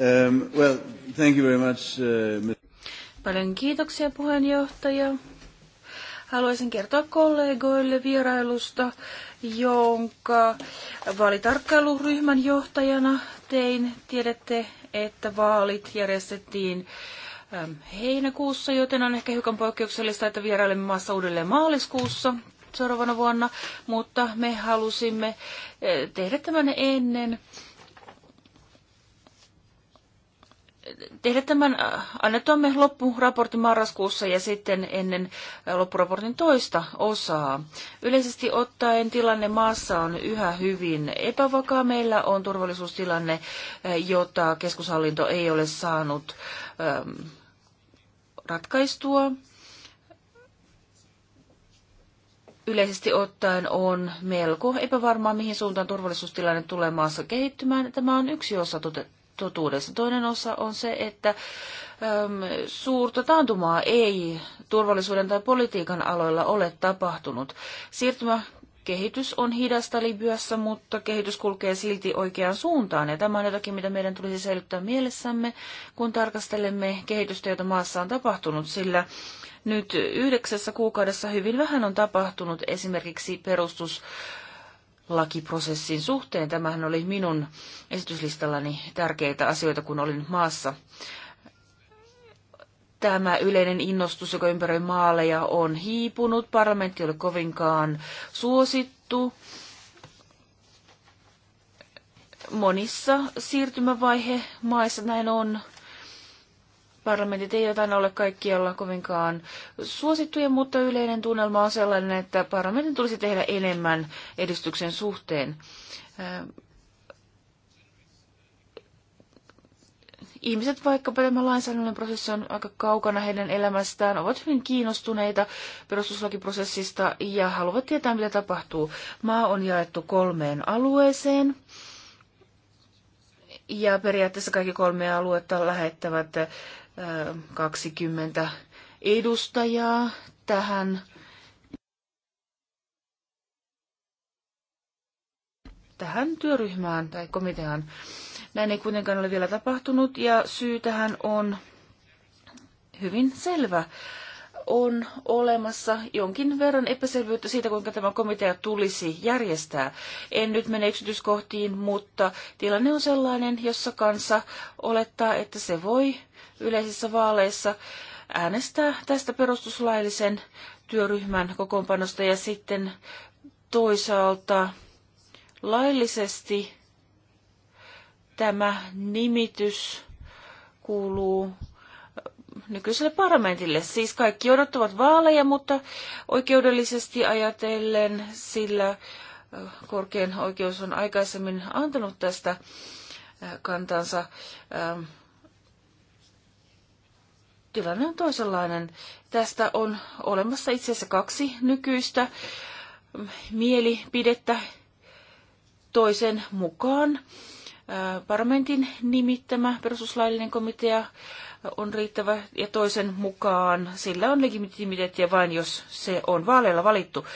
Um, well, thank you very much, uh, Paljon kiitoksia puheenjohtaja. Haluaisin kertoa kollegoille vierailusta, jonka vaalitarkkailuryhmän johtajana tein. Tiedätte, että vaalit järjestettiin ähm, heinäkuussa, joten on ehkä hiukan poikkeuksellista, että vierailemme maassa uudelleen maaliskuussa seuraavana vuonna, mutta me halusimme äh, tehdä tämän ennen tehdä tämän äh, annettuamme loppuraportin marraskuussa ja sitten ennen äh, loppuraportin toista osaa. Yleisesti ottaen tilanne maassa on yhä hyvin epävakaa. Meillä on turvallisuustilanne, äh, jota keskushallinto ei ole saanut ähm, ratkaistua. yleisesti ottaen on melko epävarmaa, mihin suuntaan turvallisuustilanne tulee maassa kehittymään. Tämä on yksi osa totuudessa. Toinen osa on se, että äm, suurta taantumaa ei turvallisuuden tai politiikan aloilla ole tapahtunut. Siirtymä Kehitys on hidasta Libyassa, mutta kehitys kulkee silti oikeaan suuntaan. Ja tämä on jotakin, mitä meidän tulisi säilyttää mielessämme, kun tarkastelemme kehitystä, jota maassa on tapahtunut, sillä nyt yhdeksässä kuukaudessa hyvin vähän on tapahtunut esimerkiksi perustus lakiprosessin suhteen. Tämähän oli minun esityslistallani tärkeitä asioita, kun olin maassa. Tämä yleinen innostus, joka ympäröi maaleja, on hiipunut. Parlamentti oli kovinkaan suosittu. Monissa siirtymävaihe maissa näin on. Parlamentit ei aina ole kaikkialla kovinkaan suosittuja, mutta yleinen tunnelma on sellainen, että parlamentin tulisi tehdä enemmän edistyksen suhteen. ihmiset, vaikkapa tämä lainsäädännön prosessi on aika kaukana heidän elämästään, ovat hyvin kiinnostuneita perustuslakiprosessista ja haluavat tietää, mitä tapahtuu. Maa on jaettu kolmeen alueeseen. Ja periaatteessa kaikki kolme aluetta lähettävät 20 edustajaa tähän tähän työryhmään tai komiteaan. Näin ei kuitenkaan ole vielä tapahtunut ja syy tähän on hyvin selvä. On olemassa jonkin verran epäselvyyttä siitä, kuinka tämä komitea tulisi järjestää. En nyt mene yksityiskohtiin, mutta tilanne on sellainen, jossa kansa olettaa, että se voi yleisissä vaaleissa äänestää tästä perustuslaillisen työryhmän kokoonpanosta ja sitten toisaalta laillisesti tämä nimitys kuuluu nykyiselle parlamentille. Siis kaikki odottavat vaaleja, mutta oikeudellisesti ajatellen, sillä korkein oikeus on aikaisemmin antanut tästä kantansa. Ähm, tilanne on toisenlainen. Tästä on olemassa itse asiassa kaksi nykyistä mielipidettä toisen mukaan. Parlamentin nimittämä perustuslaillinen komitea on riittävä ja toisen mukaan sillä on legitimiteettiä vain, jos se on vaaleilla valittu.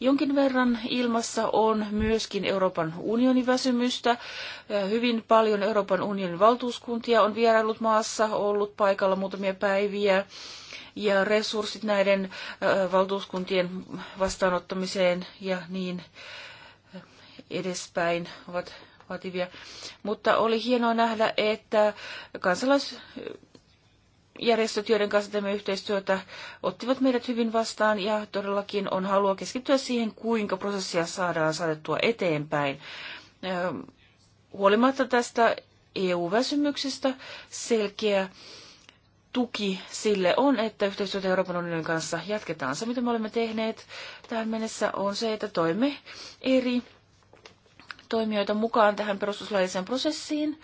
Jonkin verran ilmassa on myöskin Euroopan unionin väsymystä. Hyvin paljon Euroopan unionin valtuuskuntia on vierailut maassa, ollut paikalla muutamia päiviä ja resurssit näiden valtuuskuntien vastaanottamiseen ja niin edespäin ovat vaativia. Mutta oli hienoa nähdä, että kansalais järjestöt, joiden kanssa teemme yhteistyötä, ottivat meidät hyvin vastaan ja todellakin on halua keskittyä siihen, kuinka prosessia saadaan saatettua eteenpäin. Öö, huolimatta tästä EU-väsymyksestä selkeä tuki sille on, että yhteistyötä Euroopan unionin kanssa jatketaan. Se, mitä me olemme tehneet tähän mennessä, on se, että toimme eri toimijoita mukaan tähän perustuslailliseen prosessiin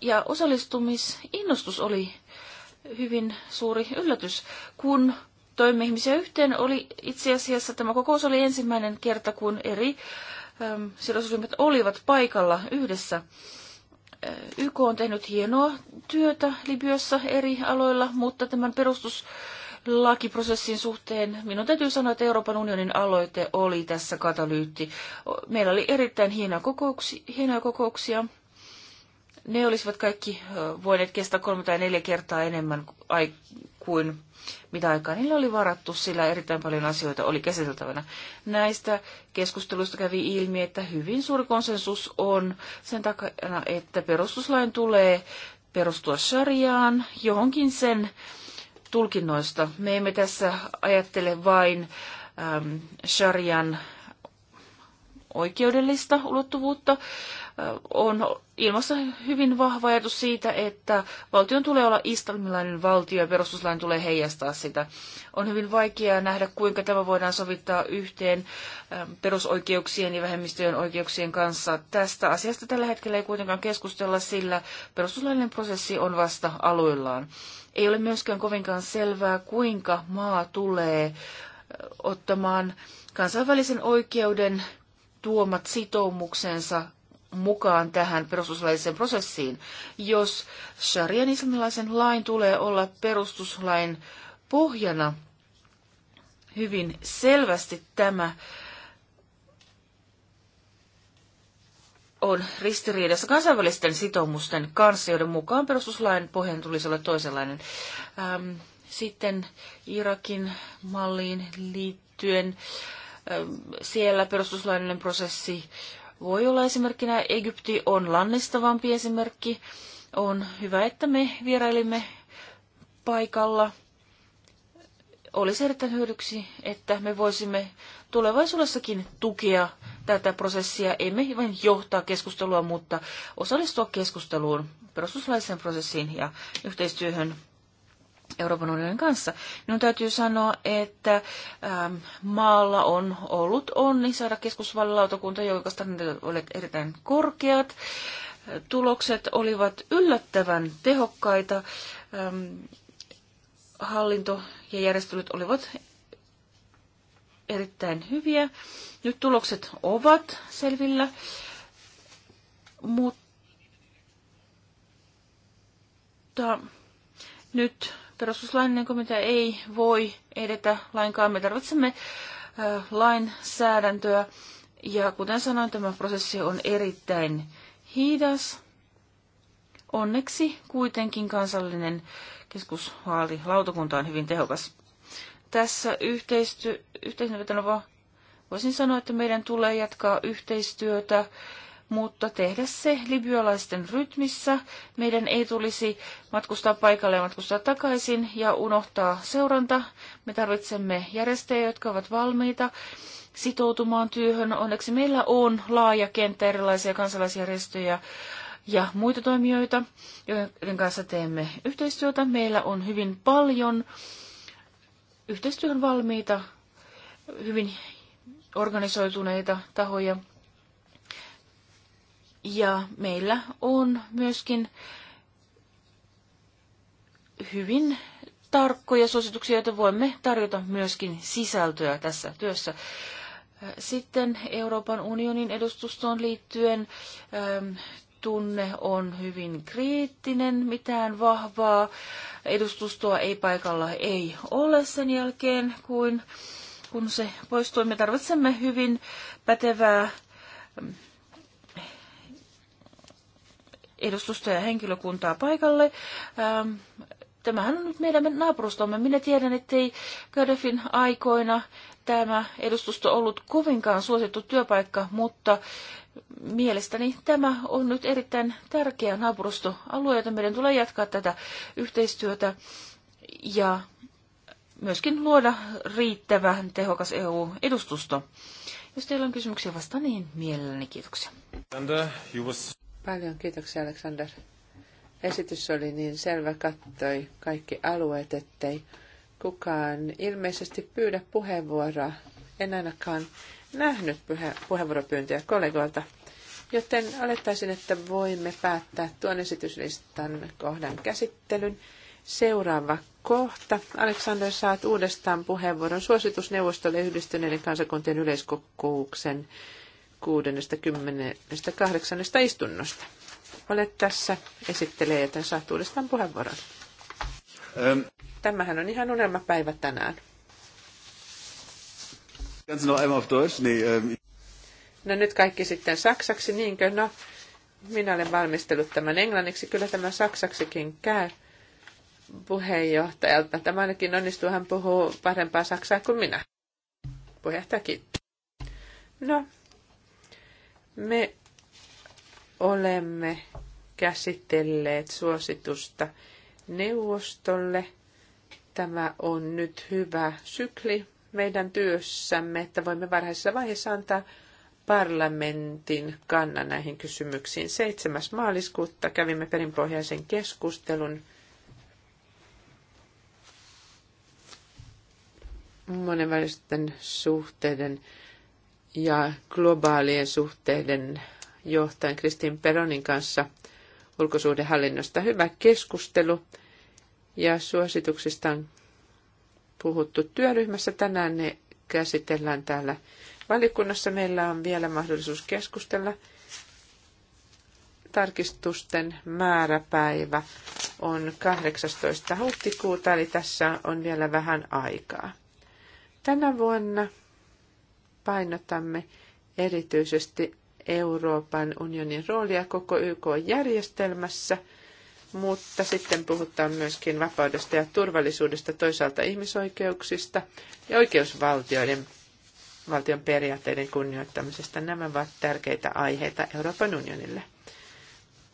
ja osallistumisinnostus oli hyvin suuri yllätys. Kun toimme ihmisiä yhteen, oli itse asiassa tämä kokous oli ensimmäinen kerta, kun eri äm, sidosryhmät olivat paikalla yhdessä. Äh, YK on tehnyt hienoa työtä Libyassa eri aloilla, mutta tämän perustuslakiprosessin suhteen minun täytyy sanoa, että Euroopan unionin aloite oli tässä katalyytti. Meillä oli erittäin hienoja kokouksia, hienoja kokouksia ne olisivat kaikki voineet kestää kolme tai neljä kertaa enemmän kuin mitä aikaa niille oli varattu, sillä erittäin paljon asioita oli käsiteltävänä. Näistä keskusteluista kävi ilmi, että hyvin suuri konsensus on sen takana, että perustuslain tulee perustua sarjaan johonkin sen tulkinnoista. Me emme tässä ajattele vain äm, sharian oikeudellista ulottuvuutta. On ilmassa hyvin vahva ajatus siitä, että valtion tulee olla islamilainen valtio ja perustuslain tulee heijastaa sitä. On hyvin vaikeaa nähdä, kuinka tämä voidaan sovittaa yhteen ähm, perusoikeuksien ja vähemmistöjen oikeuksien kanssa. Tästä asiasta tällä hetkellä ei kuitenkaan keskustella, sillä perustuslainen prosessi on vasta aluillaan. Ei ole myöskään kovinkaan selvää, kuinka maa tulee äh, ottamaan kansainvälisen oikeuden tuomat sitoumuksensa mukaan tähän perustuslailliseen prosessiin. Jos sharian niin islamilaisen lain tulee olla perustuslain pohjana, hyvin selvästi tämä on ristiriidassa kansainvälisten sitoumusten kanssa, joiden mukaan perustuslain pohjan tulisi olla toisenlainen. Ähm, sitten Irakin malliin liittyen ähm, siellä perustuslaillinen prosessi äh, voi olla esimerkkinä. Egypti on lannistavampi esimerkki. On hyvä, että me vierailimme paikalla. Olisi erittäin hyödyksi, että me voisimme tulevaisuudessakin tukea tätä prosessia, emme vain johtaa keskustelua, mutta osallistua keskusteluun, perustuslaisen prosessiin ja yhteistyöhön Euroopan unionin kanssa. Minun täytyy sanoa, että ähm, maalla on ollut onni saada keskusvallilautakunta, joka standardit olivat erittäin korkeat. Tulokset olivat yllättävän tehokkaita. Ähm, hallinto ja järjestelyt olivat erittäin hyviä. Nyt tulokset ovat selvillä, mutta nyt perustuslainen niin komitea ei voi edetä lainkaan. Me tarvitsemme lainsäädäntöä. Ja kuten sanoin, tämä prosessi on erittäin hidas. Onneksi kuitenkin kansallinen keskushaali lautakunta on hyvin tehokas. Tässä yhteistyö, yhteistyötä voisin sanoa, että meidän tulee jatkaa yhteistyötä mutta tehdä se libyalaisten rytmissä. Meidän ei tulisi matkustaa paikalle ja matkustaa takaisin ja unohtaa seuranta. Me tarvitsemme järjestäjiä, jotka ovat valmiita sitoutumaan työhön. Onneksi meillä on laaja kenttä erilaisia kansalaisjärjestöjä ja muita toimijoita, joiden kanssa teemme yhteistyötä. Meillä on hyvin paljon yhteistyön valmiita, hyvin organisoituneita tahoja. Ja meillä on myöskin hyvin tarkkoja suosituksia, joita voimme tarjota myöskin sisältöä tässä työssä. Sitten Euroopan unionin edustustoon liittyen ähm, tunne on hyvin kriittinen, mitään vahvaa edustustoa ei paikalla ei ole sen jälkeen, kuin kun se poistui. Me tarvitsemme hyvin pätevää ähm, edustusta ja henkilökuntaa paikalle. Ähm, tämähän on nyt meidän naapurustomme. Minä tiedän, ettei Gaddafin aikoina tämä edustusto ollut kovinkaan suosittu työpaikka, mutta mielestäni tämä on nyt erittäin tärkeä naapurustoalue, jota meidän tulee jatkaa tätä yhteistyötä ja myöskin luoda riittävän tehokas EU-edustusto. Jos teillä on kysymyksiä, vasta niin mielelläni kiitoksia. Paljon kiitoksia, Aleksander. Esitys oli niin selvä, kattoi kaikki alueet, ettei kukaan ilmeisesti pyydä puheenvuoroa. En ainakaan nähnyt puheenvuoropyyntöjä kollegoilta, joten olettaisin, että voimme päättää tuon esityslistan kohdan käsittelyn. Seuraava kohta. Aleksander, saat uudestaan puheenvuoron suositusneuvostolle yhdistyneiden kansakuntien yleiskokouksen 68. istunnosta. Olet tässä esittelee, joten saat uudestaan puheenvuoron. Ähm. Tämähän on ihan unelmapäivä tänään. noch einmal auf Deutsch? Nee, ähm. No nyt kaikki sitten saksaksi, niinkö? No, minä olen valmistellut tämän englanniksi. Kyllä tämä saksaksikin käy puheenjohtajalta. Tämä ainakin onnistuu, hän puhuu parempaa saksaa kuin minä. Puheenjohtaja kiitos. No, me olemme käsitelleet suositusta neuvostolle. Tämä on nyt hyvä sykli meidän työssämme, että voimme varhaisessa vaiheessa antaa parlamentin kannan näihin kysymyksiin. 7. maaliskuuta kävimme perinpohjaisen keskustelun monenvälisten suhteiden ja globaalien suhteiden johtajan Kristin Peronin kanssa ulkosuhdehallinnosta. Hyvä keskustelu ja suosituksista on puhuttu työryhmässä. Tänään ne käsitellään täällä valikunnassa. Meillä on vielä mahdollisuus keskustella. Tarkistusten määräpäivä on 18. huhtikuuta, eli tässä on vielä vähän aikaa. Tänä vuonna painotamme erityisesti Euroopan unionin roolia koko YK-järjestelmässä, mutta sitten puhutaan myöskin vapaudesta ja turvallisuudesta, toisaalta ihmisoikeuksista ja oikeusvaltioiden valtion periaatteiden kunnioittamisesta. Nämä ovat tärkeitä aiheita Euroopan unionille.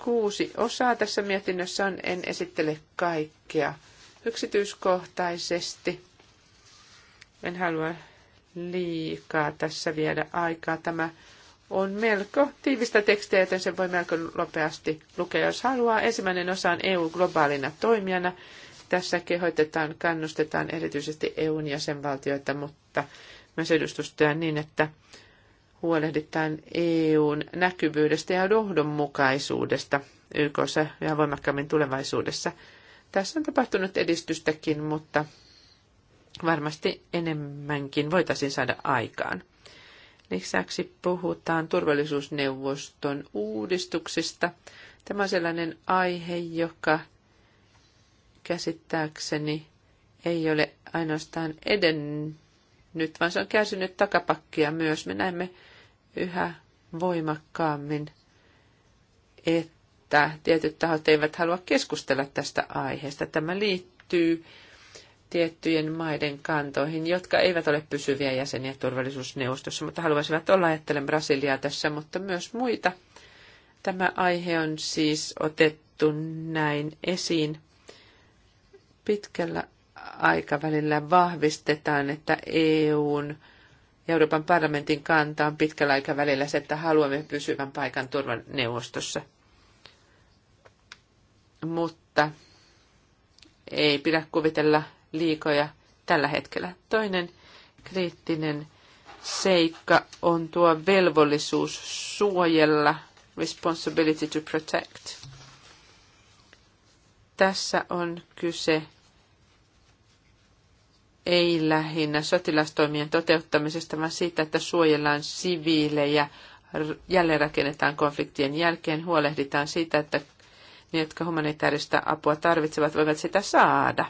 Kuusi osaa tässä mietinnössä on, en esittele kaikkea yksityiskohtaisesti. En halua liikaa tässä viedä aikaa. Tämä on melko tiivistä tekstiä, joten sen voi melko nopeasti lukea, jos haluaa. Ensimmäinen osa on EU globaalina toimijana. Tässä kehoitetaan, kannustetaan erityisesti EUn jäsenvaltioita, mutta myös edustustoja niin, että huolehditaan EUn näkyvyydestä ja johdonmukaisuudesta YKssa ja voimakkaammin tulevaisuudessa. Tässä on tapahtunut edistystäkin, mutta varmasti enemmänkin voitaisiin saada aikaan. Lisäksi puhutaan turvallisuusneuvoston uudistuksista. Tämä on sellainen aihe, joka käsittääkseni ei ole ainoastaan edennyt, vaan se on kärsinyt takapakkia myös. Me näemme yhä voimakkaammin, että tietyt tahot eivät halua keskustella tästä aiheesta. Tämä liittyy tiettyjen maiden kantoihin, jotka eivät ole pysyviä jäseniä turvallisuusneuvostossa, mutta haluaisivat olla, ajattelen Brasiliaa tässä, mutta myös muita. Tämä aihe on siis otettu näin esiin. Pitkällä aikavälillä vahvistetaan, että EUn ja Euroopan parlamentin kanta on pitkällä aikavälillä se, että haluamme pysyvän paikan turvaneuvostossa. Mutta ei pidä kuvitella liikoja tällä hetkellä. Toinen kriittinen seikka on tuo velvollisuus suojella, responsibility to protect. Tässä on kyse ei lähinnä sotilastoimien toteuttamisesta, vaan siitä, että suojellaan siviilejä, jälleenrakennetaan konfliktien jälkeen, huolehditaan siitä, että ne, jotka humanitaarista apua tarvitsevat, voivat sitä saada.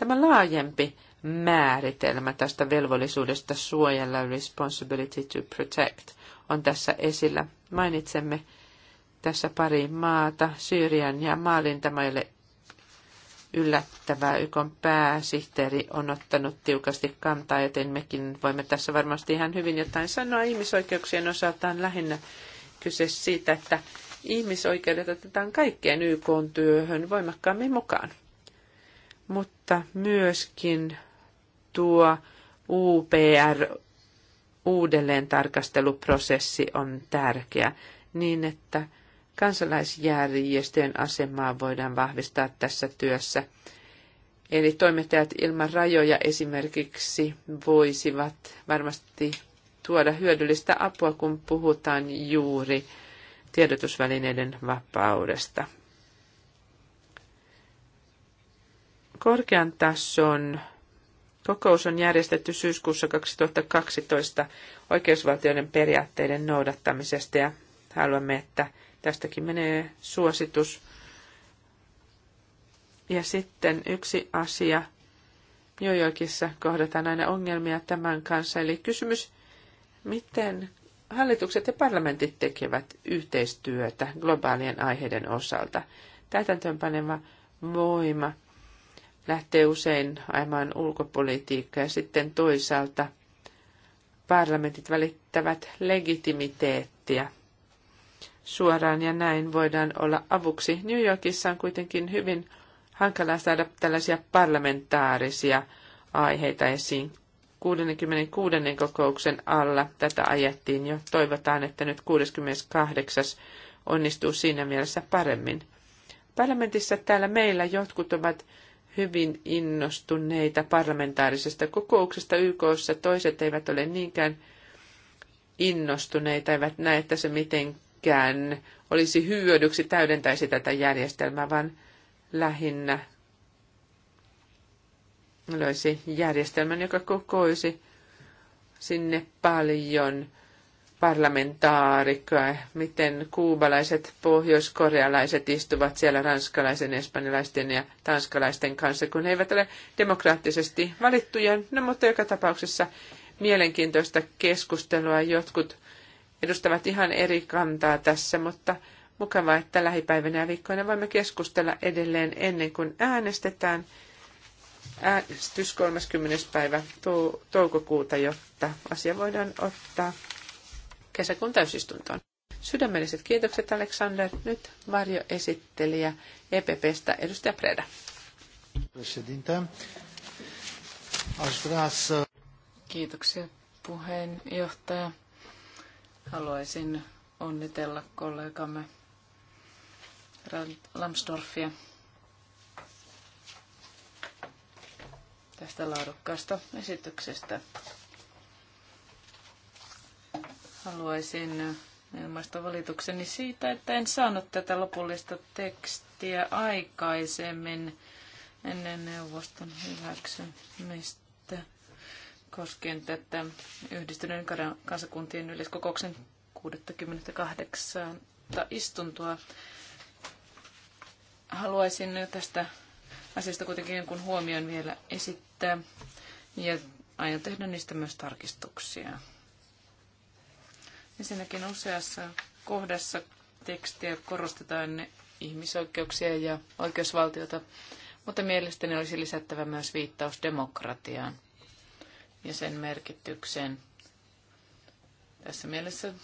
Tämä laajempi määritelmä tästä velvollisuudesta suojella, responsibility to protect, on tässä esillä. Mainitsemme tässä pari maata, Syyrian ja Maalin. Tämä ei ole yllättävää. YKn pääsihteeri on ottanut tiukasti kantaa, joten mekin voimme tässä varmasti ihan hyvin jotain sanoa. Ihmisoikeuksien osaltaan lähinnä kyse siitä, että ihmisoikeudet otetaan kaikkeen YK-työhön voimakkaammin mukaan mutta myöskin tuo UPR uudelleen tarkasteluprosessi on tärkeä niin, että kansalaisjärjestöjen asemaa voidaan vahvistaa tässä työssä. Eli toimittajat ilman rajoja esimerkiksi voisivat varmasti tuoda hyödyllistä apua, kun puhutaan juuri tiedotusvälineiden vapaudesta. Korkean tason kokous on järjestetty syyskuussa 2012 oikeusvaltioiden periaatteiden noudattamisesta ja haluamme, että tästäkin menee suositus. Ja sitten yksi asia. New Yorkissa kohdataan aina ongelmia tämän kanssa, eli kysymys, miten hallitukset ja parlamentit tekevät yhteistyötä globaalien aiheiden osalta. Täytäntöönpaneva voima lähtee usein ajamaan ulkopolitiikkaa ja sitten toisaalta parlamentit välittävät legitimiteettiä suoraan ja näin voidaan olla avuksi. New Yorkissa on kuitenkin hyvin hankalaa saada tällaisia parlamentaarisia aiheita esiin. 66. kokouksen alla tätä ajettiin jo. Toivotaan, että nyt 68. onnistuu siinä mielessä paremmin. Parlamentissa täällä meillä jotkut ovat hyvin innostuneita parlamentaarisesta kokouksesta YKssa. Toiset eivät ole niinkään innostuneita, eivät näe, että se mitenkään olisi hyödyksi, täydentäisi tätä järjestelmää, vaan lähinnä löisi järjestelmän, joka kokoisi sinne paljon parlamentaarikkoa, miten kuubalaiset, pohjoiskorealaiset istuvat siellä ranskalaisen, espanjalaisten ja tanskalaisten kanssa, kun he eivät ole demokraattisesti valittuja. No mutta joka tapauksessa mielenkiintoista keskustelua. Jotkut edustavat ihan eri kantaa tässä, mutta mukavaa, että lähipäivänä ja viikkoina voimme keskustella edelleen ennen kuin äänestetään. Äänestys 30. päivä toukokuuta, jotta asia voidaan ottaa kesäkuun täysistuntoon. Sydämelliset kiitokset Alexander. Nyt varjoesittelijä EPPstä edustaja Preda. Kiitoksia puheenjohtaja. Haluaisin onnitella kollegamme Lamsdorfia tästä laadukkaasta esityksestä. Haluaisin ilmaista valitukseni siitä, että en saanut tätä lopullista tekstiä aikaisemmin ennen neuvoston hyväksymistä koskien tätä yhdistyneen kansakuntien yleiskokouksen 68. istuntoa. Haluaisin tästä asiasta kuitenkin jonkun huomion vielä esittää ja aion tehdä niistä myös tarkistuksia. Ensinnäkin useassa kohdassa tekstiä korostetaan ihmisoikeuksia ja oikeusvaltiota, mutta mielestäni olisi lisättävä myös viittaus demokratiaan ja sen merkitykseen. Tässä mielessä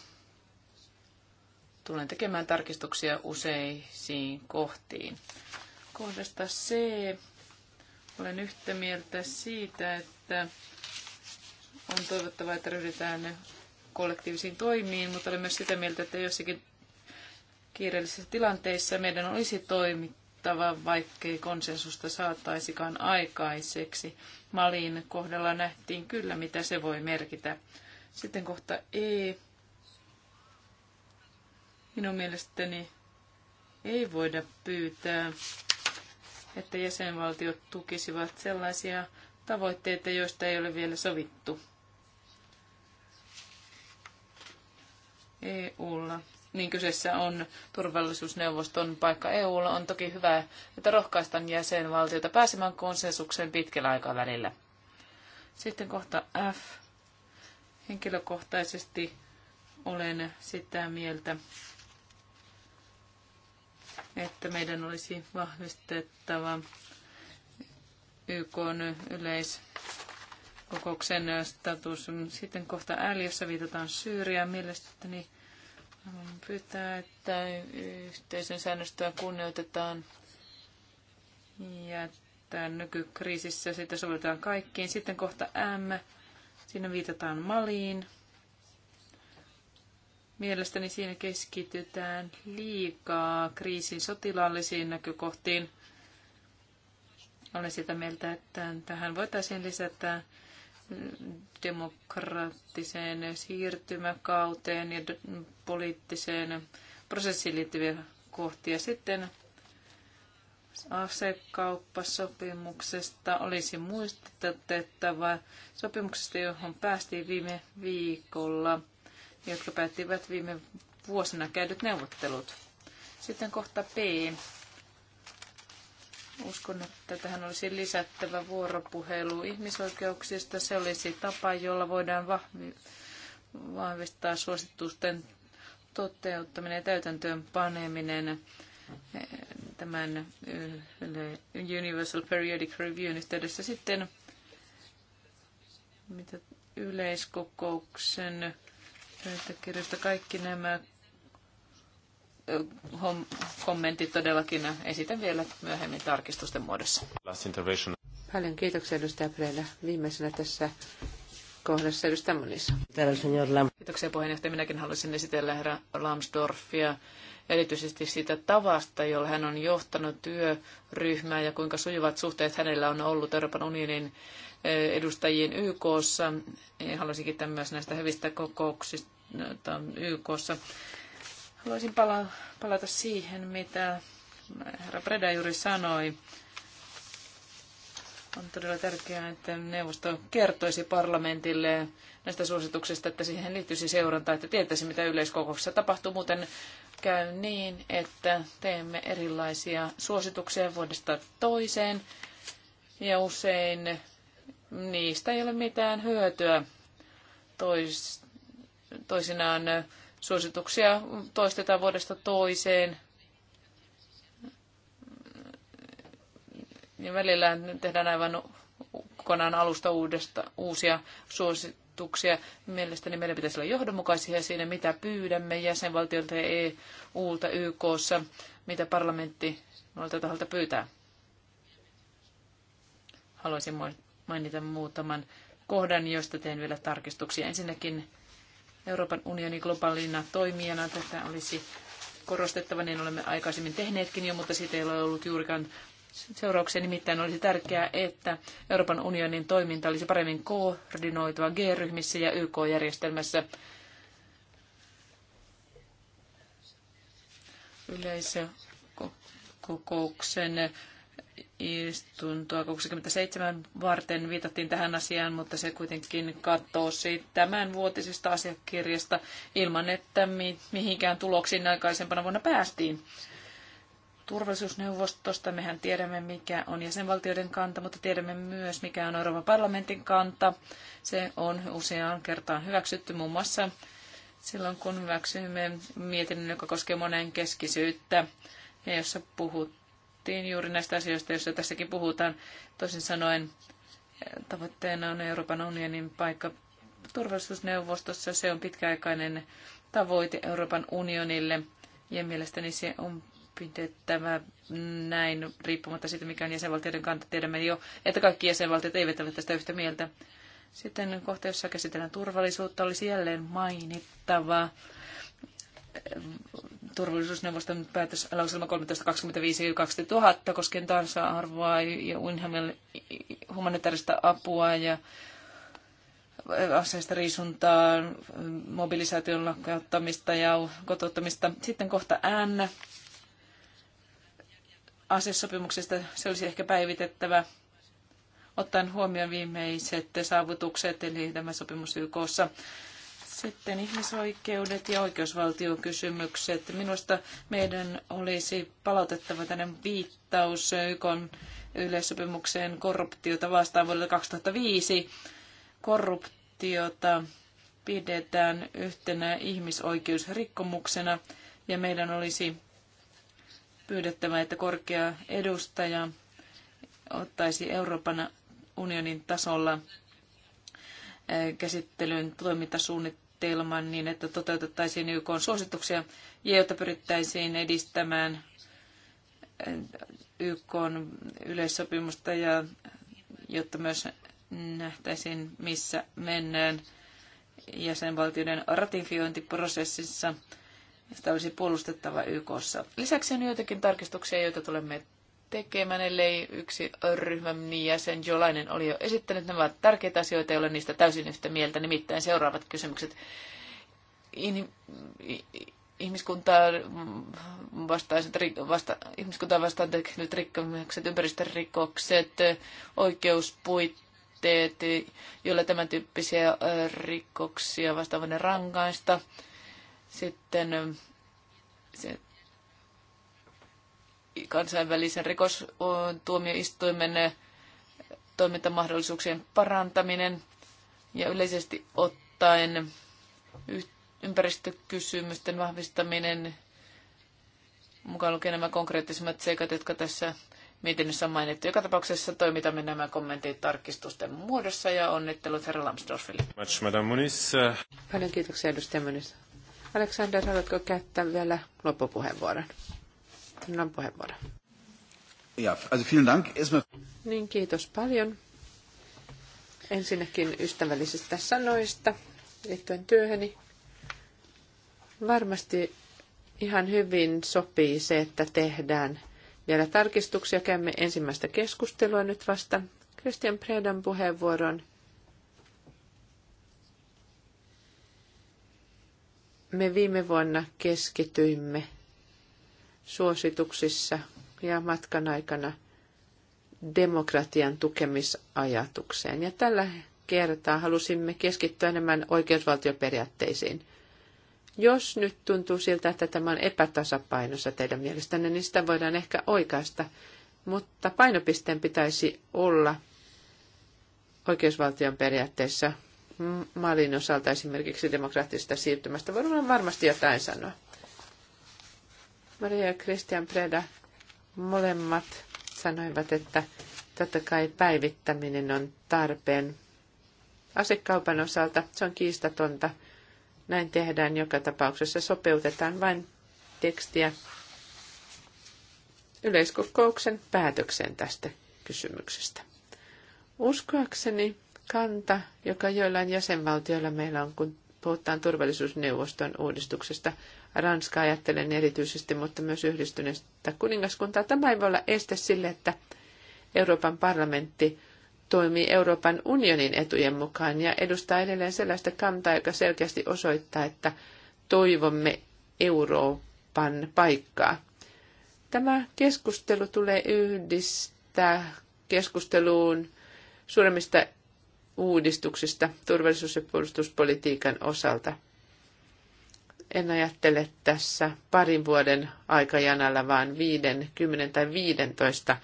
tulen tekemään tarkistuksia useisiin kohtiin. Kohdasta C. Olen yhtä mieltä siitä, että on toivottavaa, että ryhdytään kollektiivisiin toimiin, mutta olen myös sitä mieltä, että jossakin kiireellisissä tilanteissa meidän olisi toimittava, vaikkei konsensusta saataisikaan aikaiseksi. Malin kohdalla nähtiin kyllä, mitä se voi merkitä. Sitten kohta E. Minun mielestäni ei voida pyytää, että jäsenvaltiot tukisivat sellaisia tavoitteita, joista ei ole vielä sovittu. EUlla. Niin kyseessä on turvallisuusneuvoston paikka EUlla. On toki hyvä, että rohkaistaan jäsenvaltiota pääsemään konsensukseen pitkällä aikavälillä. Sitten kohta F. Henkilökohtaisesti olen sitä mieltä, että meidän olisi vahvistettava YK yleis kokouksen status. Sitten kohta L, jossa viitataan Syyriaan. Mielestäni haluan pyytää, että yhteisön säännöstöä kunnioitetaan ja että nykykriisissä sitä sovelletaan kaikkiin. Sitten kohta M, siinä viitataan Maliin. Mielestäni siinä keskitytään liikaa kriisin sotilaallisiin näkökohtiin. Olen sitä mieltä, että tähän voitaisiin lisätä demokraattiseen siirtymäkauteen ja poliittiseen prosessiin liittyviä kohtia. Sitten asekauppasopimuksesta olisi muistettava sopimuksesta, johon päästiin viime viikolla, jotka päättivät viime vuosina käydyt neuvottelut. Sitten kohta P. Uskon, että tähän olisi lisättävä vuoropuhelu ihmisoikeuksista. Se olisi tapa, jolla voidaan vahvistaa suositusten toteuttaminen ja täytäntöön paneminen eh, tämän Universal Periodic Review yhteydessä sitten mitä yleiskokouksen pöytäkirjasta kaikki nämä kommentit todellakin esitän vielä myöhemmin tarkistusten muodossa. Last intervention. Paljon kiitoksia edustaja Viimeisenä tässä kohdassa edustaja Monissa. Kiitoksia puheenjohtaja. Minäkin haluaisin esitellä herra Lambsdorffia erityisesti siitä tavasta, jolla hän on johtanut työryhmää ja kuinka sujuvat suhteet hänellä on ollut Euroopan unionin edustajien YKssa. Haluaisin kiittää myös näistä hyvistä kokouksista no, YKssa. Haluaisin pala- palata siihen, mitä herra Preda juuri sanoi. On todella tärkeää, että neuvosto kertoisi parlamentille näistä suosituksista, että siihen liittyisi seurantaa, että tietäisi, mitä yleiskokouksessa tapahtuu. Muuten käy niin, että teemme erilaisia suosituksia vuodesta toiseen ja usein niistä ei ole mitään hyötyä. Tois, toisinaan Suosituksia toistetaan vuodesta toiseen. Ja välillä tehdään aivan kokonaan alusta uudesta, uusia suosituksia. Mielestäni meidän pitäisi olla johdonmukaisia siinä, mitä pyydämme jäsenvaltiolta ja EU-ta YKssa, mitä parlamentti noilta taholta pyytää. Haluaisin mainita muutaman kohdan, josta teen vielä tarkistuksia. Ensinnäkin Euroopan unionin globaalina toimijana tätä olisi korostettava, niin olemme aikaisemmin tehneetkin jo, mutta siitä ei ole ollut juurikaan seurauksia. Nimittäin olisi tärkeää, että Euroopan unionin toiminta olisi paremmin koordinoitua G-ryhmissä ja YK-järjestelmässä. Yleisö kokouksen istuntoa 67 varten viitattiin tähän asiaan, mutta se kuitenkin katosi tämän vuotisesta asiakirjasta ilman, että mihinkään tuloksiin aikaisempana vuonna päästiin. Turvallisuusneuvostosta mehän tiedämme, mikä on jäsenvaltioiden kanta, mutta tiedämme myös, mikä on Euroopan parlamentin kanta. Se on useaan kertaan hyväksytty muun muassa silloin, kun hyväksymme mietinnön, joka koskee monen keskisyyttä ja jossa puhutaan puhuttiin juuri näistä asioista, joista tässäkin puhutaan. Toisin sanoen tavoitteena on Euroopan unionin paikka turvallisuusneuvostossa. Se on pitkäaikainen tavoite Euroopan unionille ja mielestäni se on pidettävä näin riippumatta siitä, mikä on jäsenvaltioiden kanta. Tiedämme jo, että kaikki jäsenvaltiot eivät ole tästä yhtä mieltä. Sitten kohta, jossa käsitellään turvallisuutta, olisi jälleen mainittava turvallisuusneuvoston päätöslauselma 1325-2000 koskien tasa-arvoa ja humanitaarista apua ja aseista riisuntaa, mobilisaation lakkauttamista ja kotouttamista. Sitten kohta N asesopimuksesta se olisi ehkä päivitettävä ottaen huomioon viimeiset saavutukset, eli tämä sopimus YKssa sitten ihmisoikeudet ja oikeusvaltiokysymykset. Minusta meidän olisi palautettava tänne viittaus YK yleissopimukseen korruptiota vastaan vuodelta 2005. Korruptiota pidetään yhtenä ihmisoikeusrikkomuksena ja meidän olisi pyydettävä, että korkea edustaja ottaisi Euroopan unionin tasolla käsittelyn toimintasuunnitelman suunnitelman niin, että toteutettaisiin YK suosituksia ja jotta pyrittäisiin edistämään eh, YK yleissopimusta ja jotta myös nähtäisiin, missä mennään jäsenvaltioiden ratifiointiprosessissa. Sitä olisi puolustettava YKssa. Lisäksi on joitakin tarkistuksia, joita tulemme tekemään, ellei yksi ryhmän jäsen Jolainen oli jo esittänyt. Nämä ovat tärkeitä asioita, ole niistä täysin yhtä mieltä. Nimittäin seuraavat kysymykset. In, ihmiskuntaa vastaan, vasta, ihmiskuntaa vastaan tehdyt rikkomukset, ympäristörikokset, oikeuspuitteet, joilla tämän tyyppisiä rikoksia vastaavainen rangaista. Sitten se, kansainvälisen rikostuomioistuimen eh, toimintamahdollisuuksien parantaminen ja yleisesti ottaen ympäristökysymysten vahvistaminen, mukaan lukien nämä konkreettisimmat seikat, jotka tässä mietinnössä on mainittu. Joka tapauksessa toimitamme nämä kommentit tarkistusten muodossa ja onnittelut herra Lambsdorffille. Paljon kiitoksia edustaja Munis. Aleksander, haluatko käyttää vielä loppupuheenvuoron? Hän on puheenvuoro. Ja, also vielen Dank. Niin, kiitos paljon. Ensinnäkin ystävällisistä sanoista liittyen työhöni. Varmasti ihan hyvin sopii se, että tehdään vielä tarkistuksia. Käymme ensimmäistä keskustelua nyt vasta. Christian Predan puheenvuoron. Me viime vuonna keskityimme suosituksissa ja matkan aikana demokratian tukemisajatukseen. Ja tällä kertaa halusimme keskittyä enemmän oikeusvaltioperiaatteisiin. Jos nyt tuntuu siltä, että tämä on epätasapainossa teidän mielestänne, niin sitä voidaan ehkä oikaista, mutta painopisteen pitäisi olla oikeusvaltion periaatteessa Malin osalta esimerkiksi demokraattisesta siirtymästä. Voidaan varmasti jotain sanoa. Maria ja Christian Preda molemmat sanoivat, että totta kai päivittäminen on tarpeen. Asekaupan osalta se on kiistatonta. Näin tehdään joka tapauksessa. Sopeutetaan vain tekstiä yleiskokouksen päätökseen tästä kysymyksestä. Uskoakseni kanta, joka joillain jäsenvaltioilla meillä on, kun puhutaan turvallisuusneuvoston uudistuksesta. Ranska ajattelen erityisesti, mutta myös yhdistyneestä kuningaskuntaa. Tämä ei voi olla este sille, että Euroopan parlamentti toimii Euroopan unionin etujen mukaan ja edustaa edelleen sellaista kantaa, joka selkeästi osoittaa, että toivomme Euroopan paikkaa. Tämä keskustelu tulee yhdistää keskusteluun suuremmista uudistuksista turvallisuus- ja puolustuspolitiikan osalta. En ajattele tässä parin vuoden aikajanalla, vaan viiden, kymmenen tai viidentoista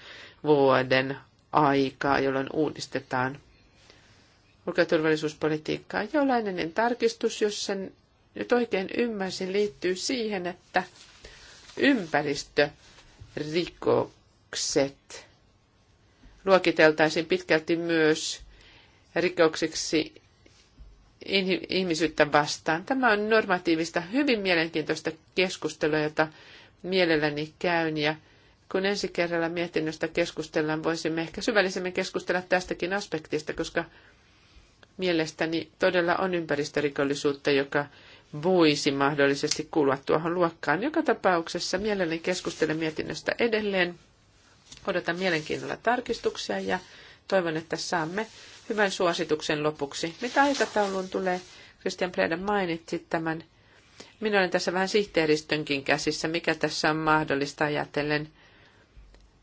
vuoden aikaa, jolloin uudistetaan ulkoturvallisuuspolitiikkaa. Jollainen tarkistus, jos sen nyt oikein ymmärsin, liittyy siihen, että ympäristörikokset luokiteltaisiin pitkälti myös rikoksiksi ihmisyyttä vastaan. Tämä on normatiivista, hyvin mielenkiintoista keskustelua, jota mielelläni käyn. Ja kun ensi kerralla mietinnöstä keskustellaan, voisimme ehkä syvällisemmin keskustella tästäkin aspektista, koska mielestäni todella on ympäristörikollisuutta, joka voisi mahdollisesti kuulua tuohon luokkaan. Joka tapauksessa mielelläni keskustelen mietinnöstä edelleen. Odotan mielenkiinnolla tarkistuksia ja Toivon, että saamme hyvän suosituksen lopuksi. Mitä aikataulun tulee? Christian Preda mainitsi tämän. Minä olen tässä vähän sihteeristönkin käsissä, mikä tässä on mahdollista ajatellen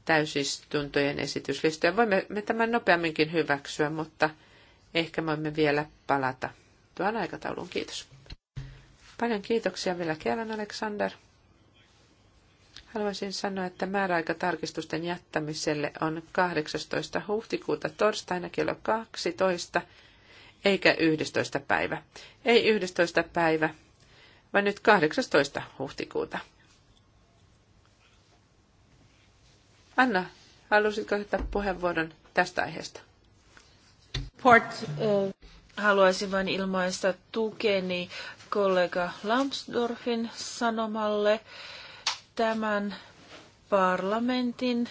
täysistuntojen esityslistoja. Voimme me tämän nopeamminkin hyväksyä, mutta ehkä voimme vielä palata tuon aikataulun Kiitos. Paljon kiitoksia vielä kerran, Alexander. Haluaisin sanoa, että määräaika tarkistusten jättämiselle on 18. huhtikuuta torstaina kello 12, eikä 11. päivä. Ei 11. päivä, vaan nyt 18. huhtikuuta. Anna, halusitko ottaa puheenvuoron tästä aiheesta? Port, uh, haluaisin vain ilmaista tukeni kollega Lambsdorffin sanomalle. Uh, tämän parlamentin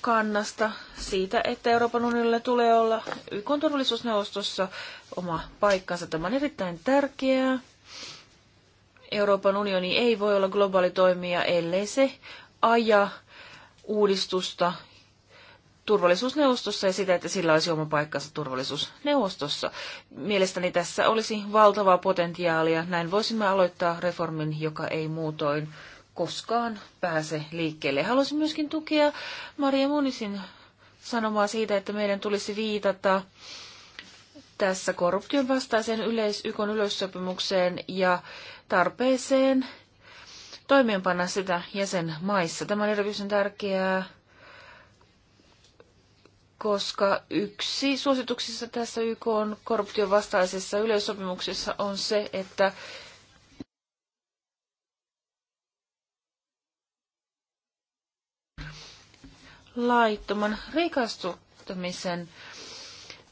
kannasta siitä, että Euroopan unionille tulee olla YK turvallisuusneuvostossa oma paikkansa. Tämä on erittäin tärkeää. Euroopan unioni ei voi olla globaali toimija, ellei se aja uudistusta turvallisuusneuvostossa ja sitä, että sillä olisi oma paikkansa turvallisuusneuvostossa. Mielestäni tässä olisi valtavaa potentiaalia. Näin voisimme aloittaa reformin, joka ei muutoin koskaan pääse liikkeelle. Haluaisin myöskin tukea Maria Munisin sanomaa siitä, että meidän tulisi viitata tässä korruption vastaiseen yleis, YKn yleissopimukseen ja tarpeeseen toimeenpanna sitä jäsenmaissa. Tämä on erityisen tärkeää koska yksi suosituksissa tässä YK on korruption vastaisessa yleissopimuksessa on se, että laittoman rikastuttamisen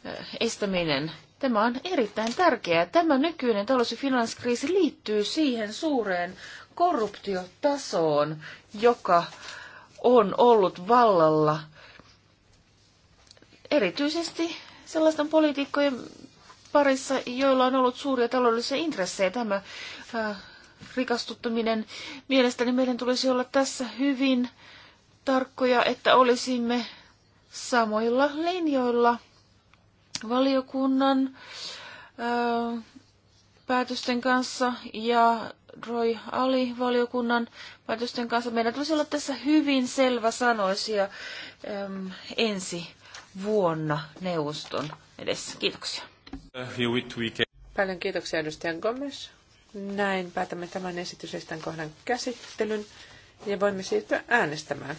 eh, estäminen. Tämä on erittäin tärkeää. Tämä nykyinen talous- ja finanssikriisi liittyy siihen suureen korruptiotasoon, joka on ollut vallalla – erityisesti sellaisten poliitikkojen parissa, joilla on ollut suuria taloudellisia intressejä. Tämä äh, rikastuttaminen mielestäni meidän tulisi olla tässä hyvin tarkkoja, että olisimme samoilla linjoilla valiokunnan äh, päätösten kanssa ja Roy Ali valiokunnan päätösten kanssa. Meidän tulisi olla tässä hyvin selvä sanoisia ähm, ensi vuonna neuvoston edessä. Kiitoksia. Paljon kiitoksia edustaja Gomes. Näin päätämme tämän esitysestän kohdan käsittelyn ja voimme siirtyä äänestämään.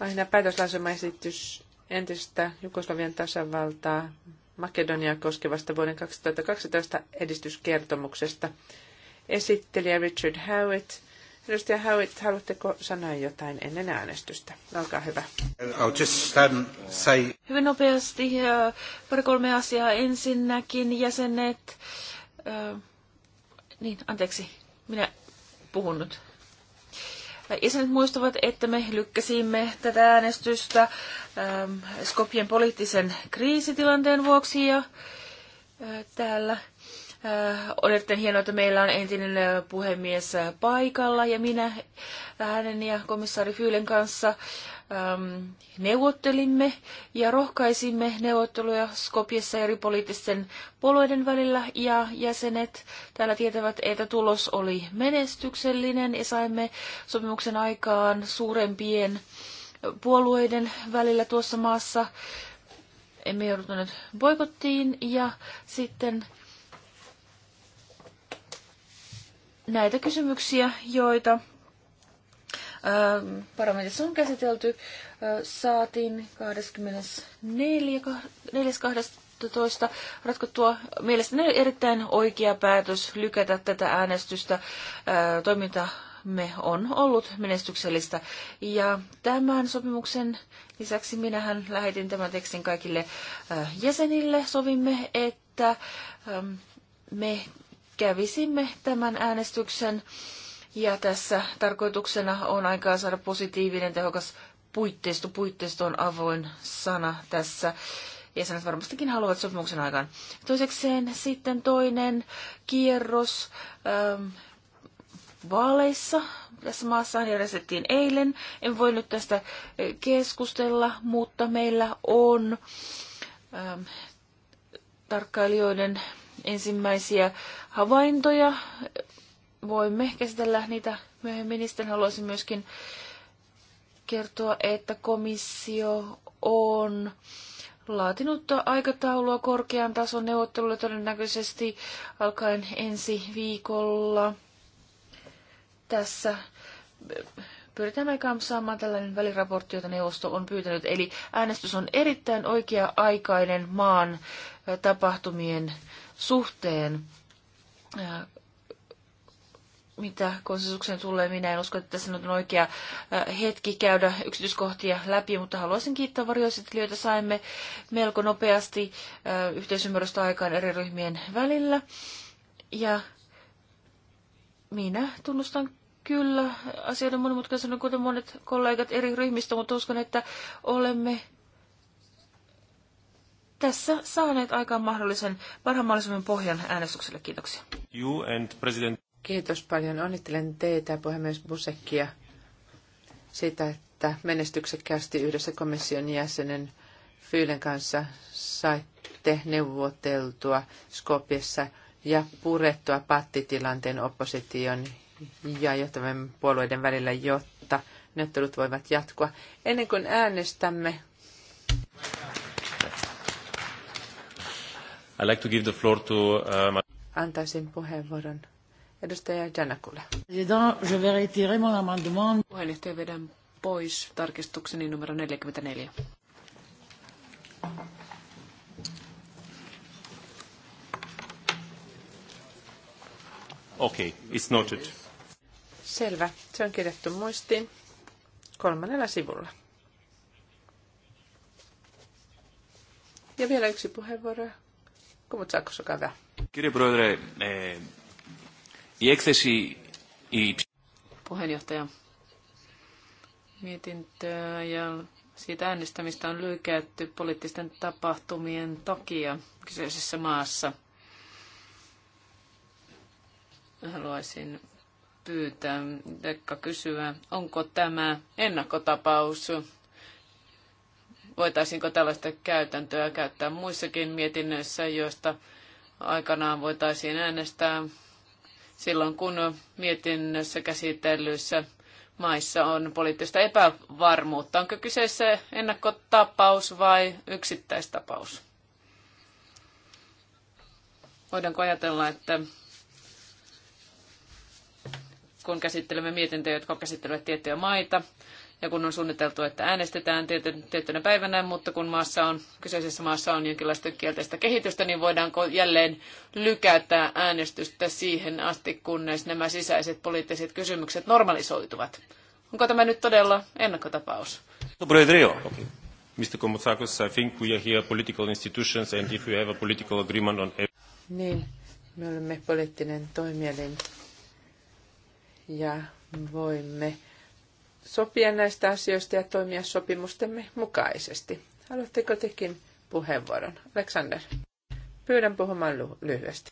Aina päätöslausumaesitys entistä Jugoslavian tasavaltaa Makedoniaa koskevasta vuoden 2012 edistyskertomuksesta. Esittelijä Richard Howitt Edustaja Howitt, haluatteko sanoa jotain ennen äänestystä? Olkaa hyvä. I'll just say... Hyvin nopeasti pari kolme asiaa. Ensinnäkin jäsenet... Äh, niin, anteeksi. Minä puhun nyt. Jäsenet muistavat, että me lykkäsimme tätä äänestystä ähm, Skopien poliittisen kriisitilanteen vuoksi ja äh, täällä on erittäin hienoa, että meillä on entinen puhemies paikalla ja minä hänen ja komissaari Fyylen kanssa ähm, neuvottelimme ja rohkaisimme neuvotteluja Skopjessa eri poliittisten puolueiden välillä ja jäsenet täällä tietävät, että tulos oli menestyksellinen ja saimme sopimuksen aikaan suurempien puolueiden välillä tuossa maassa. Emme joutuneet boikottiin ja sitten näitä kysymyksiä, joita ähm, parlamentissa on käsitelty, äh, saatiin 24.12. ratkottua mielestäni erittäin oikea päätös lykätä tätä äänestystä. Äh, toimintamme me on ollut menestyksellistä. Ja tämän sopimuksen lisäksi minähän lähetin tämän tekstin kaikille äh, jäsenille. Sovimme, että ähm, me kävisimme tämän äänestyksen. Ja tässä tarkoituksena on aikaa saada positiivinen, tehokas puitteisto. Puitteisto on avoin sana tässä. ja sanat varmastikin haluavat sopimuksen aikaan. Toisekseen sitten toinen kierros ähm, vaaleissa tässä maassa järjestettiin eilen. En voi nyt tästä äh, keskustella, mutta meillä on ähm, tarkkailijoiden ensimmäisiä havaintoja. Voimme käsitellä niitä myöhemmin. Sitten haluaisin myöskin kertoa, että komissio on laatinut aikataulua korkean tason neuvottelulle todennäköisesti alkaen ensi viikolla. Tässä pyritään aikaan saamaan tällainen väliraportti, jota neuvosto on pyytänyt. Eli äänestys on erittäin oikea-aikainen maan tapahtumien suhteen. Äh, mitä konsensukseen tulee, minä en usko, että tässä on oikea äh, hetki käydä yksityiskohtia läpi, mutta haluaisin kiittää varjoesittelijöitä. Saimme melko nopeasti äh, yhteisymmärrystä aikaan eri ryhmien välillä. Ja minä tunnustan kyllä asioiden monimutkaisena, kuten monet kollegat eri ryhmistä, mutta uskon, että olemme tässä saaneet aikaan mahdollisen parhaan pohjan äänestykselle. Kiitoksia. You and president. Kiitos paljon. Onnittelen teitä puhemies Busekia siitä, että menestyksekkäästi yhdessä komission jäsenen Fyylen kanssa saitte neuvoteltua Skopjessa ja purettua pattitilanteen opposition ja johtavien puolueiden välillä, jotta neuvottelut voivat jatkua. Ennen kuin äänestämme, I'd like to give the floor to... Uh, Antaisin puheenvuoron edustaja Janakulle. Je vais retirer mon amendement. Puheenjohtaja vedän pois tarkistukseni numero 44. okay, it's noted. Selvä. Se on kirjattu muistiin kolmannella sivulla. Ja vielä yksi puheenvuoro Κουμουτσάκο, ο Καδά. Κύριε Πρόεδρε, ε, η έκθεση... Η... Puheenjohtaja, mietintöä ja siitä äänestämistä on lykätty poliittisten tapahtumien takia kyseisessä maassa. Haluaisin pyytää, Pekka kysyä, onko tämä ennakkotapaus voitaisiinko tällaista käytäntöä käyttää muissakin mietinnöissä, joista aikanaan voitaisiin äänestää silloin, kun mietinnössä käsitellyissä maissa on poliittista epävarmuutta. Onko kyseessä ennakkotapaus vai yksittäistapaus? Voidaanko ajatella, että kun käsittelemme mietintöjä, jotka käsittelevät tiettyjä maita, ja kun on suunniteltu, että äänestetään tiettynä päivänä, mutta kun maassa on, kyseisessä maassa on jonkinlaista kielteistä kehitystä, niin voidaanko jälleen lykätä äänestystä siihen asti, kunnes nämä sisäiset poliittiset kysymykset normalisoituvat? Onko tämä nyt todella ennakkotapaus? Mr. Komotsakos, I think we are here political institutions and if we have a political agreement on... Niin, me olemme poliittinen toimielin ja voimme sopia näistä asioista ja toimia sopimustemme mukaisesti. Haluatteko tekin puheenvuoron? Alexander, pyydän puhumaan lyhyesti.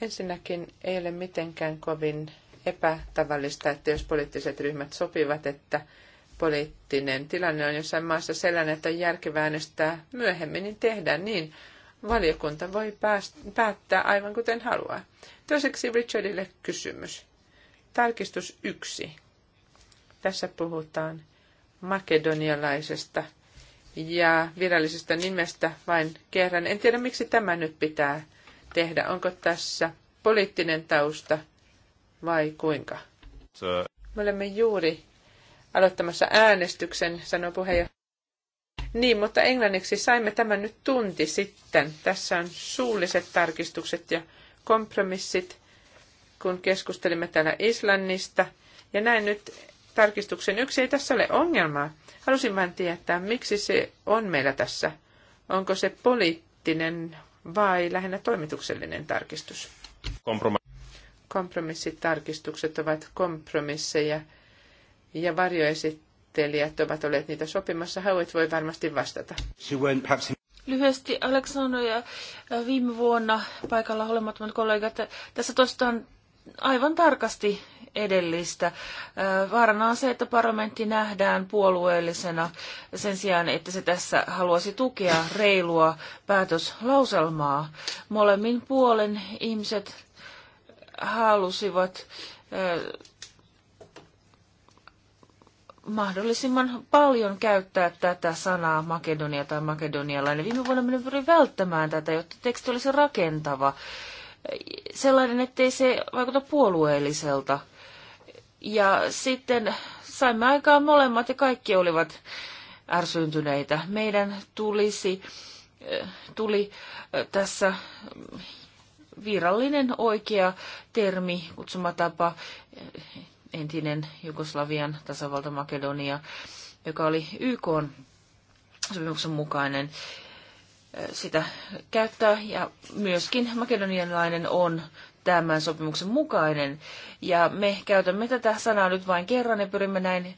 Ensinnäkin ei ole mitenkään kovin epätavallista, että jos poliittiset ryhmät sopivat, että poliittinen tilanne on jossain maassa sellainen, että on järkevää äänestää myöhemmin, niin tehdään niin. Valiokunta voi päättää aivan kuten haluaa. Toiseksi Richardille kysymys. Tarkistus yksi tässä puhutaan makedonialaisesta ja virallisesta nimestä vain kerran. En tiedä, miksi tämä nyt pitää tehdä. Onko tässä poliittinen tausta vai kuinka? Me olemme juuri aloittamassa äänestyksen, sanoi puheenjohtaja. Niin, mutta englanniksi saimme tämän nyt tunti sitten. Tässä on suulliset tarkistukset ja kompromissit, kun keskustelimme täällä Islannista. Ja näin nyt tarkistuksen yksi. Ei tässä ole ongelmaa. Halusin vain tietää, miksi se on meillä tässä. Onko se poliittinen vai lähinnä toimituksellinen tarkistus? Kompromissi. Kompromissitarkistukset ovat kompromisseja ja varjoesittelijät ovat olleet niitä sopimassa. Hauet voi varmasti vastata. Lyhyesti Aleksandro ja viime vuonna paikalla olemattomat kollegat. Tässä tosiaan aivan tarkasti edellistä. Vaarana on se, että parlamentti nähdään puolueellisena sen sijaan, että se tässä haluaisi tukea reilua päätöslauselmaa. Molemmin puolen ihmiset halusivat mahdollisimman paljon käyttää tätä sanaa Makedonia tai makedonialainen. Viime vuonna minä pyrin välttämään tätä, jotta teksti olisi rakentava sellainen, ettei se vaikuta puolueelliselta. Ja sitten saimme aikaan molemmat ja kaikki olivat ärsyntyneitä. Meidän tulisi, eh, tuli eh, tässä virallinen oikea termi, kutsumatapa, eh, entinen Jugoslavian tasavalta Makedonia, joka oli YK sopimuksen mukainen sitä käyttää ja myöskin makedonialainen on tämän sopimuksen mukainen. Ja me käytämme tätä sanaa nyt vain kerran ja pyrimme näin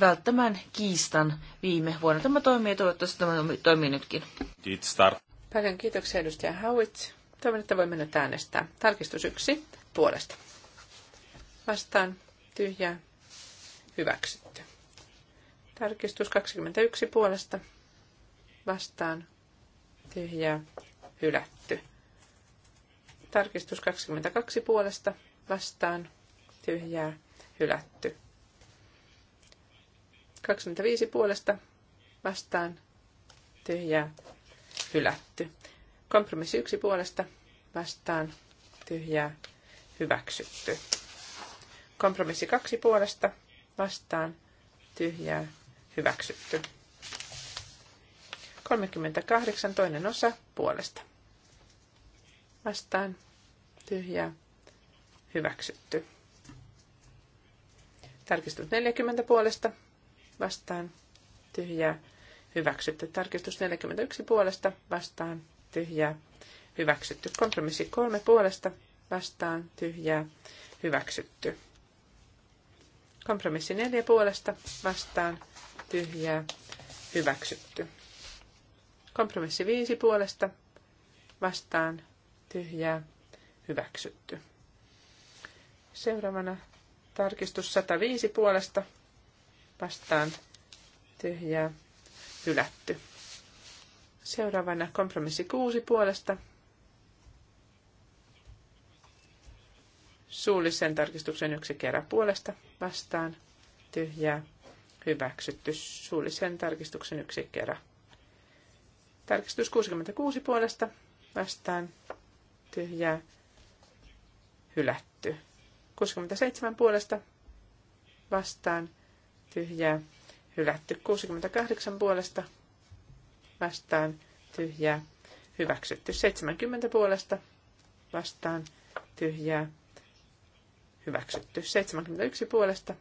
välttämään kiistan viime vuonna. Tämä toimii ja toivottavasti tämä toimii nytkin. Paljon kiitoksia edustaja Howitz. Toivon, että voimme nyt äänestää. Tarkistus yksi puolesta. Vastaan tyhjää. Hyväksytty. Tarkistus 21 puolesta. Vastaan tyhjää, hylätty. Tarkistus 22 puolesta vastaan, tyhjää, hylätty. 25 puolesta vastaan, tyhjää, hylätty. Kompromissi 1 puolesta vastaan, tyhjää, hyväksytty. Kompromissi 2 puolesta vastaan, tyhjää, hyväksytty. 38 toinen osa puolesta. Vastaan tyhjää hyväksytty. Tarkistus 40 puolesta vastaan tyhjää hyväksytty. Tarkistus 41 puolesta vastaan tyhjää hyväksytty. Kompromissi 3 puolesta vastaan tyhjää hyväksytty. Kompromissi 4 puolesta vastaan tyhjää hyväksytty. Kompromissi viisi puolesta vastaan tyhjää hyväksytty. Seuraavana tarkistus 105 puolesta vastaan tyhjää hylätty. Seuraavana kompromissi 6 puolesta suullisen tarkistuksen yksi kerran puolesta vastaan tyhjää hyväksytty suullisen tarkistuksen yksi kerran Tarkistus 66 puolesta vastaan tyhjää hylätty. 67 puolesta vastaan tyhjää hylätty. 68 puolesta vastaan tyhjää hyväksytty. 70 puolesta vastaan tyhjää hyväksytty. 71 puolesta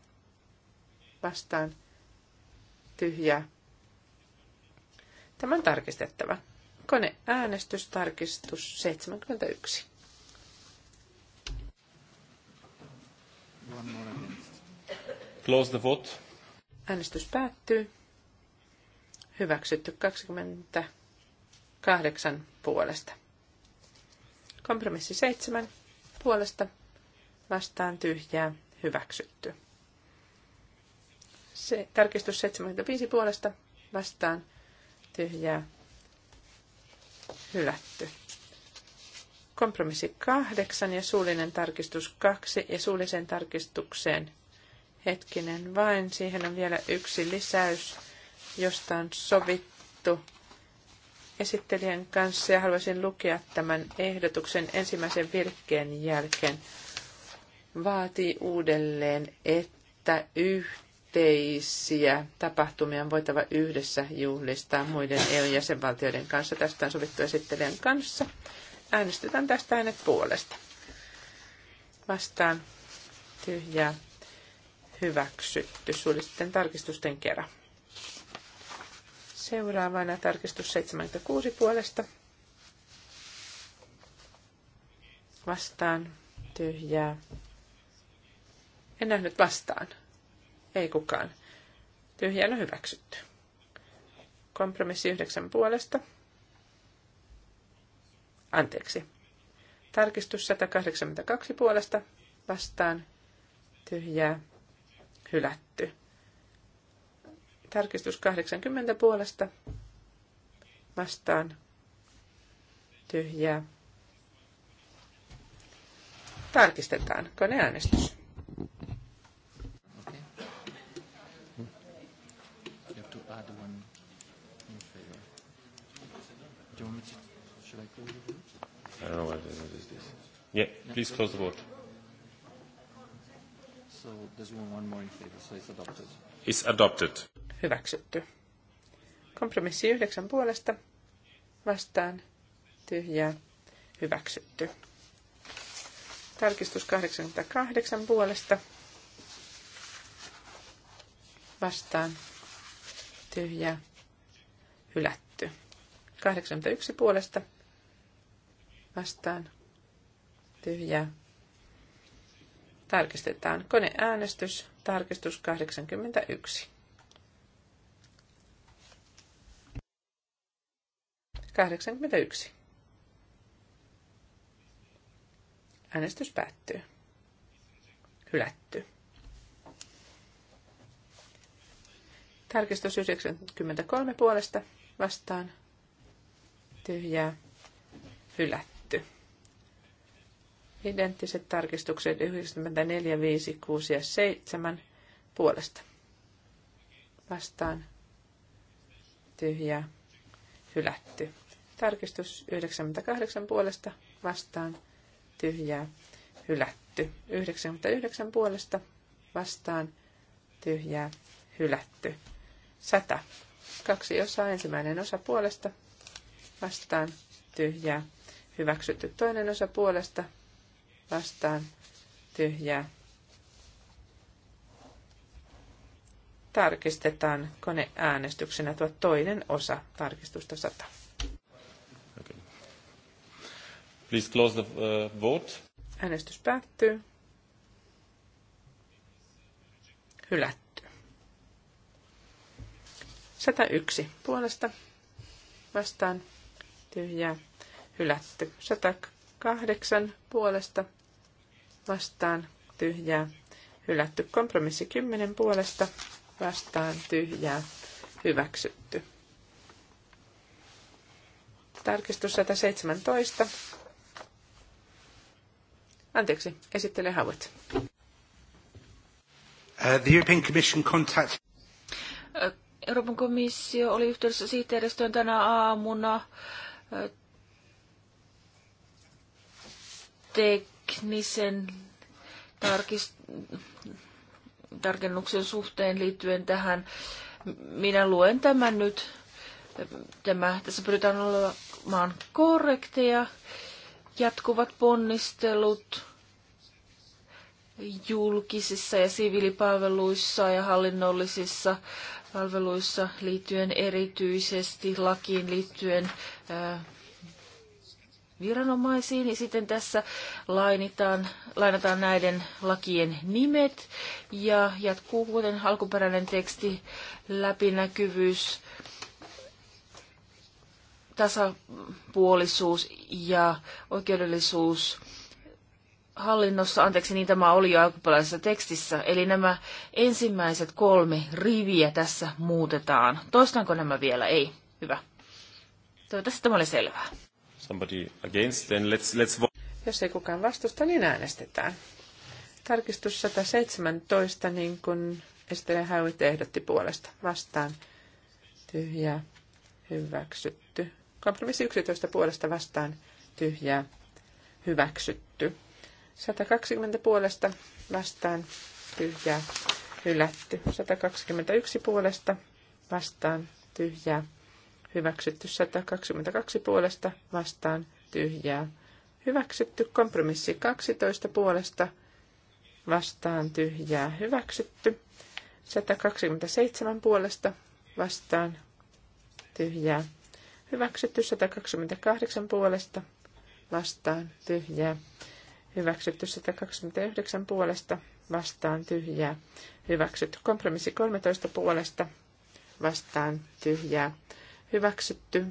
vastaan tyhjää Tämän tarkistettava. äänestys tarkistus 71. Close the vote. Äänestys päättyy. Hyväksytty 28 puolesta. Kompromissi 7 puolesta vastaan tyhjää hyväksytty. Se, tarkistus 75 puolesta vastaan tyhjää hylätty. Kompromissi kahdeksan ja suullinen tarkistus kaksi ja suulliseen tarkistukseen hetkinen vain. Siihen on vielä yksi lisäys, josta on sovittu esittelijän kanssa ja haluaisin lukea tämän ehdotuksen ensimmäisen virkkeen jälkeen. Vaatii uudelleen, että yhteen yhteisiä tapahtumia on voitava yhdessä juhlistaa muiden EU-jäsenvaltioiden kanssa. Tästä on sovittu esittelijän kanssa. Äänestetään tästä äänet puolesta. Vastaan tyhjää hyväksytty suullisten tarkistusten kerran. Seuraavana tarkistus 76 puolesta. Vastaan tyhjää. En nähnyt vastaan. Ei kukaan. Tyhjänä hyväksytty. Kompromissi yhdeksän puolesta. Anteeksi. Tarkistus 182 puolesta vastaan. Tyhjää. Hylätty. Tarkistus 80 puolesta vastaan. Tyhjää. Tarkistetaan koneäänestys. Should I close the vote? I don't know what is this. Yeah, please close the vote. So there's one, one more in favor, so it's adopted. It's adopted. Hyväksytty. Kompromissi yhdeksän puolesta. Vastaan. Tyhjää. Hyväksytty. Tarkistus 88 puolesta. Vastaan. Tyhjää. Hylätty. 81 puolesta vastaan tyhjää. Tarkistetaan koneäänestys, tarkistus 81. 81. Äänestys päättyy. Hylätty. Tarkistus 93 puolesta vastaan. Tyhjää. Hylätty. Identtiset tarkistukset 94, 5, 6 ja 7 puolesta. Vastaan tyhjä hylätty. Tarkistus 98 puolesta vastaan tyhjää hylätty. 99 puolesta vastaan tyhjää hylätty. 100. Kaksi osaa. Ensimmäinen osa puolesta vastaan tyhjää hyväksytty. Toinen osa puolesta vastaan tyhjää. Tarkistetaan koneäänestyksenä tuo toinen osa tarkistusta 100. Okay. Please close the uh, vote. Äänestys päättyy. Hylätty. 101 puolesta vastaan tyhjää hylätty. 108 puolesta vastaan tyhjää, hylätty. Kompromissi 10 puolesta vastaan tyhjää, hyväksytty. Tarkistus 117. Anteeksi, esittelee havut. Uh, the European Commission contact... Euroopan komissio oli yhteydessä sihteeristöön tänä aamuna. Te teknisen tarkist- tarkennuksen suhteen liittyen tähän. Minä luen tämän nyt. Tämä, tässä pyritään olemaan korrekteja. Jatkuvat ponnistelut julkisissa ja siviilipalveluissa ja hallinnollisissa palveluissa liittyen erityisesti lakiin liittyen viranomaisiin ja sitten tässä lainitaan, lainataan näiden lakien nimet ja jatkuu kuten alkuperäinen teksti läpinäkyvyys, tasapuolisuus ja oikeudellisuus hallinnossa, anteeksi, niin tämä oli jo alkuperäisessä tekstissä, eli nämä ensimmäiset kolme riviä tässä muutetaan. Toistanko nämä vielä? Ei. Hyvä. Toivottavasti tämä oli selvää. Somebody against, then let's, let's vote. Jos ei kukaan vastusta, niin äänestetään. Tarkistus 117, niin kuin Estelle Hauit ehdotti puolesta. Vastaan tyhjää, hyväksytty. Kompromissi 11 puolesta vastaan tyhjää, hyväksytty. 120 puolesta vastaan tyhjää, hylätty. 121 puolesta vastaan tyhjää, Hyväksytty 122 puolesta vastaan tyhjää. Hyväksytty kompromissi 12 puolesta vastaan tyhjää. Hyväksytty 127 puolesta vastaan tyhjää. Hyväksytty 128 puolesta vastaan tyhjää. Hyväksytty 129 puolesta vastaan tyhjää. Hyväksytty kompromissi 13 puolesta vastaan tyhjää. Hyväksytty.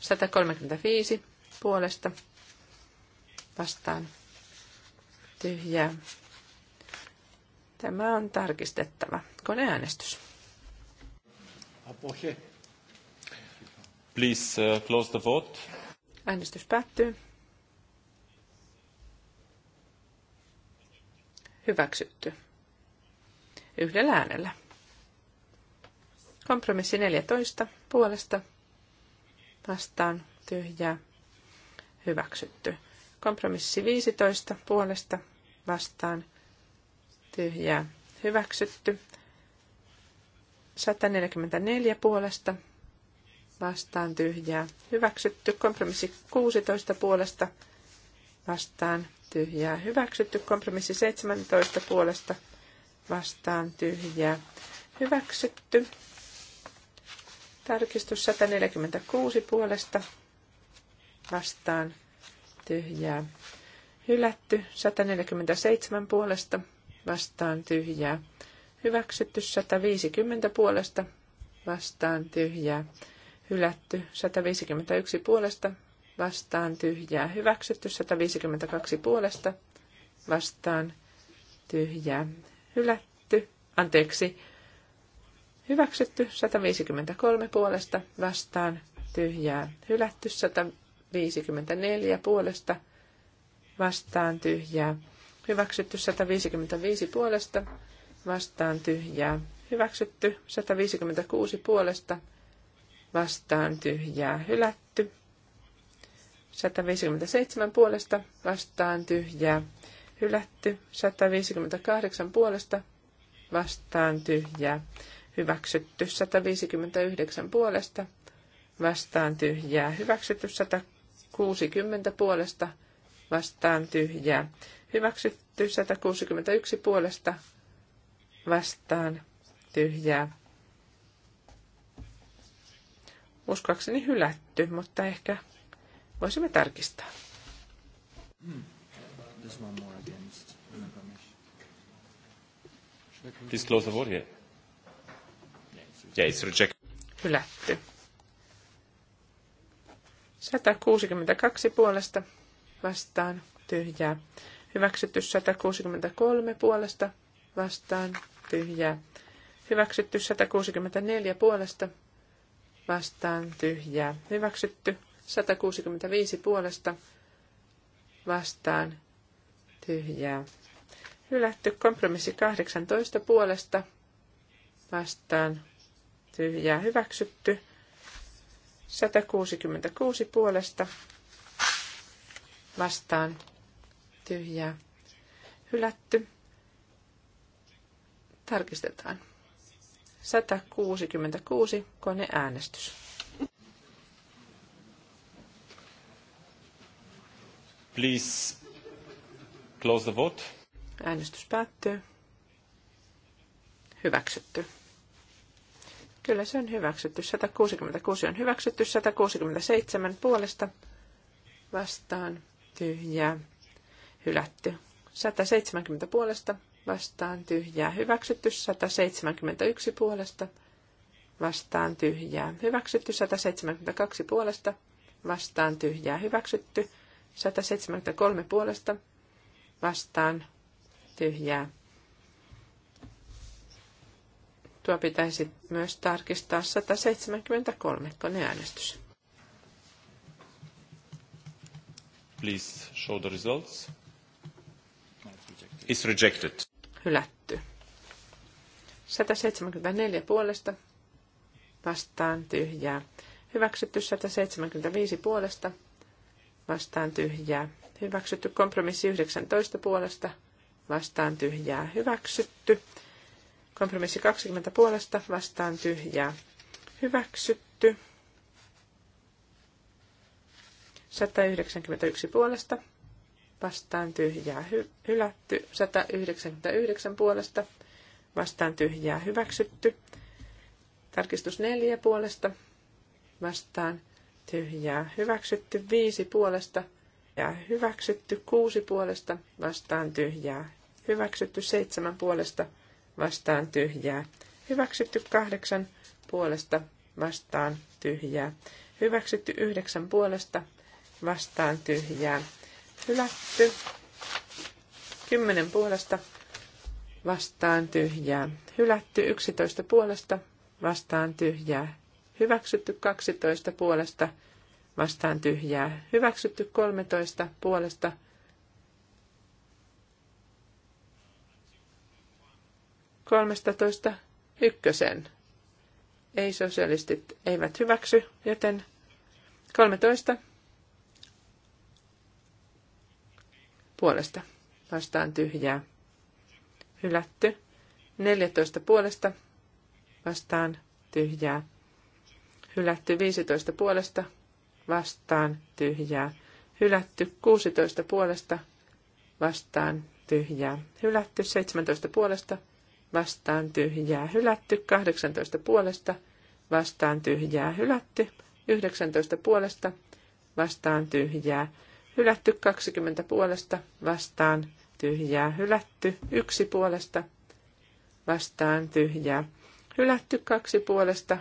135 puolesta vastaan tyhjää. Tämä on tarkistettava. Koneäänestys. Apoche. Please uh, close the vote. Äänestys päättyy. Hyväksytty. Yhdellä äänellä. Kompromissi 14 puolesta vastaan tyhjää hyväksytty. Kompromissi 15 puolesta vastaan tyhjää hyväksytty. 144 puolesta vastaan tyhjää hyväksytty. Kompromissi 16 puolesta vastaan tyhjää hyväksytty. Kompromissi 17 puolesta vastaan tyhjää hyväksytty. Tarkistus 146 puolesta vastaan tyhjää. Hylätty 147 puolesta vastaan tyhjää. Hyväksytty 150 puolesta vastaan tyhjää. Hylätty 151 puolesta vastaan tyhjää. Hyväksytty 152 puolesta vastaan tyhjää. Hylätty, anteeksi, Hyväksytty 153 puolesta vastaan tyhjää. Hylätty 154 puolesta vastaan tyhjää. Hyväksytty 155 puolesta vastaan tyhjää. Hyväksytty 156 puolesta vastaan tyhjää. Hylätty 157 puolesta vastaan tyhjää. Hylätty 158 puolesta vastaan tyhjää hyväksytty 159 puolesta, vastaan tyhjää, hyväksytty 160 puolesta, vastaan tyhjää, hyväksytty 161 puolesta, vastaan tyhjää. Uskoakseni hylätty, mutta ehkä voisimme tarkistaa. Hmm. Please close the vote here. Yeah, Reject. Hylätty. 162 puolesta vastaan tyhjää. Hyväksytty 163 puolesta vastaan tyhjää. Hyväksytty 164 puolesta vastaan tyhjää. Hyväksytty 165 puolesta vastaan tyhjää. Hylätty kompromissi 18 puolesta vastaan tyhjää hyväksytty. 166 puolesta vastaan tyhjää hylätty. Tarkistetaan. 166 koneäänestys. Please close the vote. Äänestys päättyy. Hyväksytty. Kyllä se on hyväksytty. 166 on hyväksytty. 167 puolesta vastaan tyhjää hylätty. 170 puolesta vastaan tyhjää hyväksytty. 171 puolesta vastaan tyhjää hyväksytty. 172 puolesta vastaan tyhjää hyväksytty. 173 puolesta vastaan tyhjää Tuo pitäisi myös tarkistaa 173 koneäänestys. Please show the results. It's rejected. Hylätty. 174 puolesta vastaan tyhjää. Hyväksytty 175 puolesta vastaan tyhjää. Hyväksytty kompromissi 19 puolesta vastaan tyhjää. Hyväksytty Kompromissi 20 puolesta vastaan tyhjää. Hyväksytty. 191 puolesta vastaan tyhjää hy- hylätty. 199 puolesta vastaan tyhjää hyväksytty. Tarkistus 4 puolesta vastaan tyhjää hyväksytty. 5 puolesta ja hyväksytty. 6 puolesta vastaan tyhjää hyväksytty. 7 puolesta vastaan tyhjää. Hyväksytty kahdeksan puolesta vastaan tyhjää. Hyväksytty yhdeksän puolesta vastaan tyhjää. Hylätty kymmenen puolesta vastaan tyhjää. Hylätty yksitoista puolesta vastaan tyhjää. Hyväksytty kaksitoista puolesta vastaan tyhjää. Hyväksytty kolmetoista puolesta vastaan 13 ykkösen. Ei sosialistit eivät hyväksy, joten 13 puolesta vastaan tyhjää. Hylätty. 14 puolesta vastaan tyhjää. Hylätty 15 puolesta vastaan tyhjää. Hylätty 16 puolesta vastaan tyhjää. Hylätty 17 puolesta vastaan tyhjää hylätty, 18 puolesta vastaan tyhjää hylätty, 19 puolesta vastaan tyhjää hylätty, 20 puolesta vastaan tyhjää hylätty, 1 puolesta vastaan tyhjää hylätty, 2 puolesta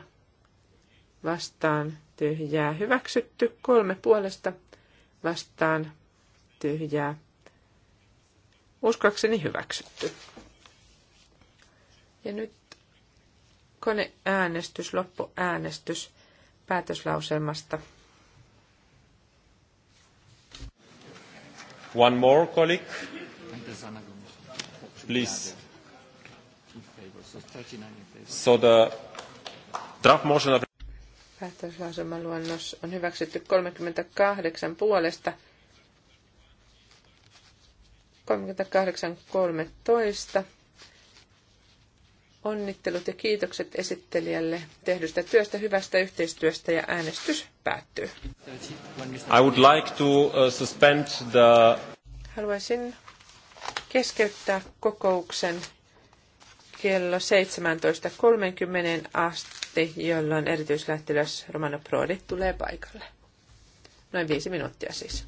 vastaan tyhjää hyväksytty, 3 puolesta vastaan tyhjää uskoakseni hyväksytty. Ja nyt koneäänestys, loppuäänestys päätöslauselmasta. One more colleague. Please. So the draft motion of... Päätöslauselman luonnos on hyväksytty 38 puolesta. 38.13 Onnittelut ja kiitokset esittelijälle tehdystä työstä, hyvästä yhteistyöstä ja äänestys päättyy. I would like to uh, suspend the... Haluaisin keskeyttää kokouksen kello 17.30 asti, jolloin erityislähtilös Romano Prodi tulee paikalle. Noin viisi minuuttia siis.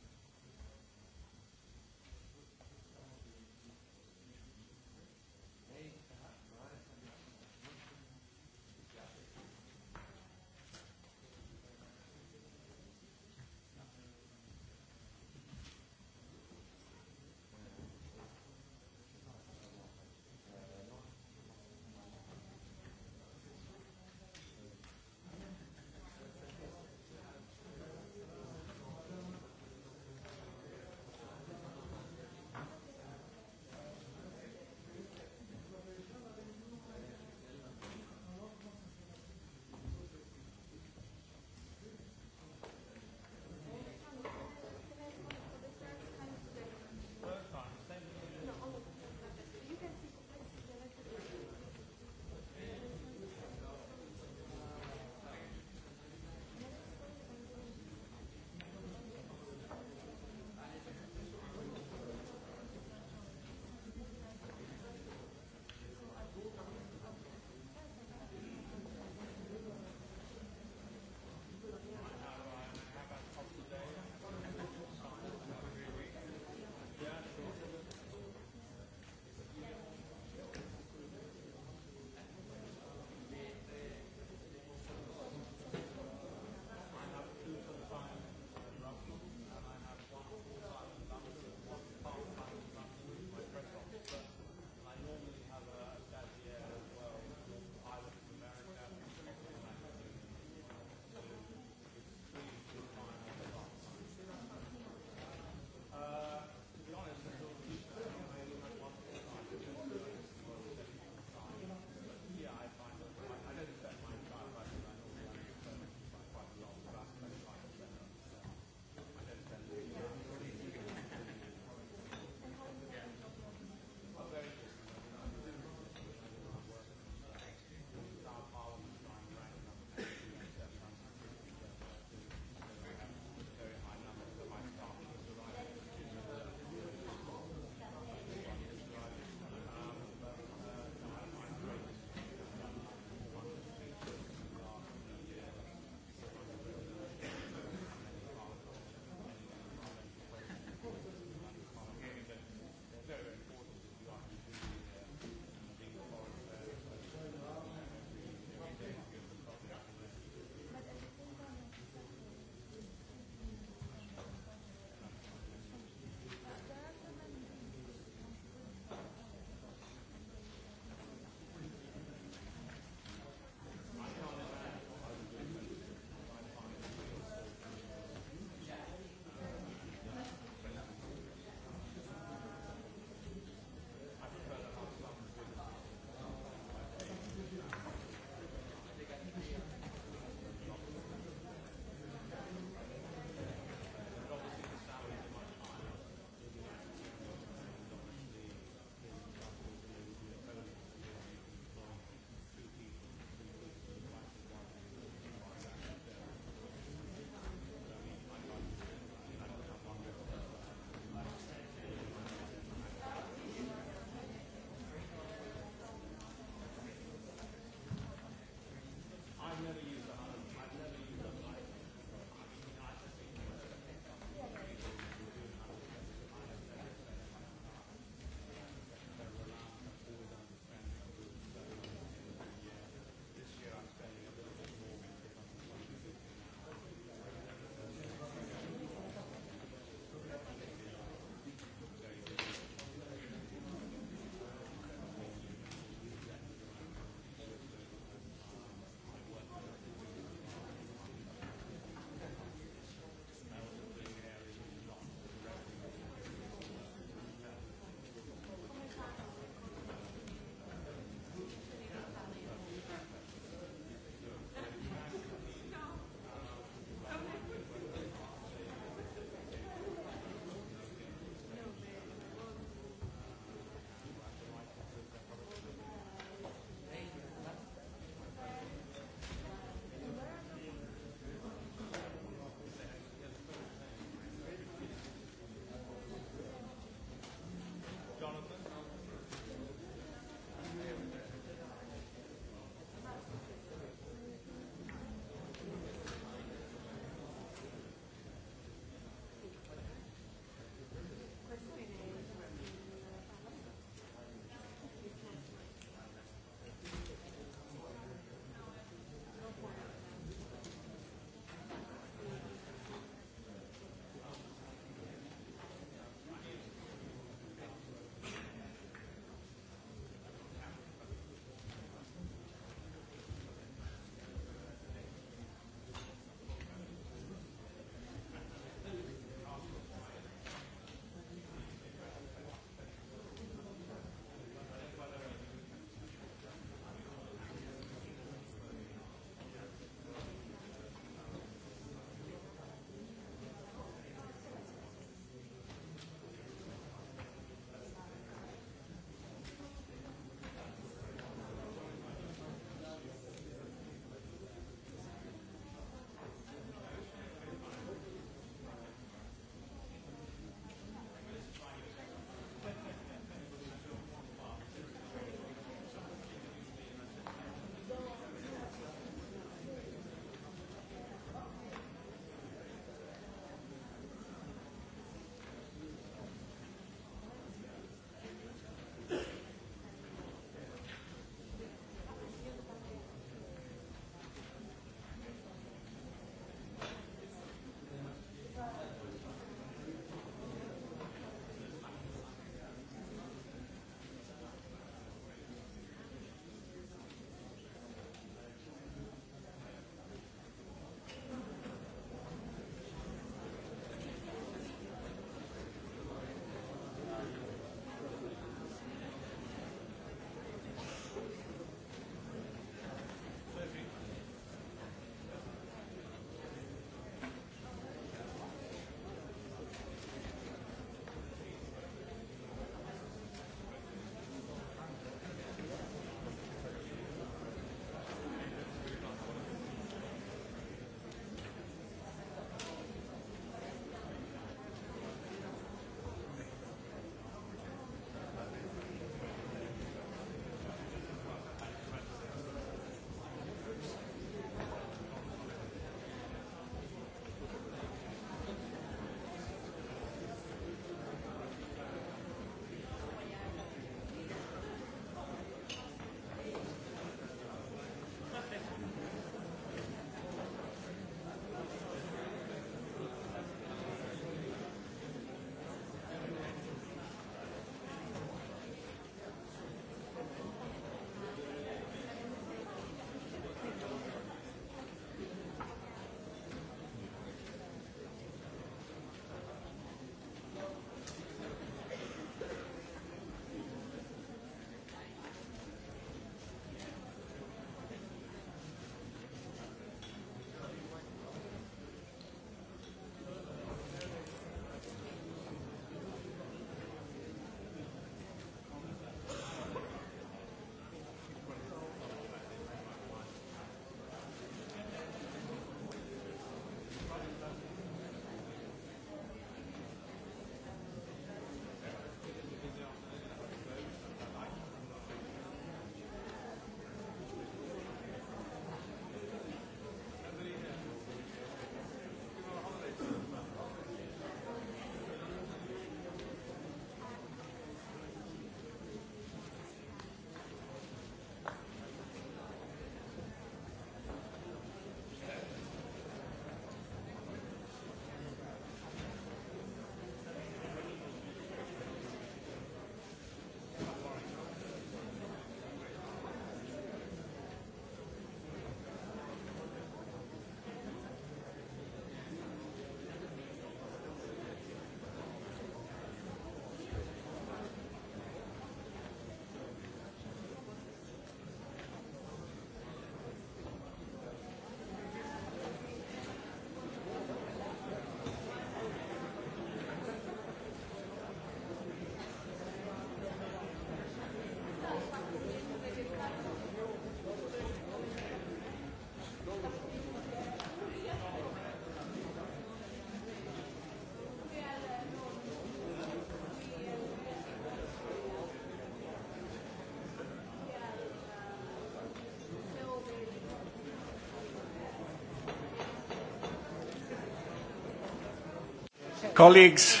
Colleagues,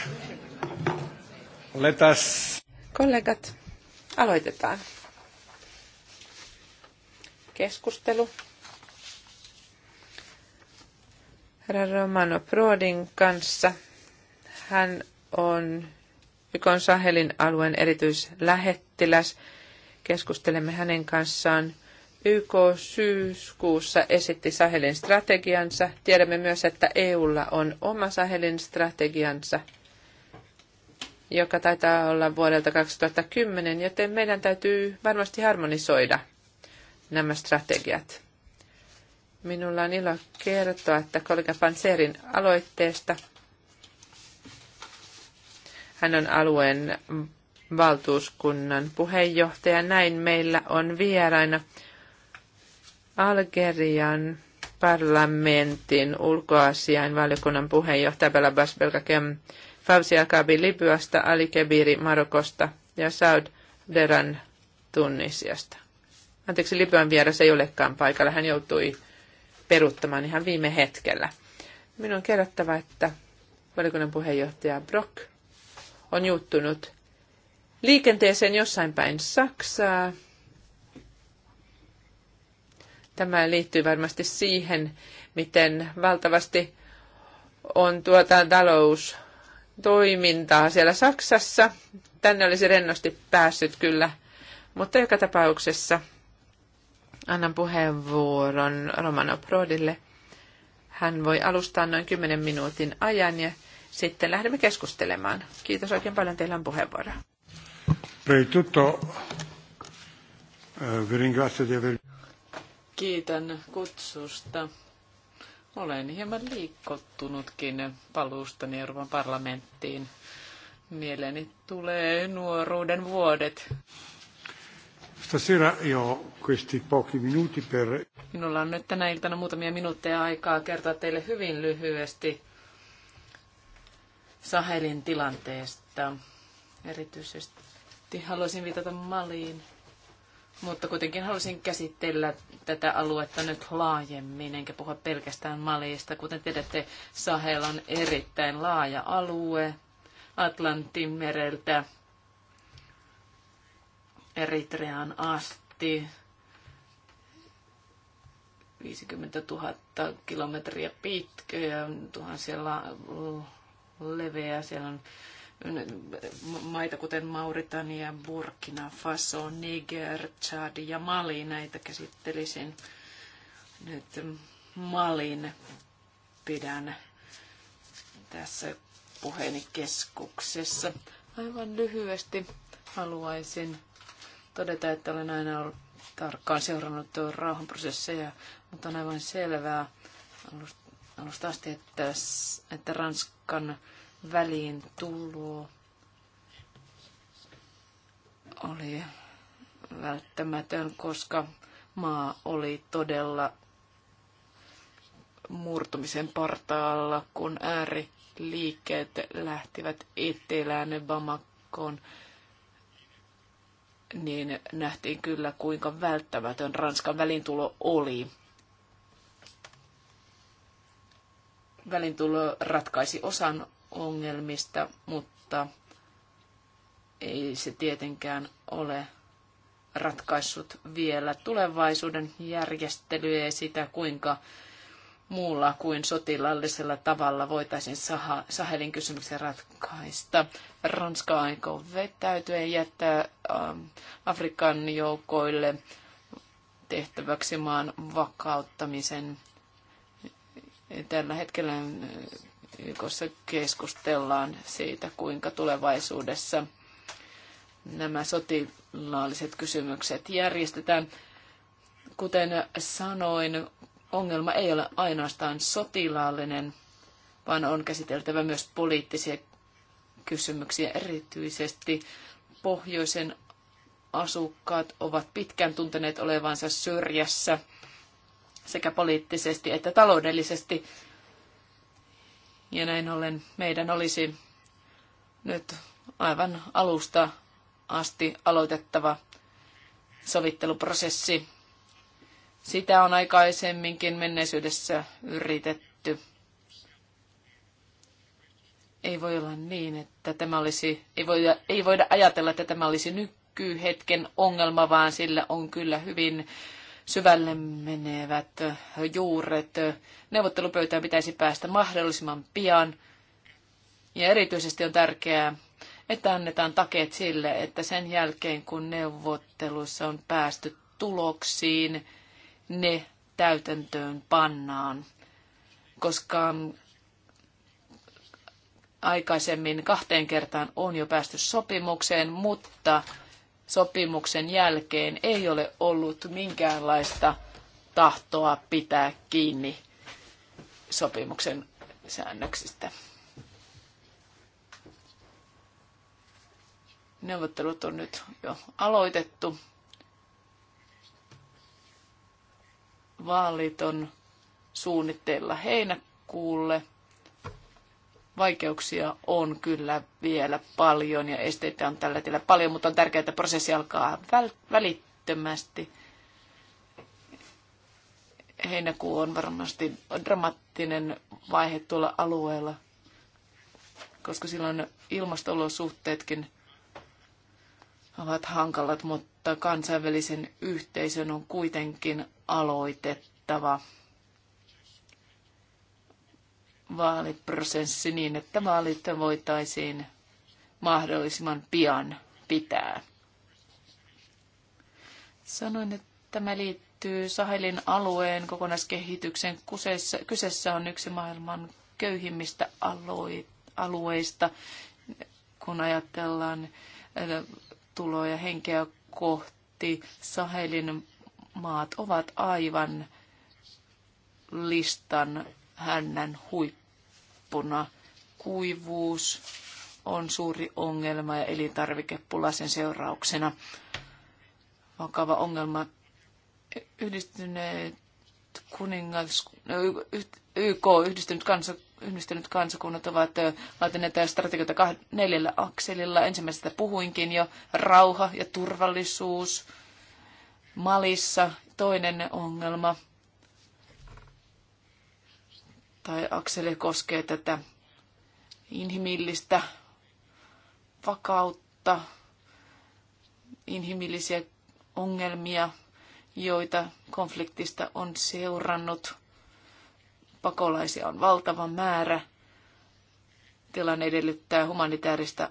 let us... Kollegat, aloitetaan. Keskustelu. Herra Romano Prodin kanssa. Hän on Ykon Sahelin alueen erityislähettiläs. Keskustelemme hänen kanssaan YK syyskuussa esitti Sahelin strategiansa. Tiedämme myös, että EUlla on oma Sahelin strategiansa, joka taitaa olla vuodelta 2010, joten meidän täytyy varmasti harmonisoida nämä strategiat. Minulla on ilo kertoa, että kollega Panserin aloitteesta hän on alueen valtuuskunnan puheenjohtaja. Näin meillä on vieraina Algerian parlamentin ulkoasian valiokunnan puheenjohtaja Belabas Belkakem Fawzi Akabi Libyasta, Ali Kebiri Marokosta ja Saud Deran Tunisiasta. Anteeksi, Libyan vieras ei olekaan paikalla. Hän joutui peruuttamaan ihan viime hetkellä. Minun on kerrottava, että valiokunnan puheenjohtaja Brock on juuttunut liikenteeseen jossain päin Saksaa Tämä liittyy varmasti siihen, miten valtavasti on tuota taloustoimintaa siellä Saksassa. Tänne olisi rennosti päässyt kyllä, mutta joka tapauksessa annan puheenvuoron Romano Prodille. Hän voi alustaa noin 10 minuutin ajan ja sitten lähdemme keskustelemaan. Kiitos oikein paljon, teillä on puheenvuoroa. Prima tutto, tutto eh, vi ringrazio di aver Kiitän kutsusta. Olen hieman liikkottunutkin paluustani Euroopan parlamenttiin. Mieleeni tulee nuoruuden vuodet. Stasera io questi pochi minuti per... Minulla on nyt tänä iltana muutamia minuutteja aikaa kertoa teille hyvin lyhyesti Sahelin tilanteesta. Erityisesti haluaisin viitata Maliin. Mutta kuitenkin halusin käsitellä tätä aluetta nyt laajemmin, enkä puhua pelkästään Malista. Kuten tiedätte, Sahel on erittäin laaja alue Atlantin mereltä Eritreaan asti. 50 000 kilometriä pitkä ja tuhansia la- leveä. Siellä on maita, kuten Mauritania, Burkina Faso, Niger, Chad ja Mali. Näitä käsittelisin nyt Malin pidän tässä puheeni keskuksessa. Aivan lyhyesti haluaisin todeta, että olen aina ollut tarkkaan seurannut rauhanprosesseja, mutta on aivan selvää alusta asti, että, että Ranskan väliin tulo oli välttämätön, koska maa oli todella murtumisen partaalla, kun ääriliikkeet lähtivät etelään Bamakkoon, niin nähtiin kyllä, kuinka välttämätön Ranskan välintulo oli. Välintulo ratkaisi osan ongelmista, mutta ei se tietenkään ole ratkaissut vielä tulevaisuuden järjestelyä ja sitä, kuinka muulla kuin sotilallisella tavalla voitaisiin Sahelin kysymyksen ratkaista. Ranska aikoo vetäytyä ja jättää ähm, Afrikan joukoille tehtäväksi maan vakauttamisen. Tällä hetkellä äh, YKssa keskustellaan siitä, kuinka tulevaisuudessa nämä sotilaalliset kysymykset järjestetään. Kuten sanoin, ongelma ei ole ainoastaan sotilaallinen, vaan on käsiteltävä myös poliittisia kysymyksiä. Erityisesti pohjoisen asukkaat ovat pitkään tunteneet olevansa syrjässä sekä poliittisesti että taloudellisesti ja näin ollen meidän olisi nyt aivan alusta asti aloitettava sovitteluprosessi. Sitä on aikaisemminkin menneisyydessä yritetty. Ei voi olla niin, että tämä olisi, ei voida, ei voida ajatella, että tämä olisi nykyhetken ongelma, vaan sillä on kyllä hyvin syvälle menevät juuret. Neuvottelupöytään pitäisi päästä mahdollisimman pian. Ja erityisesti on tärkeää, että annetaan takeet sille, että sen jälkeen kun neuvotteluissa on päästy tuloksiin, ne täytäntöön pannaan. Koska aikaisemmin kahteen kertaan on jo päästy sopimukseen, mutta sopimuksen jälkeen ei ole ollut minkäänlaista tahtoa pitää kiinni sopimuksen säännöksistä. Neuvottelut on nyt jo aloitettu. Vaalit on suunnitteilla heinäkuulle – Vaikeuksia on kyllä vielä paljon ja esteitä on tällä tiellä paljon, mutta on tärkeää, että prosessi alkaa välittömästi. Heinäkuu on varmasti dramaattinen vaihe tuolla alueella, koska silloin ilmastolosuhteetkin ovat hankalat, mutta kansainvälisen yhteisön on kuitenkin aloitettava vaaliprosessi niin, että vaalit voitaisiin mahdollisimman pian pitää. Sanoin, että tämä liittyy Sahelin alueen kokonaiskehityksen Kyseessä, kyseessä on yksi maailman köyhimmistä alueista, kun ajatellaan tuloja henkeä kohti. Sahelin maat ovat aivan listan hännän huippuna. Kuivuus on suuri ongelma ja elintarvikepula sen seurauksena. Vakava ongelma yhdistyneet kuningas, YK, yhdistynyt, kansa, yhdistynyt kansakunnat ovat laatineet strategioita neljällä akselilla. Ensimmäisestä puhuinkin jo rauha ja turvallisuus. Malissa toinen ongelma tai akseli koskee tätä inhimillistä vakautta, inhimillisiä ongelmia, joita konfliktista on seurannut. Pakolaisia on valtava määrä. Tilanne edellyttää humanitaarista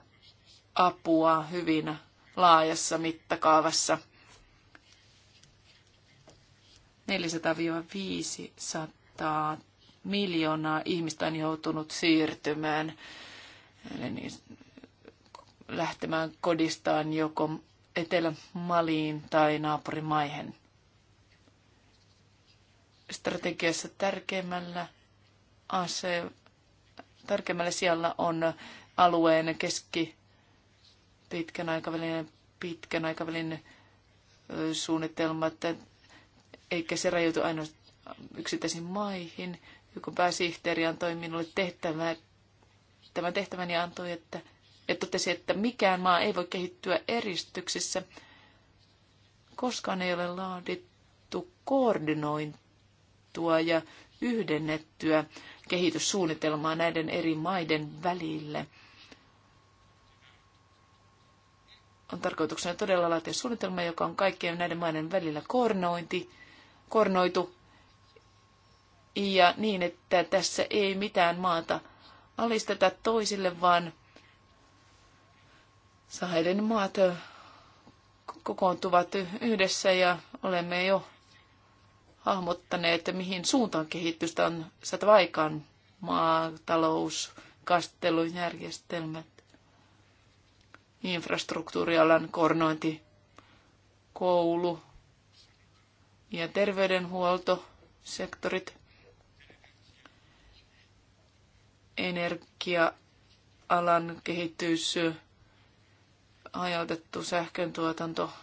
apua hyvin laajassa mittakaavassa. 400-500 miljoonaa ihmistä on joutunut siirtymään, eli niin, lähtemään kodistaan joko Etelä-Maliin tai naapurimaihin. Strategiassa tärkeimmällä, ase, tärkeimmällä siellä on alueen keski pitkän aikavälin pitkän aikavälin suunnitelma, että eikä se rajoitu ainoastaan yksittäisiin maihin joku pääsihteeri antoi minulle tehtävää, tämän tehtäväni antoi, että, että totesi, että mikään maa ei voi kehittyä eristyksissä. Koskaan ei ole laadittu koordinointua ja yhdennettyä kehityssuunnitelmaa näiden eri maiden välille. On tarkoituksena todella laatia suunnitelma, joka on kaikkien näiden maiden välillä koordinointi, koordinoitu ja niin, että tässä ei mitään maata alisteta toisille, vaan Sahelin maat kokoontuvat yhdessä ja olemme jo hahmottaneet, että mihin suuntaan kehitystä on saatava aikaan maatalous, kastelujärjestelmät, infrastruktuurialan kornointi, koulu ja terveydenhuoltosektorit. energia-alan kehitys, hajautettu sähköntuotanto.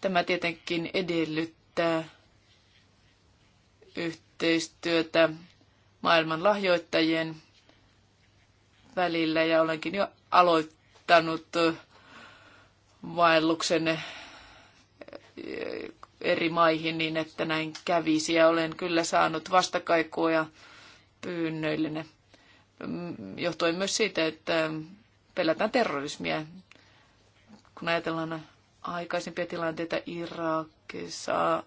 Tämä tietenkin edellyttää yhteistyötä maailman lahjoittajien välillä ja olenkin jo aloittanut vaelluksen eri maihin niin, että näin kävisi ja olen kyllä saanut vastakaikua pyynnöillinen. Mm, johtuen myös siitä, että pelätään terrorismia. Kun ajatellaan aikaisempia tilanteita Irakissa,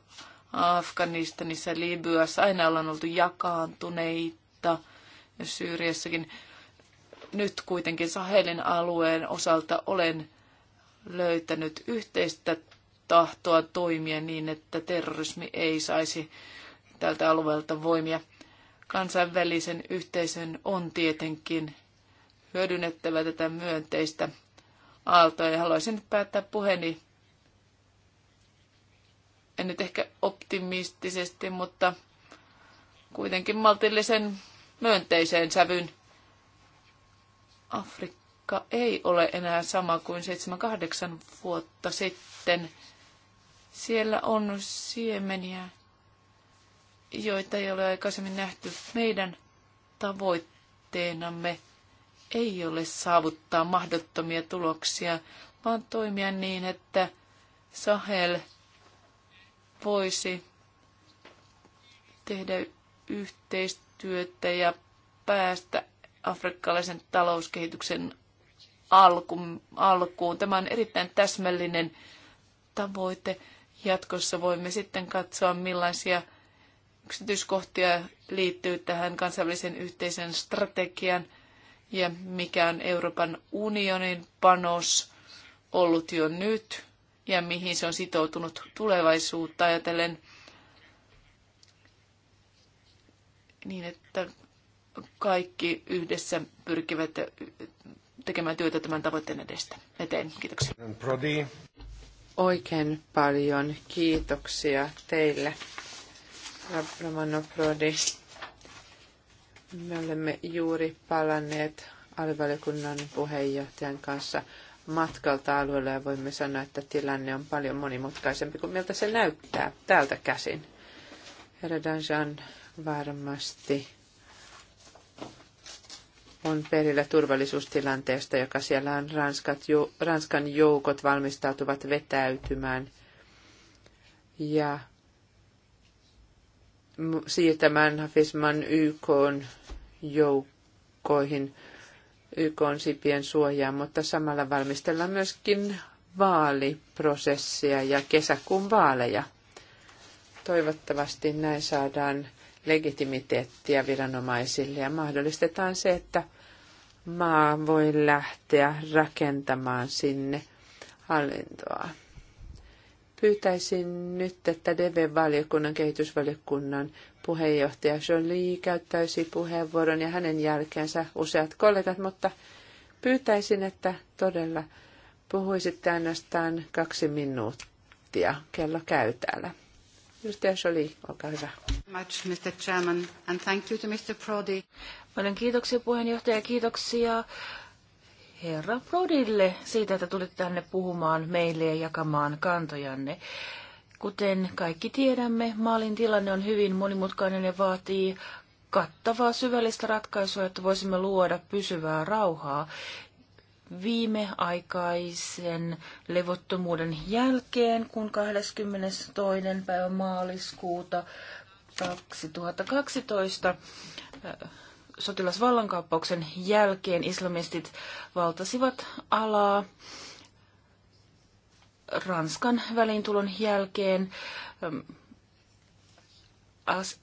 Afganistanissa, Libyassa, aina ollaan oltu jakaantuneita ja Syyriassakin. Nyt kuitenkin Sahelin alueen osalta olen löytänyt yhteistä tahtoa toimia niin, että terrorismi ei saisi tältä alueelta voimia. Kansainvälisen yhteisön on tietenkin hyödynnettävä tätä myönteistä aaltoa. Ja haluaisin nyt päättää puheeni, en nyt ehkä optimistisesti, mutta kuitenkin maltillisen myönteiseen sävyn Afrikka ei ole enää sama kuin 7-8 vuotta sitten. Siellä on siemeniä, joita ei ole aikaisemmin nähty. Meidän tavoitteenamme ei ole saavuttaa mahdottomia tuloksia, vaan toimia niin, että Sahel voisi tehdä yhteistyötä ja päästä afrikkalaisen talouskehityksen alku, alkuun. Tämä on erittäin täsmällinen tavoite. Jatkossa voimme sitten katsoa, millaisia yksityiskohtia liittyy tähän kansainvälisen yhteisön strategian ja mikä on Euroopan unionin panos ollut jo nyt ja mihin se on sitoutunut tulevaisuutta ajatellen niin, että kaikki yhdessä pyrkivät tekemään työtä tämän tavoitteen edestä. eteen. Kiitoksia. Oikein paljon kiitoksia teille Rabramannoprodi. Me olemme juuri palanneet alivaliokunnan puheenjohtajan kanssa matkalta alueella ja voimme sanoa, että tilanne on paljon monimutkaisempi kuin miltä se näyttää täältä käsin. Herra Danjan varmasti on perillä turvallisuustilanteesta, joka siellä on. Ranskat, Ranskan joukot valmistautuvat vetäytymään ja siirtämään Hafisman YK joukkoihin, YK sipien suojaan, mutta samalla valmistellaan myöskin vaaliprosessia ja kesäkuun vaaleja. Toivottavasti näin saadaan legitimiteettiä viranomaisille ja mahdollistetaan se, että maa voi lähteä rakentamaan sinne hallintoa. Pyytäisin nyt, että DV-valiokunnan kehitysvaliokunnan puheenjohtaja Jolie käyttäisi puheenvuoron ja hänen jälkeensä useat kollegat, mutta pyytäisin, että todella puhuisitte ainoastaan kaksi minuuttia. Kello käy täällä. Edustaja Jolie, olkaa hyvä. Much, Mr. Chairman, and thank you to Mr. Prodi. Paljon kiitoksia puheenjohtaja, kiitoksia herra Prodille siitä, että tulit tänne puhumaan meille ja jakamaan kantojanne. Kuten kaikki tiedämme, maalin tilanne on hyvin monimutkainen ja vaatii kattavaa syvällistä ratkaisua, että voisimme luoda pysyvää rauhaa. Viimeaikaisen levottomuuden jälkeen, kun 22. päivä maaliskuuta 2012 sotilasvallankaappauksen jälkeen islamistit valtasivat alaa Ranskan väliintulon jälkeen.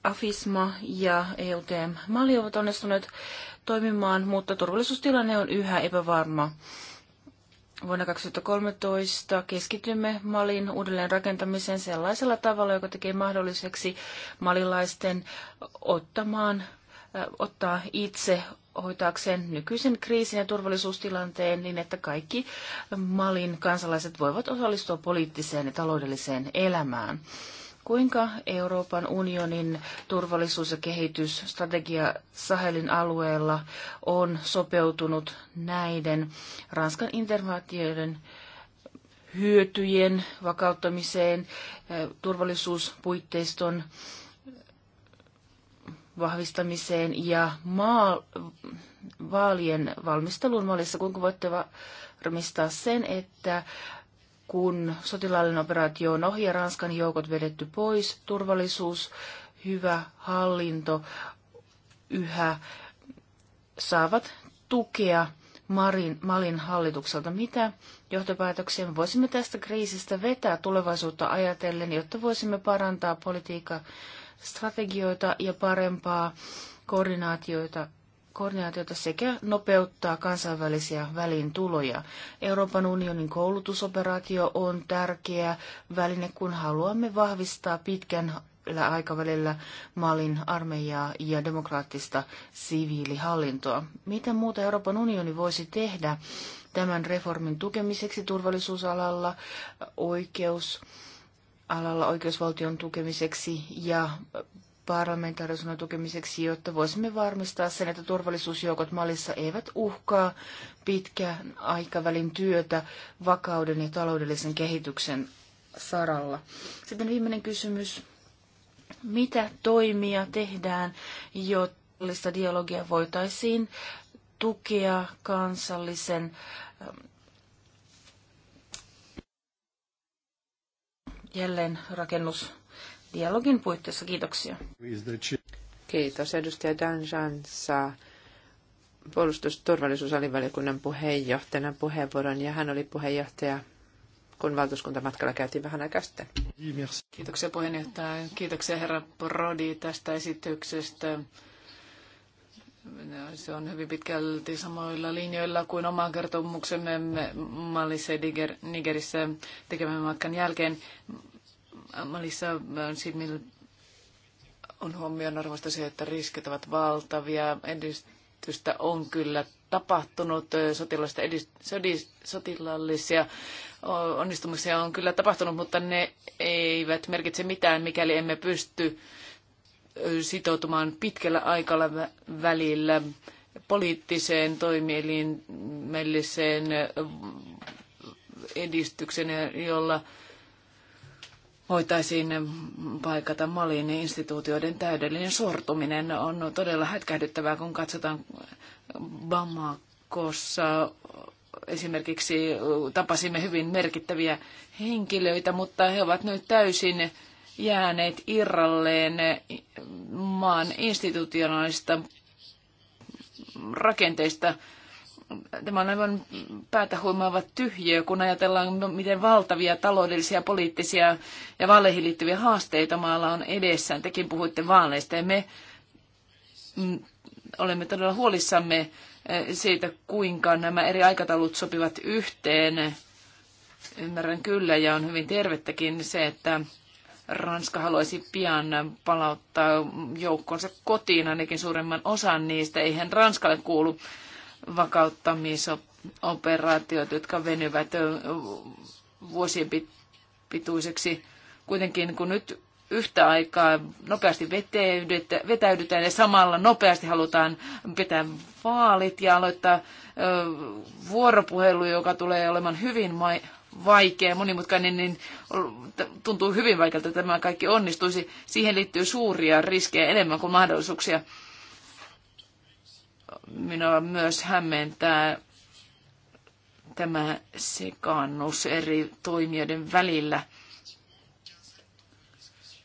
AFISMA ja EUTM Mali ovat onnistuneet toimimaan, mutta turvallisuustilanne on yhä epävarma. Vuonna 2013 keskitymme Malin uudelleen rakentamiseen sellaisella tavalla, joka tekee mahdolliseksi malilaisten ottamaan ottaa itse hoitaakseen nykyisen kriisin ja turvallisuustilanteen niin, että kaikki Malin kansalaiset voivat osallistua poliittiseen ja taloudelliseen elämään. Kuinka Euroopan unionin turvallisuus- ja kehitysstrategia Sahelin alueella on sopeutunut näiden Ranskan intervaatioiden hyötyjen vakauttamiseen, turvallisuuspuitteiston vahvistamiseen ja maa, vaalien valmisteluun maalissa, kuinka voitte varmistaa sen, että kun sotilaallinen operaatio on ohi ja Ranskan joukot vedetty pois, turvallisuus, hyvä hallinto yhä saavat tukea Marin, Malin hallitukselta. Mitä johtopäätöksiä voisimme tästä kriisistä vetää tulevaisuutta ajatellen, jotta voisimme parantaa politiikkaa strategioita ja parempaa koordinaatioita koordinaatiota sekä nopeuttaa kansainvälisiä välintuloja. Euroopan unionin koulutusoperaatio on tärkeä väline, kun haluamme vahvistaa pitkän aikavälillä Malin armeijaa ja demokraattista siviilihallintoa. Mitä muuta Euroopan unioni voisi tehdä tämän reformin tukemiseksi turvallisuusalalla, oikeus, alalla oikeusvaltion tukemiseksi ja parlamentaarisuuden tukemiseksi, jotta voisimme varmistaa sen, että turvallisuusjoukot Malissa eivät uhkaa pitkän aikavälin työtä vakauden ja taloudellisen kehityksen saralla. Sitten viimeinen kysymys. Mitä toimia tehdään, jotta dialogia voitaisiin tukea kansallisen ähm, jälleen rakennusdialogin puitteissa. Kiitoksia. Kiitos. Edustaja Danjan saa puolustusturvallisuusalivaliokunnan puheenjohtajana puheenvuoron ja hän oli puheenjohtaja kun valtuuskuntamatkalla käytiin vähän aikaa sitten. Kiitoksia puheenjohtaja. Kiitoksia herra Brodi tästä esityksestä. No, se on hyvin pitkälti samoilla linjoilla kuin oma kertomuksemme Malissa ja Nigerissä tekemän matkan jälkeen. Malissa äh, Sidmil on huomionarvoista se, että riskit ovat valtavia. Edistystä on kyllä tapahtunut, äh, sotilaallista edist, sotilaallisia onnistumisia on kyllä tapahtunut, mutta ne eivät merkitse mitään, mikäli emme pysty sitoutumaan pitkällä aikavälillä poliittiseen toimielimelliseen edistykseen, jolla voitaisiin paikata Malin instituutioiden täydellinen sortuminen. On todella hätkähdyttävää, kun katsotaan Bamakossa esimerkiksi tapasimme hyvin merkittäviä henkilöitä, mutta he ovat nyt täysin jääneet irralleen maan institutionaalista rakenteista. Tämä on aivan päätä huimaava tyhjiö, kun ajatellaan, no, miten valtavia taloudellisia, poliittisia ja vaaleihin liittyviä haasteita maalla on edessään. Tekin puhuitte vaaleista ja me mm, olemme todella huolissamme eh, siitä, kuinka nämä eri aikataulut sopivat yhteen. Ymmärrän kyllä ja on hyvin tervettäkin se, että Ranska haluaisi pian palauttaa joukkonsa kotiin, ainakin suuremman osan niistä. Eihän Ranskalle kuulu vakauttamisoperaatiot, jotka venyvät vuosien pituiseksi. Kuitenkin kun nyt yhtä aikaa nopeasti vetäydytään ja samalla nopeasti halutaan pitää vaalit ja aloittaa vuoropuhelu, joka tulee olemaan hyvin vaikea ja monimutkainen, niin tuntuu hyvin vaikealta, että tämä kaikki onnistuisi. Siihen liittyy suuria riskejä enemmän kuin mahdollisuuksia. Minua myös hämmentää tämä sekaannus eri toimijoiden välillä.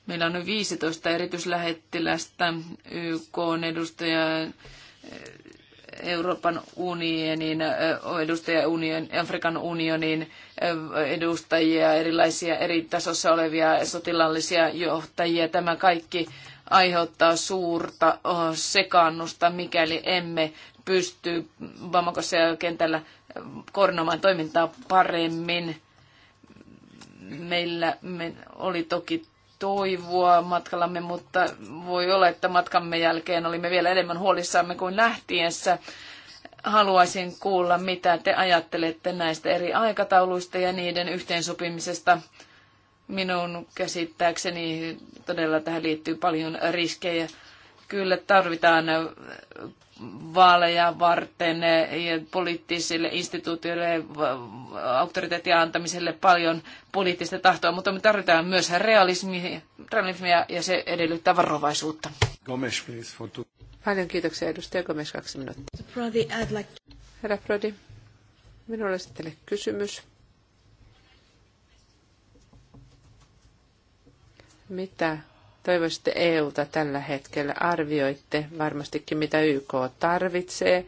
Meillä on 15 erityislähettilästä, YK edustajaa, Euroopan unionin edustajia, union, Afrikan unionin edustajia, erilaisia eri tasossa olevia sotilaallisia johtajia. Tämä kaikki aiheuttaa suurta sekannusta, mikäli emme pysty Bamakossa ja kentällä koordinoimaan toimintaa paremmin. Meillä me oli toki toivoa matkallamme, mutta voi olla, että matkamme jälkeen olimme vielä enemmän huolissamme kuin lähtiessä. Haluaisin kuulla, mitä te ajattelette näistä eri aikatauluista ja niiden yhteensopimisesta. Minun käsittääkseni todella tähän liittyy paljon riskejä. Kyllä tarvitaan vaaleja varten ja poliittisille instituutioille auktoriteetin antamiselle paljon poliittista tahtoa, mutta me tarvitaan myös realismia, realismia ja se edellyttää varovaisuutta. Gomes, please, for two. Paljon kiitoksia edustaja Gomes, kaksi minuuttia. Herra Prodi, minulla olisi teille kysymys. Mitä toivoisitte EUta tällä hetkellä? Arvioitte varmastikin, mitä YK tarvitsee,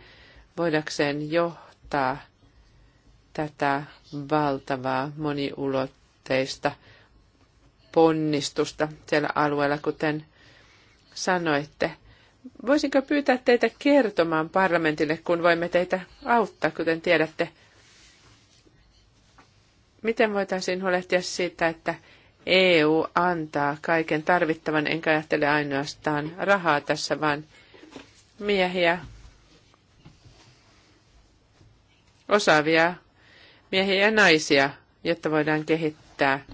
voidakseen johtaa tätä valtavaa moniulotteista ponnistusta siellä alueella, kuten sanoitte. Voisinko pyytää teitä kertomaan parlamentille, kun voimme teitä auttaa, kuten tiedätte, miten voitaisiin huolehtia siitä, että EU antaa kaiken tarvittavan, enkä ajattele ainoastaan rahaa tässä, vaan miehiä, osaavia miehiä ja naisia, jotta voidaan kehittää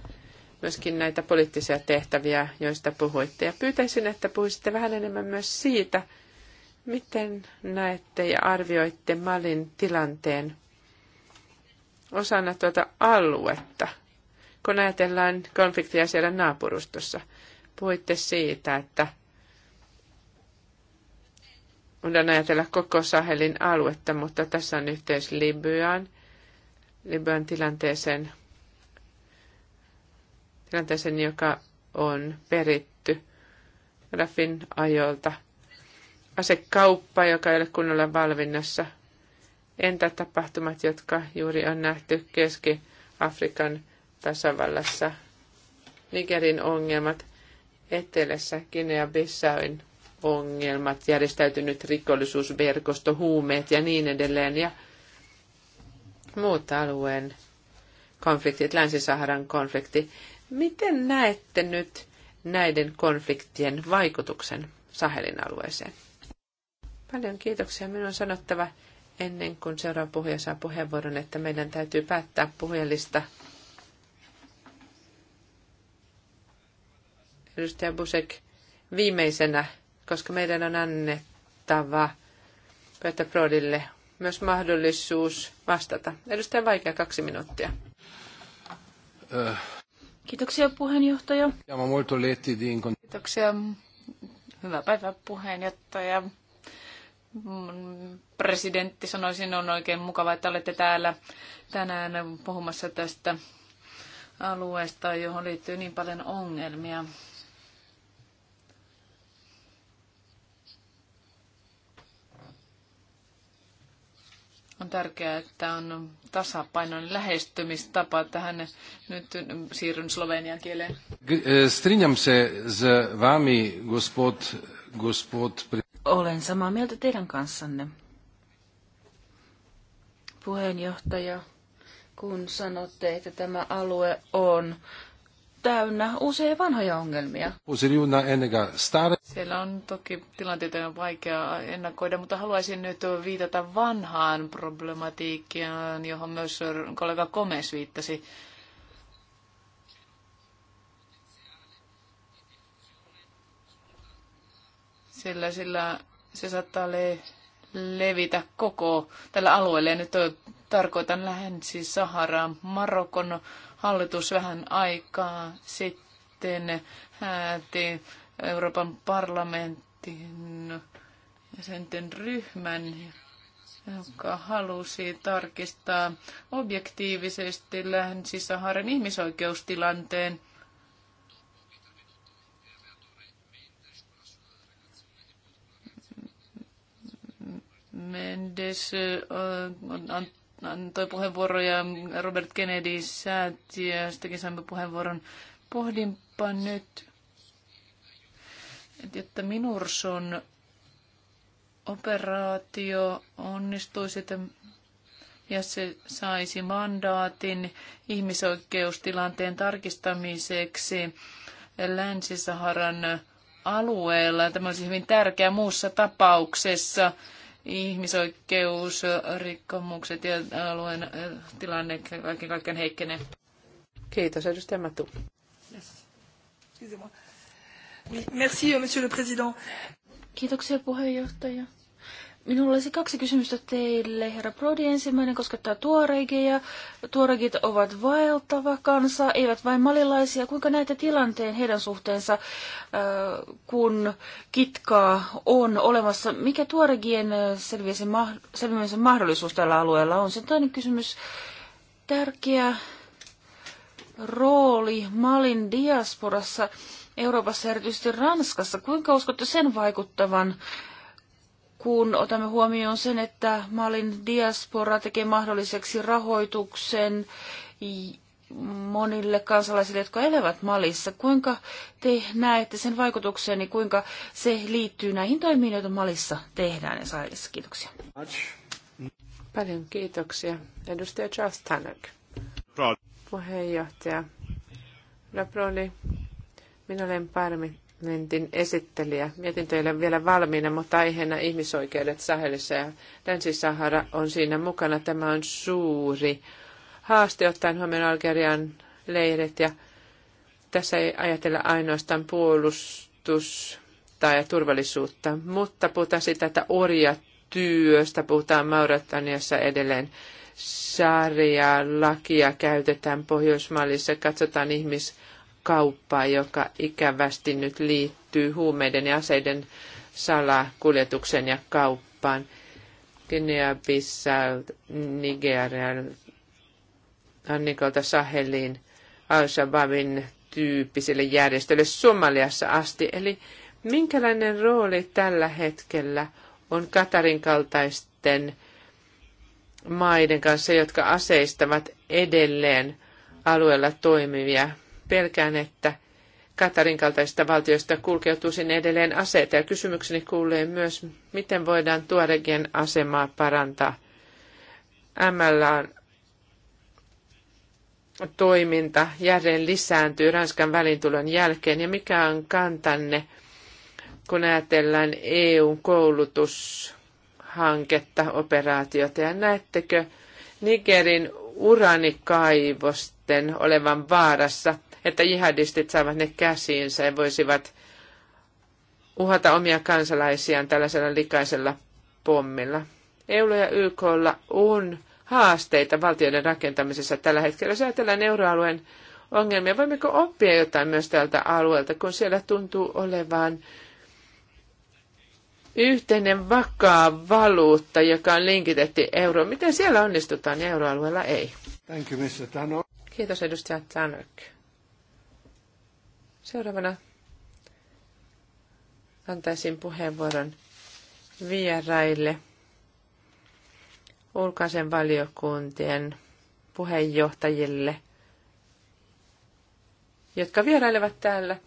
myöskin näitä poliittisia tehtäviä, joista puhuitte. Ja pyytäisin, että puhuisitte vähän enemmän myös siitä, miten näette ja arvioitte Malin tilanteen osana tuota aluetta – kun ajatellaan konfliktia siellä naapurustossa. Puhuitte siitä, että voidaan ajatella koko Sahelin aluetta, mutta tässä on yhteys Libyaan, Libyan tilanteeseen, tilanteeseen joka on peritty Rafin ajolta. Asekauppa, joka ei ole kunnolla valvinnassa. Entä tapahtumat, jotka juuri on nähty Keski-Afrikan tasavallassa, Nigerin ongelmat, etelässä Guinea-Bissauin ongelmat, järjestäytynyt rikollisuus, huumeet ja niin edelleen. Ja muut alueen konfliktit, Länsi-Saharan konflikti. Miten näette nyt näiden konfliktien vaikutuksen Sahelin alueeseen? Paljon kiitoksia. Minun on sanottava ennen kuin seuraava puhuja saa puheenvuoron, että meidän täytyy päättää puhujalista edustaja Busek viimeisenä, koska meidän on annettava Petra Prodille myös mahdollisuus vastata. Edustaja Vaikea, kaksi minuuttia. Kiitoksia puheenjohtaja. Kiitoksia. Hyvää päivää puheenjohtaja. Presidentti sanoisin, on oikein mukava, että olette täällä tänään puhumassa tästä alueesta, johon liittyy niin paljon ongelmia. On tärkeää, että on tasapainoinen lähestymistapa tähän. Nyt siirryn slovenian kieleen. E, strinjam se z vami, gospod, gospod... Olen samaa mieltä teidän kanssanne. Puheenjohtaja, kun sanotte, että tämä alue on täynnä usein vanhoja ongelmia. Siellä on toki tilanteita on vaikea ennakoida, mutta haluaisin nyt viitata vanhaan problematiikkaan, johon myös kollega Komes viittasi. Sillä, sillä se saattaa le- levitä koko tällä alueella. Ja nyt tarkoitan länsi Saharaa, Marokon hallitus vähän aikaa sitten hääti Euroopan parlamentin jäsenten ryhmän, joka halusi tarkistaa objektiivisesti Länsi-Saharan ihmisoikeustilanteen. Mendes antoi puheenvuoroja Robert Kennedy sittenkin saimme puheenvuoron. Pohdinpa nyt, että Minurson operaatio onnistuisi, että ja se saisi mandaatin ihmisoikeustilanteen tarkistamiseksi Länsi-Saharan alueella. Tämä olisi hyvin tärkeä muussa tapauksessa ihmisoikeusrikkomukset ja alueen tilanne kaiken kaikkiaan heikkenee. Kiitos, edustaja Mattu. Yes. Merci, monsieur le président. Kiitoksia puheenjohtaja. Minulla olisi kaksi kysymystä teille, herra Brody. Ensimmäinen koskettaa tuoregeja. Tuoregit ovat vaeltava kansa, eivät vain malilaisia. Kuinka näitä tilanteen heidän suhteensa, kun kitkaa on olemassa? Mikä tuoregien selviämisen mahdollisuus tällä alueella on? Sen toinen kysymys, tärkeä rooli Malin diasporassa Euroopassa, erityisesti Ranskassa. Kuinka uskotte sen vaikuttavan kun otamme huomioon sen, että Malin diaspora tekee mahdolliseksi rahoituksen monille kansalaisille, jotka elävät Malissa. Kuinka te näette sen vaikutuksen, niin kuinka se liittyy näihin toimiin, joita Malissa tehdään ja Sailissa? Kiitoksia. Paljon kiitoksia. Edustaja Charles Tannock. Puheenjohtaja. Raproli, minä olen parmi parlamentin esittelijä. Mietintö ei ole vielä valmiina, mutta aiheena ihmisoikeudet Sahelissa ja Länsi-Sahara on siinä mukana. Tämä on suuri haaste ottaen huomioon Algerian leirit ja tässä ei ajatella ainoastaan puolustusta ja turvallisuutta, mutta puhutaan siitä, että orjatyöstä puhutaan Mauritaniassa edelleen. Sarja-lakia käytetään Pohjoismallissa, katsotaan ihmis kauppaa, joka ikävästi nyt liittyy huumeiden ja aseiden salakuljetukseen ja kauppaan. Guinea Bissau, Nigeria, Annikolta Sahelin Al-Shabaabin tyyppisille järjestöille Somaliassa asti. Eli minkälainen rooli tällä hetkellä on Katarin kaltaisten maiden kanssa, jotka aseistavat edelleen alueella toimivia pelkään, että Katarin kaltaisista valtioista kulkeutuu sinne edelleen aseita. Ja kysymykseni kuulee myös, miten voidaan Tuaregien asemaa parantaa. MLAn toiminta järjen lisääntyy Ranskan välintulon jälkeen ja mikä on kantanne, kun ajatellaan EUn koulutushanketta, operaatiota ja näettekö Nigerin uranikaivosten olevan vaarassa – että jihadistit saavat ne käsiinsä ja voisivat uhata omia kansalaisiaan tällaisella likaisella pommilla. EUlla ja YKlla on haasteita valtioiden rakentamisessa tällä hetkellä. Jos ajatellaan euroalueen ongelmia, voimmeko oppia jotain myös tältä alueelta, kun siellä tuntuu olevan yhteinen vakaa valuutta, joka on linkitetty euroon. Miten siellä onnistutaan euroalueella ei? Thank you, Mr. Tanok. Kiitos edustaja Tanok. Seuraavana antaisin puheenvuoron vieraille ulkaisen valiokuntien puheenjohtajille, jotka vierailevat täällä.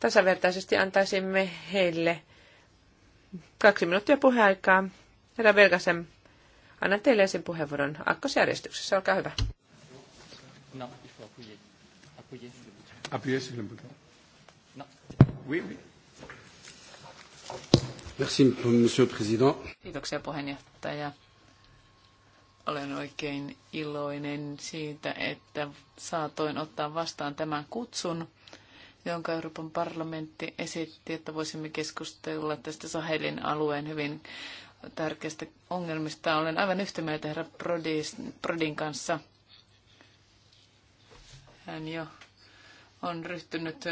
Tasavertaisesti antaisimme heille kaksi minuuttia puheaikaa. Herra Velkasen, annan teille sen puheenvuoron akkosjärjestyksessä. Olkaa hyvä. No, il Appuyez sur le bouton. Non. Oui, oui. Merci, monsieur président. Kiitoksia puheenjohtaja. Olen oikein iloinen siitä, että saatoin ottaa vastaan tämän kutsun, jonka Euroopan parlamentti esitti, että voisimme keskustella tästä Sahelin alueen hyvin tärkeistä ongelmista. Olen aivan yhtä mieltä herra Prodin kanssa. Hän jo on ryhtynyt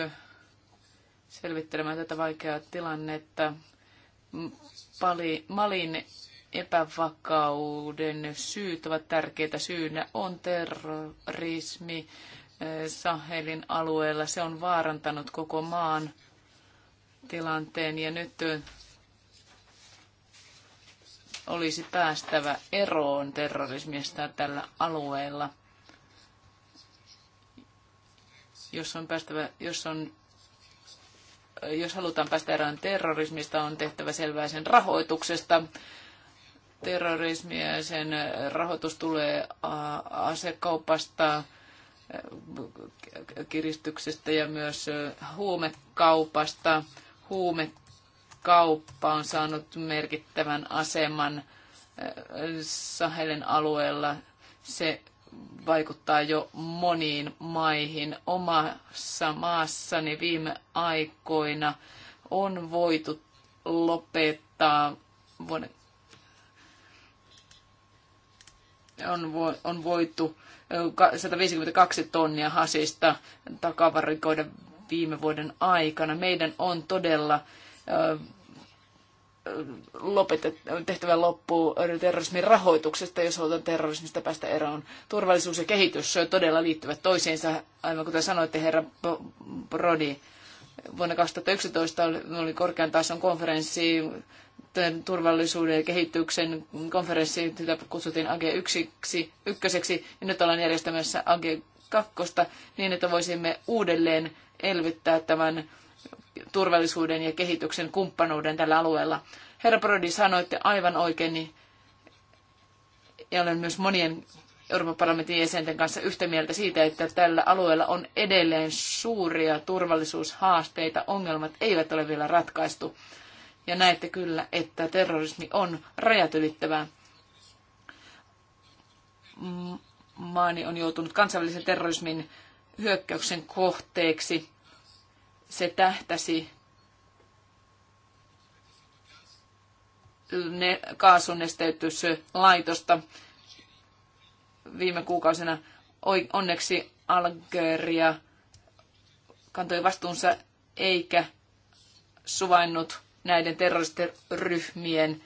selvittelemään tätä vaikeaa tilannetta. Pali, Malin epävakauden syyt ovat tärkeitä. Syynä on terrorismi Sahelin alueella. Se on vaarantanut koko maan tilanteen ja nyt olisi päästävä eroon terrorismista tällä alueella. jos on, päästävä, jos on jos halutaan päästä eroon terrorismista, on tehtävä selvää sen rahoituksesta. terrorismia, ja sen rahoitus tulee asekaupasta, kiristyksestä ja myös huumekaupasta. Huumekauppa on saanut merkittävän aseman eh, Sahelin alueella. Se vaikuttaa jo moniin maihin. Omassa maassani viime aikoina on voitu lopettaa vuoden on, vo, on voitu 152 tonnia hasista takavarikoida viime vuoden aikana. Meidän on todella lopetet, tehtävä loppuu terrorismin rahoituksesta, jos halutaan terrorismista päästä eroon. Turvallisuus ja kehitys todella liittyvät toisiinsa, aivan kuten sanoitte, herra Brody. Vuonna 2011 oli korkean tason konferenssi, turvallisuuden ja kehityksen konferenssi, sitä kutsuttiin AG1, ykköseksi, ja nyt ollaan järjestämässä AG2, niin että voisimme uudelleen elvyttää tämän turvallisuuden ja kehityksen kumppanuuden tällä alueella. Herra Brody, sanoitte aivan oikein, niin, ja olen myös monien Euroopan parlamentin jäsenten kanssa yhtä mieltä siitä, että tällä alueella on edelleen suuria turvallisuushaasteita, ongelmat eivät ole vielä ratkaistu. Ja näette kyllä, että terrorismi on rajat ylittävää. Maani on joutunut kansainvälisen terrorismin hyökkäyksen kohteeksi se tähtäsi ne kaasunesteytyslaitosta viime kuukausina. Onneksi Algeria kantoi vastuunsa eikä suvainnut näiden terroristiryhmien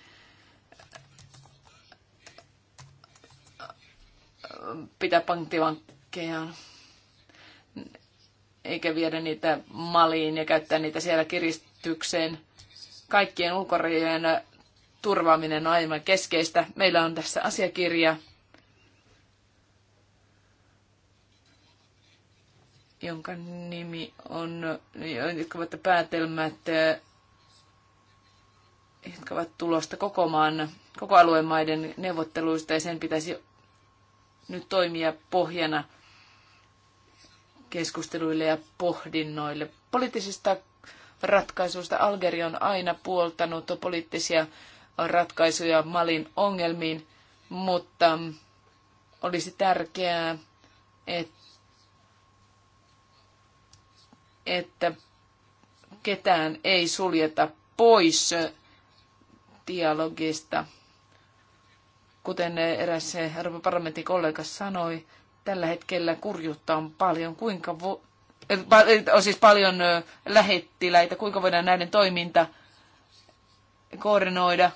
pitää pankkivankkejaan eikä viedä niitä maliin ja käyttää niitä siellä kiristykseen. Kaikkien ulkorajojen turvaaminen on aivan keskeistä. Meillä on tässä asiakirja, jonka nimi on, jotka ovat päätelmät, jotka ovat tulosta koko maan, koko alueen maiden neuvotteluista, ja sen pitäisi nyt toimia pohjana – keskusteluille ja pohdinnoille. Poliittisista ratkaisuista Algeria on aina puoltanut poliittisia ratkaisuja Malin ongelmiin, mutta olisi tärkeää, että ketään ei suljeta pois dialogista. Kuten eräs Euroopan parlamentin kollega sanoi, Tällä hetkellä kurjuutta on paljon. Kuinka vo- on eh, eh, siis paljon eh, lähettiläitä. Kuinka voidaan näiden toiminta koordinoida?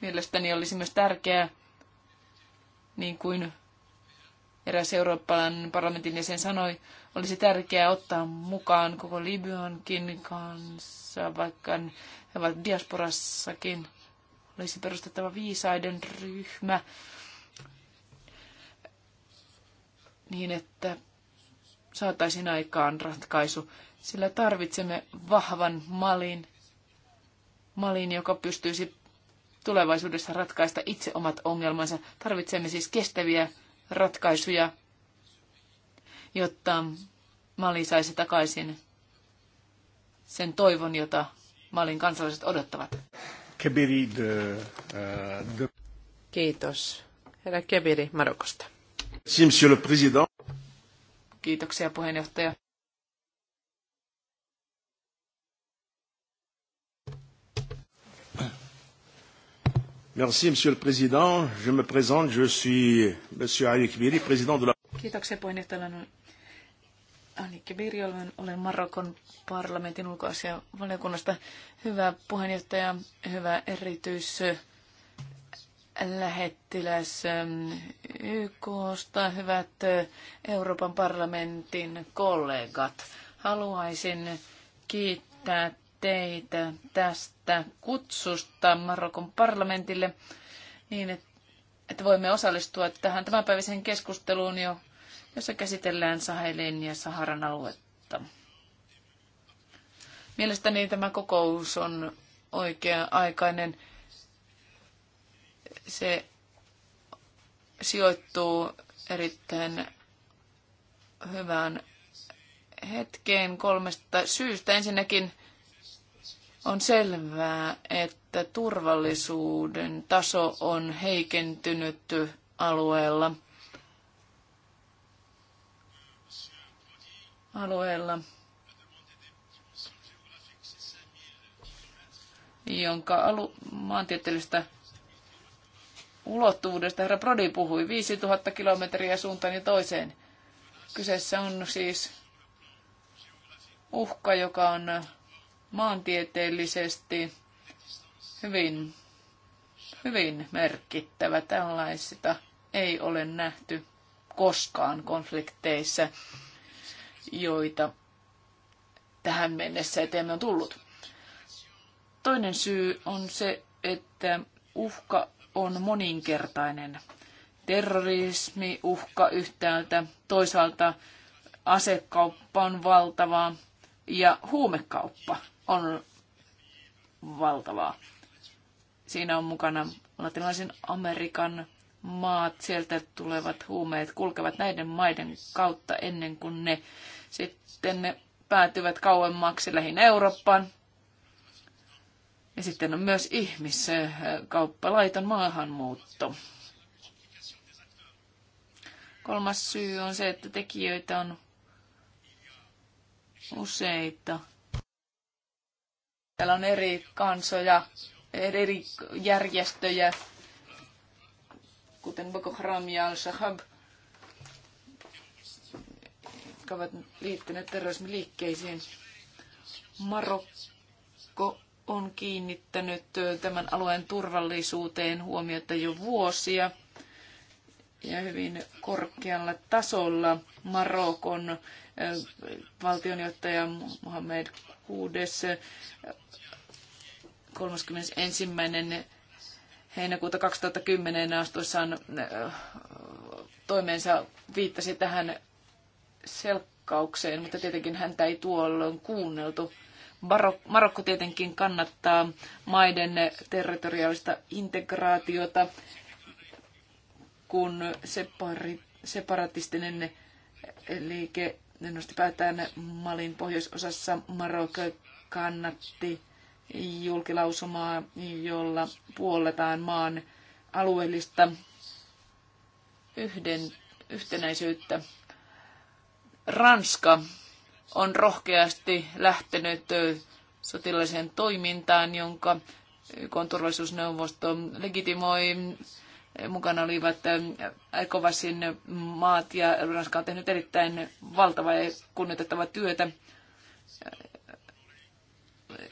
Mielestäni olisi myös tärkeää, niin kuin eräs eurooppalainen parlamentin jäsen sanoi, olisi tärkeää ottaa mukaan koko Libyankin kanssa, vaikka he ovat diasporassakin. Olisi perustettava viisaiden ryhmä, niin, että saataisiin aikaan ratkaisu, sillä tarvitsemme vahvan malin, malin, joka pystyisi tulevaisuudessa ratkaista itse omat ongelmansa. Tarvitsemme siis kestäviä ratkaisuja, jotta Mali saisi takaisin sen toivon, jota Malin kansalaiset odottavat. Kebiri eh, Kiitos. Herra Kebiri Marokosta. Monsieur le Président. Kiitoksia puheenjohtaja. Merci, Monsieur le Président. Je me présente, je suis Monsieur Ali Kibiri, président de la... Kiitoksia puheenjohtaja. Ali Kibiri, olen, olen Marokon parlamentin ulkoasian valiokunnasta. Hyvä puheenjohtaja, hyvä erityis lähettiläs ähm, YKsta, hyvät äh, Euroopan parlamentin kollegat. Haluaisin kiittää teitä tästä kutsusta Marokon parlamentille niin, että voimme osallistua tähän tämänpäiväiseen keskusteluun, jo, jossa käsitellään Sahelin ja Saharan aluetta. Mielestäni tämä kokous on oikea-aikainen se sijoittuu erittäin hyvään hetkeen kolmesta syystä. Ensinnäkin on selvää, että turvallisuuden taso on heikentynyt alueella. Alueella, jonka alu, maantieteellistä ulottuvuudesta herra Prodi puhui, 5000 kilometriä suuntaan ja toiseen. Kyseessä on siis uhka, joka on maantieteellisesti hyvin, hyvin merkittävä. tällaisista ei ole nähty koskaan konflikteissa, joita tähän mennessä eteemme on tullut. Toinen syy on se, että uhka on moninkertainen. Terrorismi, uhka yhtäältä, toisaalta asekauppa on valtavaa ja huumekauppa on valtavaa. Siinä on mukana latinalaisen Amerikan maat, sieltä tulevat huumeet kulkevat näiden maiden kautta ennen kuin ne sitten ne päätyvät kauemmaksi lähinnä Eurooppaan ja sitten on myös ihmiskauppalaiton maahanmuutto. Kolmas syy on se, että tekijöitä on useita. Täällä on eri kansoja, eri järjestöjä, kuten Boko Haram ja Al-Shahab, jotka ovat liittyneet terrorismiliikkeisiin. Marokko on kiinnittänyt tämän alueen turvallisuuteen huomiota jo vuosia ja hyvin korkealla tasolla. Marokon valtionjohtaja Mohamed VI 31. heinäkuuta 2010 astuessaan toimeensa viittasi tähän selkkaukseen, mutta tietenkin häntä ei tuolloin kuunneltu. Marokko tietenkin kannattaa maiden territoriaalista integraatiota, kun separi, separatistinen liike nosti päätään Malin pohjoisosassa Marokko kannatti julkilausumaa, jolla puolletaan maan alueellista yhden, yhtenäisyyttä. Ranska on rohkeasti lähtenyt sotilaiseen toimintaan, jonka YK turvallisuusneuvosto legitimoi. Mukana olivat Ekovasin maat ja Ranska on tehnyt erittäin valtavaa ja kunnioitettavaa työtä.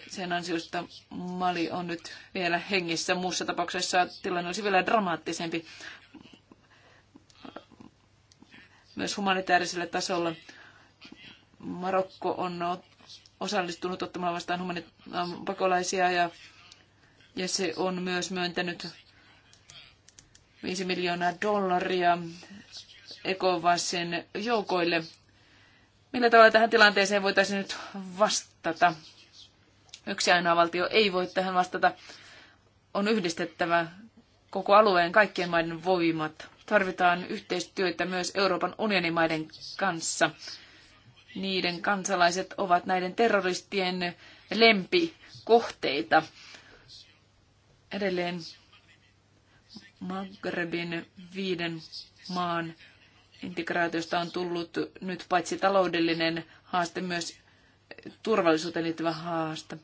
Sen ansiosta Mali on nyt vielä hengissä. Muussa tapauksessa tilanne olisi vielä dramaattisempi. Myös humanitaarisella tasolla Marokko on osallistunut ottamaan vastaan humanita- ähm, pakolaisia ja, ja se on myös myöntänyt 5 miljoonaa dollaria ECOWASin joukoille. Millä tavalla tähän tilanteeseen voitaisiin nyt vastata? Yksi ainoa valtio ei voi tähän vastata. On yhdistettävä koko alueen kaikkien maiden voimat. Tarvitaan yhteistyötä myös Euroopan unionin maiden kanssa niiden kansalaiset ovat näiden terroristien lempikohteita. Edelleen Maghrebin viiden maan integraatiosta on tullut nyt paitsi taloudellinen haaste, myös turvallisuuteen liittyvä haaste.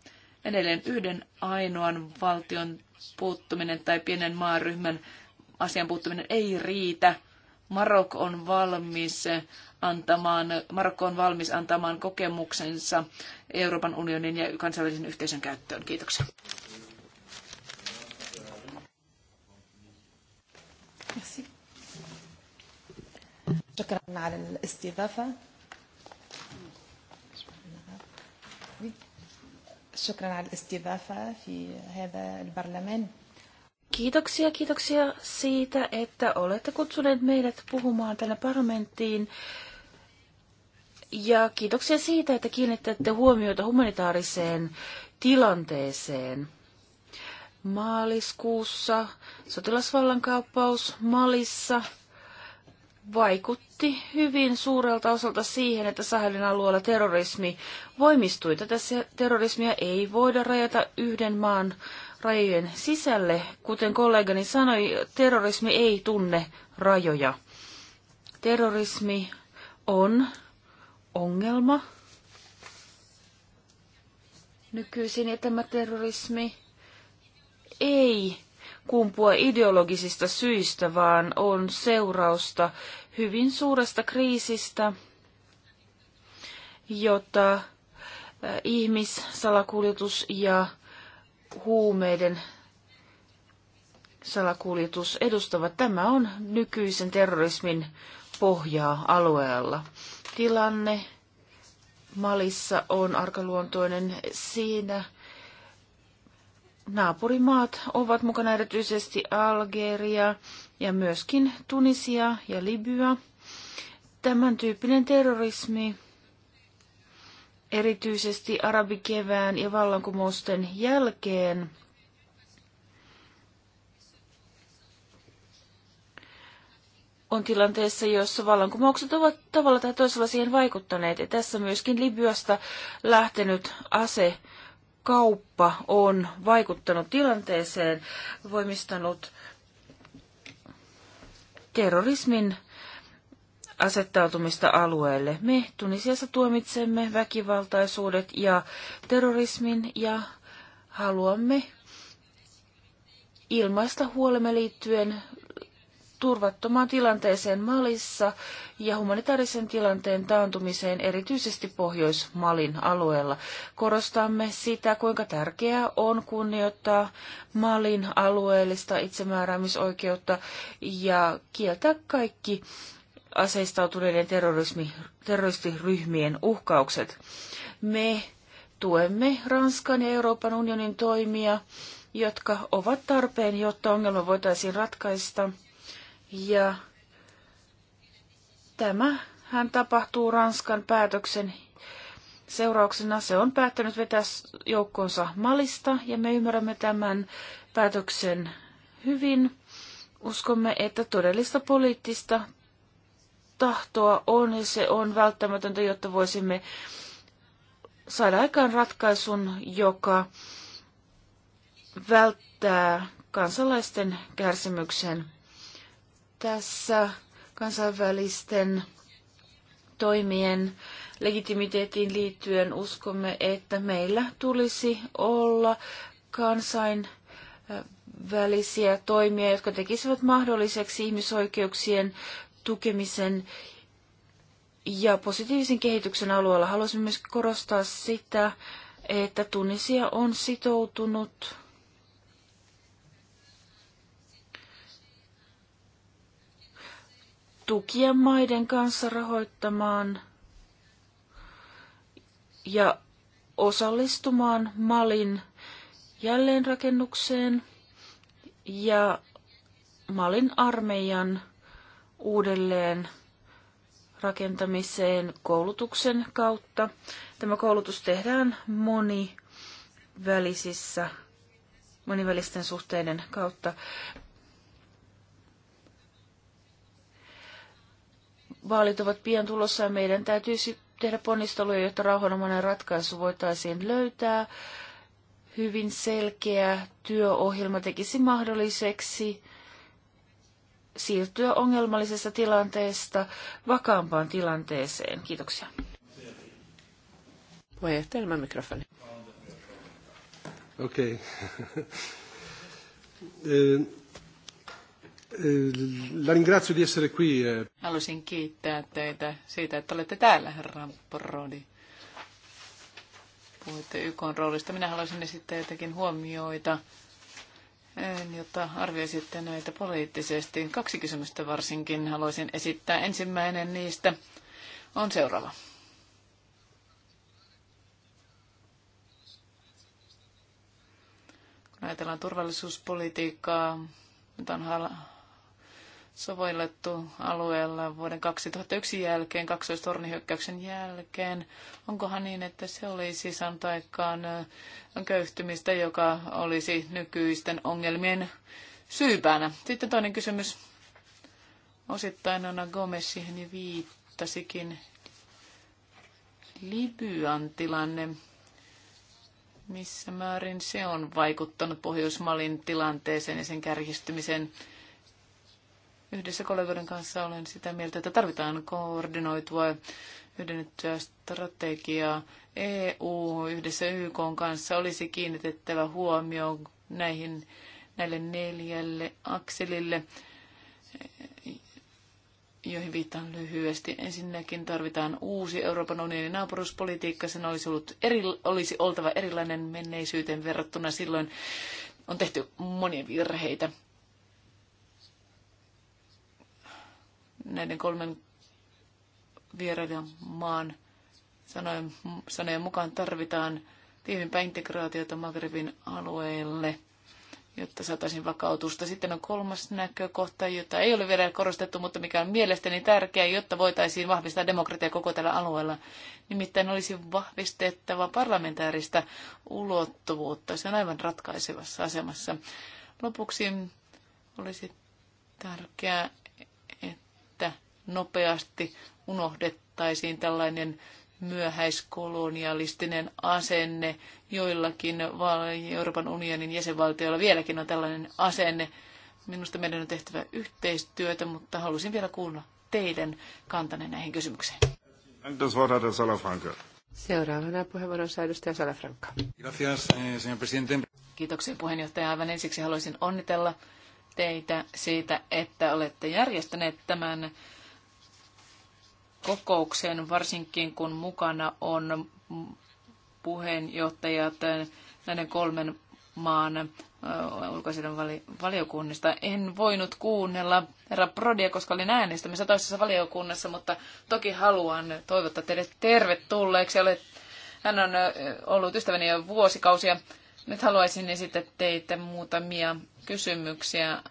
Edelleen yhden ainoan valtion puuttuminen tai pienen maaryhmän asian puuttuminen ei riitä Marok on valmis antamaan, Marokko on valmis antamaan kokemuksensa Euroopan unionin ja kansainvälisen yhteisön käyttöön. Kiitoksia. Merci. شكرا على الاستضافة في هذا البرلمان Kiitoksia, kiitoksia siitä, että olette kutsuneet meidät puhumaan tänne parlamenttiin. Ja kiitoksia siitä, että kiinnittätte huomiota humanitaariseen tilanteeseen. Maaliskuussa sotilasvallan kauppaus Malissa vaikutti hyvin suurelta osalta siihen, että Sahelin alueella terrorismi voimistui. Tätä terrorismia ei voida rajata yhden maan rajojen sisälle. Kuten kollegani sanoi, terrorismi ei tunne rajoja. Terrorismi on ongelma nykyisin, tämä terrorismi ei kumpua ideologisista syistä, vaan on seurausta hyvin suuresta kriisistä, jota äh, ihmissalakuljetus ja huumeiden salakuljetus edustavat. Tämä on nykyisen terrorismin pohjaa alueella. Tilanne Malissa on arkaluontoinen siinä. Naapurimaat ovat mukana erityisesti Algeria ja myöskin Tunisia ja Libya. Tämän tyyppinen terrorismi erityisesti arabikevään ja vallankumousten jälkeen on tilanteessa, jossa vallankumoukset ovat tavalla tai toisella siihen vaikuttaneet. Ja tässä myöskin Libyasta lähtenyt asekauppa on vaikuttanut tilanteeseen, voimistanut terrorismin asettautumista alueelle. Me Tunisiassa tuomitsemme väkivaltaisuudet ja terrorismin ja haluamme ilmaista huolemme liittyen turvattomaan tilanteeseen Malissa ja humanitaarisen tilanteen taantumiseen erityisesti Pohjois-Malin alueella. Korostamme sitä, kuinka tärkeää on kunnioittaa Malin alueellista itsemääräämisoikeutta ja kieltää kaikki aseistautuneiden terroristiryhmien uhkaukset. Me tuemme Ranskan ja Euroopan unionin toimia, jotka ovat tarpeen, jotta ongelma voitaisiin ratkaista. Ja tämä hän tapahtuu Ranskan päätöksen seurauksena. Se on päättänyt vetää joukkonsa Malista ja me ymmärrämme tämän päätöksen hyvin. Uskomme, että todellista poliittista tahtoa on niin se on välttämätöntä, jotta voisimme saada aikaan ratkaisun, joka välttää kansalaisten kärsimyksen. Tässä kansainvälisten toimien legitimiteettiin liittyen uskomme, että meillä tulisi olla kansainvälisiä äh, toimia, jotka tekisivät mahdolliseksi ihmisoikeuksien tukemisen ja positiivisen kehityksen alueella. Haluaisin myös korostaa sitä, että Tunisia on sitoutunut tukien maiden kanssa rahoittamaan ja osallistumaan Malin jälleenrakennukseen ja Malin armeijan uudelleen rakentamiseen koulutuksen kautta. Tämä koulutus tehdään monivälisissä, monivälisten suhteiden kautta. Vaalit ovat pian tulossa ja meidän täytyisi tehdä ponnisteluja, jotta rauhanomainen ratkaisu voitaisiin löytää. Hyvin selkeä työohjelma tekisi mahdolliseksi siirtyä ongelmallisesta tilanteesta vakaampaan tilanteeseen. Kiitoksia. Puheenjohtaja, mikrofoni. Okei. Okay. Eh, eh, la ringrazio di essere qui. Eh. Haluaisin kiittää teitä siitä, että olette täällä, herra Brodi. Puhuitte YK roolista. Minä haluaisin esittää jotakin huomioita jotta arvioisitte näitä poliittisesti. Kaksi kysymystä varsinkin haluaisin esittää. Ensimmäinen niistä on seuraava. Kun ajatellaan turvallisuuspolitiikkaa, jota on sovellettu alueella vuoden 2001 jälkeen, kaksoistornihyökkäyksen jälkeen. Onkohan niin, että se olisi saanut aikaan köyhtymistä, joka olisi nykyisten ongelmien syypäänä? Sitten toinen kysymys. Osittain Anna Gomez siihen viittasikin. Libyan tilanne. Missä määrin se on vaikuttanut Pohjoismalin tilanteeseen ja sen kärjistymiseen? Yhdessä kollegoiden kanssa olen sitä mieltä, että tarvitaan koordinoitua yhdennettyä strategiaa. EU yhdessä YK kanssa olisi kiinnitettävä huomio näihin, näille neljälle akselille, joihin viittaan lyhyesti. Ensinnäkin tarvitaan uusi Euroopan unionin naapuruspolitiikka. Sen olisi, ollut eri, olisi oltava erilainen menneisyyteen verrattuna. Silloin on tehty monia virheitä. näiden kolmen vierailijan maan sanojen, sanojen mukaan tarvitaan tiivimpää integraatiota Magrebin alueelle, jotta saataisiin vakautusta. Sitten on kolmas näkökohta, jota ei ole vielä korostettu, mutta mikä on mielestäni tärkeä, jotta voitaisiin vahvistaa demokratiaa koko tällä alueella. Nimittäin olisi vahvistettava parlamentaarista ulottuvuutta. Se on aivan ratkaisevassa asemassa. Lopuksi olisi tärkeää, nopeasti unohdettaisiin tällainen myöhäiskolonialistinen asenne. Joillakin Euroopan unionin jäsenvaltioilla vieläkin on tällainen asenne. Minusta meidän on tehtävä yhteistyötä, mutta halusin vielä kuulla teidän kantanne näihin kysymyksiin. Seuraavana puheenvuoron saa edustaja Salafranca. Eh, Kiitoksia puheenjohtaja. Aivan ensiksi haluaisin onnitella teitä siitä, että olette järjestäneet tämän kokoukseen, varsinkin kun mukana on puheenjohtajat näiden kolmen maan ulkoisiden valiokunnista. En voinut kuunnella herra Prodia, koska olin äänestämässä toisessa valiokunnassa, mutta toki haluan toivottaa teidät tervetulleeksi. Olet, hän on ollut ystäväni jo vuosikausia. Nyt haluaisin esittää teitä muutamia kysymyksiä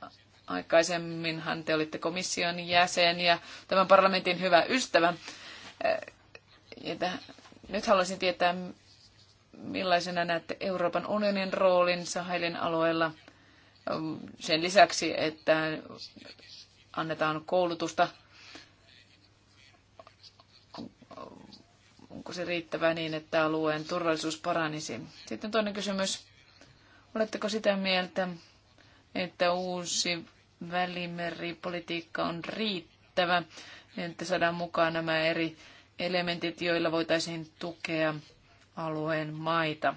Aikaisemminhan te olitte komission jäsen ja tämän parlamentin hyvä ystävä. Äh, nyt haluaisin tietää, millaisena näette Euroopan unionin roolin Sahelin alueella ähm, sen lisäksi, että annetaan koulutusta. Onko se riittävää niin, että alueen turvallisuus paranisi? Sitten toinen kysymys. Oletteko sitä mieltä, että uusi välimeripolitiikka on riittävä, että saadaan mukaan nämä eri elementit, joilla voitaisiin tukea alueen maita.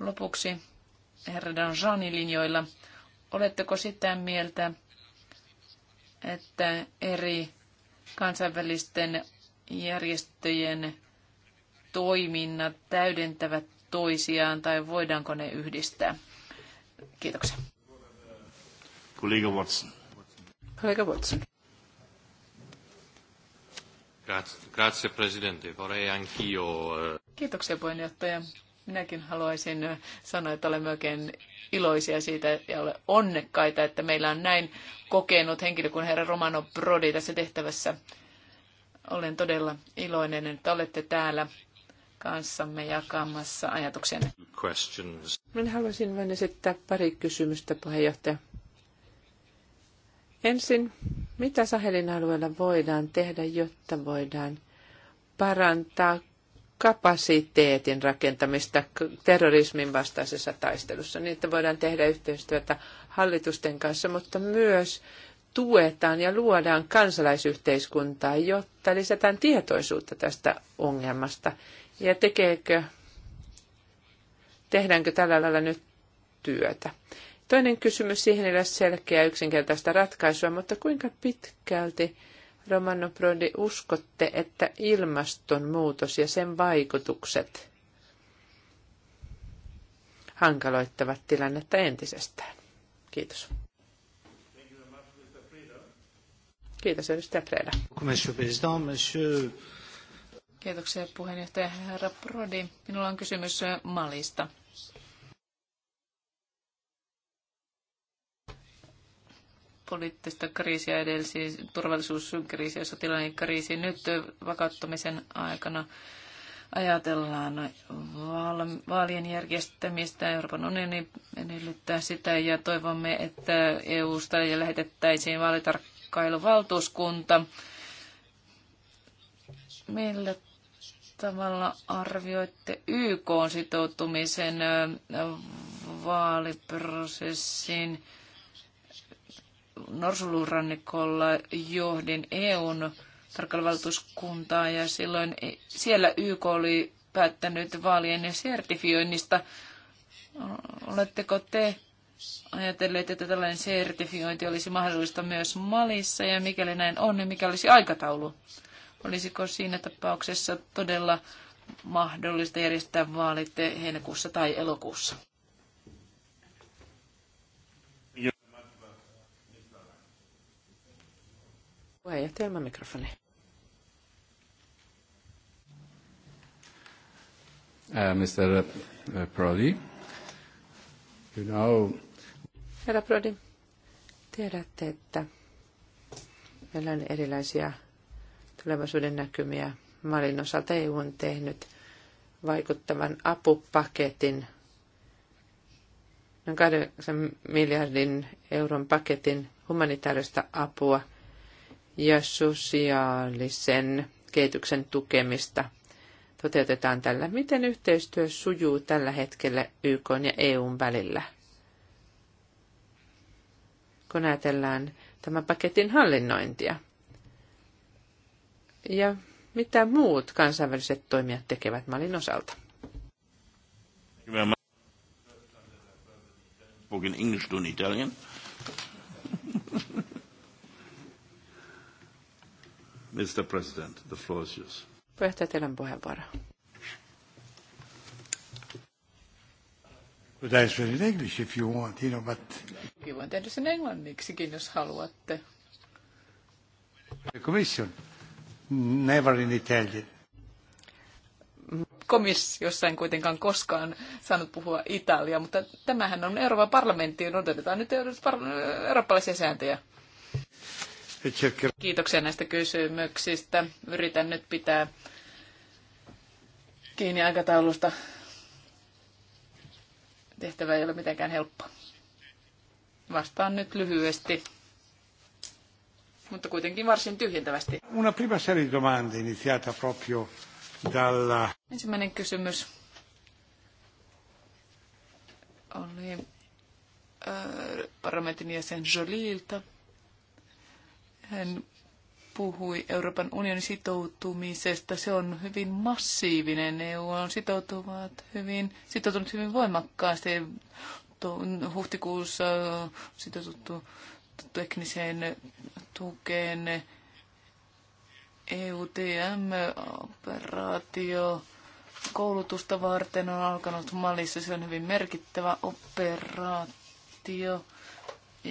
Lopuksi herra Danjani linjoilla, oletteko sitä mieltä, että eri kansainvälisten järjestöjen toiminnat täydentävät toisiaan tai voidaanko ne yhdistää? Kiitoksia. Kollega Watson. Kollega Watson. Grazie, presidente. Vorrei anch'io... Eh, Kiitoksia puheenjohtaja. Minäkin haluaisin eh, sanoa, että olemme oikein iloisia siitä ja ole onnekkaita, että meillä on näin kokenut henkilö kuin herra Romano Brodi tässä tehtävässä. Olen todella iloinen, että olette täällä kanssamme jakamassa ajatuksenne. Minä haluaisin vain esittää pari kysymystä, puheenjohtaja. Ensin, mitä Sahelin alueella voidaan tehdä, jotta voidaan parantaa kapasiteetin rakentamista terrorismin vastaisessa taistelussa, niin että voidaan tehdä yhteistyötä hallitusten kanssa, mutta myös tuetaan ja luodaan kansalaisyhteiskuntaa, jotta lisätään tietoisuutta tästä ongelmasta. Ja tekeekö, tehdäänkö tällä lailla nyt työtä? Toinen kysymys, siihen ei ole selkeä yksinkertaista ratkaisua, mutta kuinka pitkälti Romano Prodi uskotte, että ilmastonmuutos ja sen vaikutukset hankaloittavat tilannetta entisestään? Kiitos. Kiitos, edustaja Freda. Kiitoksia puheenjohtaja herra Prodi. Minulla on kysymys Malista. poliittista kriisiä edelsi, turvallisuuskriisiä, sotilainen kriisi. Nyt vakauttamisen aikana ajatellaan vaalien järjestämistä. Euroopan unioni edellyttää sitä ja toivomme, että EU-sta lähetettäisiin vaalitarkkailuvaltuuskunta. Millä tavalla arvioitte YK sitoutumisen vaaliprosessiin? norsulurannikolla johdin EUn tarkkailuvaltuuskuntaa ja silloin e- siellä YK oli päättänyt vaalien sertifioinnista. Oletteko te ajatelleet, että tällainen sertifiointi olisi mahdollista myös Malissa ja mikäli näin on, niin mikä olisi aikataulu? Olisiko siinä tapauksessa todella mahdollista järjestää vaalit heinäkuussa tai elokuussa? Puheenjohtaja mikrofoni. Uh, äh, Mr. Äh, Prodi, you know... Herra Prodi, tiedätte, että meillä on erilaisia tulevaisuuden näkymiä. Malin osalta EU on tehnyt vaikuttavan apupaketin, noin 8 miljardin euron paketin humanitaarista apua – ja sosiaalisen kehityksen tukemista toteutetaan tällä. Miten yhteistyö sujuu tällä hetkellä YK ja EUn välillä? Kun ajatellaan tämän paketin hallinnointia. Ja mitä muut kansainväliset toimijat tekevät Malin osalta? Hyvä. Italian. Mr. President, the floor is yours. Puheenjohtaja, teillä on puheenvuoro. But I spell in English if you want, you know, but... sen englanniksikin, jos haluatte. The commission, never in Italian. Komissiossa en kuitenkaan koskaan saanut puhua Italiaa, mutta tämähän on Euroopan parlamentti, odotetaan nyt eurooppalaisia sääntöjä. Kiitoksia näistä kysymyksistä. Yritän nyt pitää kiinni aikataulusta. Tehtävä ei ole mitenkään helppo. Vastaan nyt lyhyesti, mutta kuitenkin varsin tyhjentävästi. Una prima serie domande iniziata proprio dalla... Ensimmäinen kysymys oli äh, parlamentin jäsen Jolilta. Hän puhui Euroopan unionin sitoutumisesta. Se on hyvin massiivinen. EU on sitoutuvat hyvin, sitoutunut hyvin voimakkaasti. Huhtikuussa sitoututtu tekniseen tukeen EUTM-operaatio koulutusta varten on alkanut Malissa. Se on hyvin merkittävä operaatio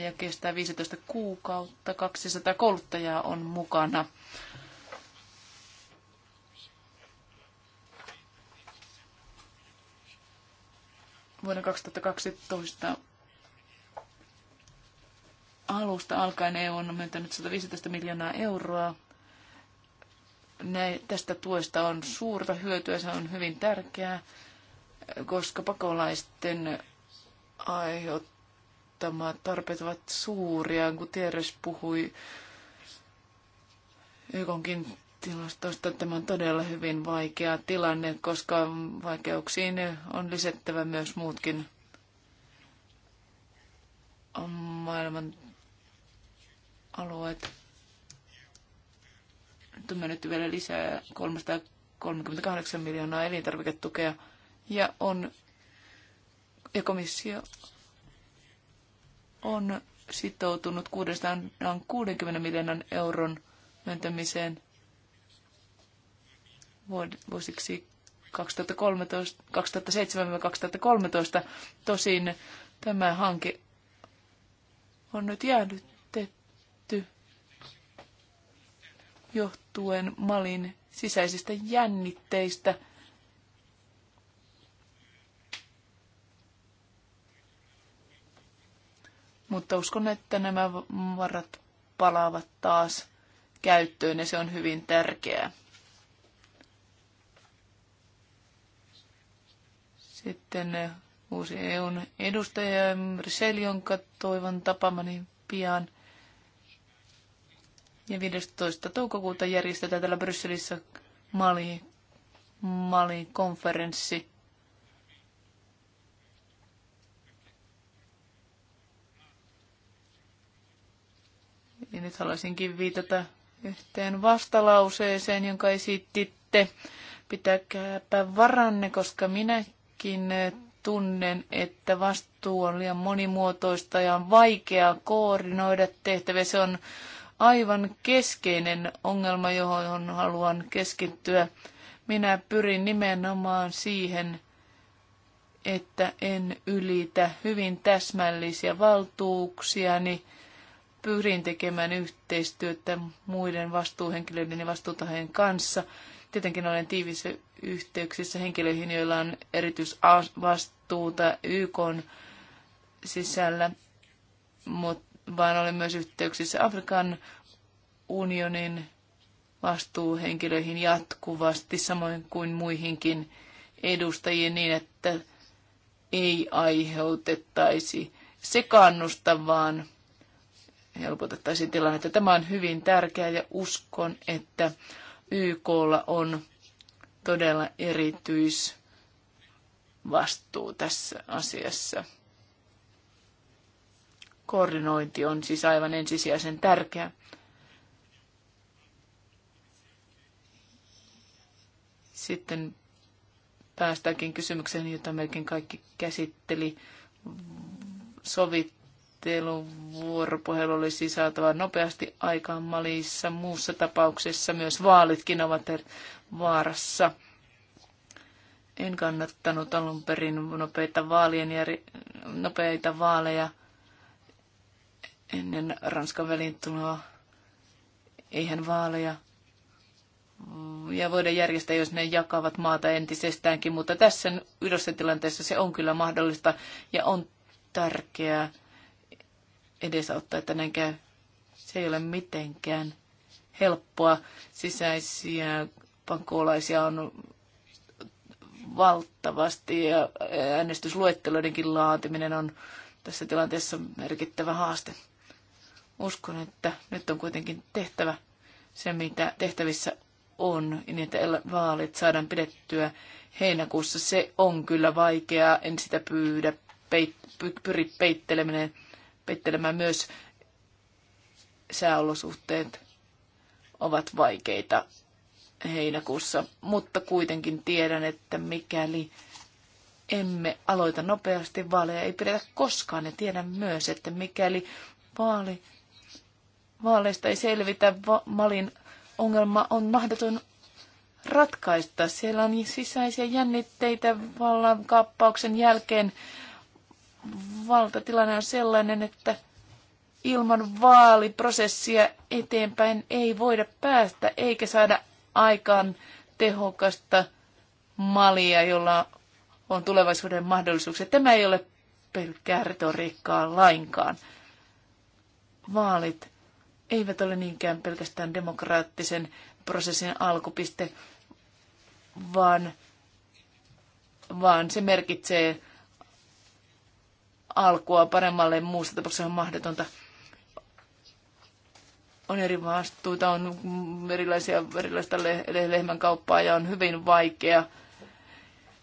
ja kestää 15 kuukautta. 200 kouluttajaa on mukana. Vuonna 2012 alusta alkaen EU on myöntänyt 115 miljoonaa euroa. Näin, tästä tuesta on suurta hyötyä, se on hyvin tärkeää, koska pakolaisten aiheuttaa asettamat tarpeet ovat suuria. Gutierrez puhui YKonkin tilastosta. Tämä on todella hyvin vaikea tilanne, koska vaikeuksiin on lisättävä myös muutkin maailman alueet. Nyt on mennyt vielä lisää 338 miljoonaa elintarviketukea ja on ja komissio on sitoutunut 660 miljoonan euron myöntämiseen vuosiksi 2007-2013. Tosin tämä hanke on nyt jäädytetty johtuen Malin sisäisistä jännitteistä – Mutta uskon, että nämä varat palaavat taas käyttöön ja se on hyvin tärkeää. Sitten uusi EUn edustaja Brisel, jonka toivon tapamani pian. Ja 15. toukokuuta järjestetään täällä Brysselissä Mali, Mali-konferenssi. Ja niin nyt haluaisinkin viitata yhteen vastalauseeseen, jonka esititte. Pitäkääpä varanne, koska minäkin tunnen, että vastuu on liian monimuotoista ja on vaikea koordinoida tehtäviä. Se on aivan keskeinen ongelma, johon haluan keskittyä. Minä pyrin nimenomaan siihen, että en ylitä hyvin täsmällisiä valtuuksiani pyrin tekemään yhteistyötä muiden vastuuhenkilöiden ja vastuutahojen kanssa. Tietenkin olen tiivissä yhteyksissä henkilöihin, joilla on erityisvastuuta YK sisällä, mutta vaan olen myös yhteyksissä Afrikan unionin vastuuhenkilöihin jatkuvasti, samoin kuin muihinkin edustajiin niin, että ei aiheutettaisi sekaannusta, vaan helpotettaisiin tilannetta. Tämä on hyvin tärkeää ja uskon, että YKlla on todella erityisvastuu tässä asiassa. Koordinointi on siis aivan ensisijaisen tärkeä. Sitten päästäänkin kysymykseen, jota melkein kaikki käsitteli, sovittu vuoropuhelu olisi saatava nopeasti aikaan Malissa. Muussa tapauksessa myös vaalitkin ovat vaarassa. En kannattanut alun perin nopeita, vaalien jär- nopeita vaaleja ennen Ranskan tuloa. Eihän vaaleja ja voida järjestää, jos ne jakavat maata entisestäänkin, mutta tässä yhdessä tilanteessa se on kyllä mahdollista ja on tärkeää, edesauttaa, että näin käy. Se ei ole mitenkään helppoa. Sisäisiä pankolaisia on valtavasti ja äänestysluetteloidenkin laatiminen on tässä tilanteessa merkittävä haaste. Uskon, että nyt on kuitenkin tehtävä se, mitä tehtävissä on, niin että vaalit saadaan pidettyä heinäkuussa. Se on kyllä vaikeaa, en sitä pyydä, peit, py, pyri peitteleminen pettelemään myös sääolosuhteet ovat vaikeita heinäkuussa, mutta kuitenkin tiedän, että mikäli emme aloita nopeasti vaaleja, ei pidetä koskaan. Ja tiedän myös, että mikäli vaali, vaaleista ei selvitä, va- Malin ongelma on mahdoton ratkaista. Siellä on sisäisiä jännitteitä kappauksen jälkeen valtatilanne on sellainen, että ilman vaaliprosessia eteenpäin ei voida päästä eikä saada aikaan tehokasta malia, jolla on tulevaisuuden mahdollisuuksia. Tämä ei ole pelkkää retoriikkaa lainkaan. Vaalit eivät ole niinkään pelkästään demokraattisen prosessin alkupiste, vaan, vaan se merkitsee alkua paremmalle, muussa tapauksessa on mahdotonta. On eri vastuuta, on erilaisia, erilaista lehmän kauppaa ja on hyvin vaikea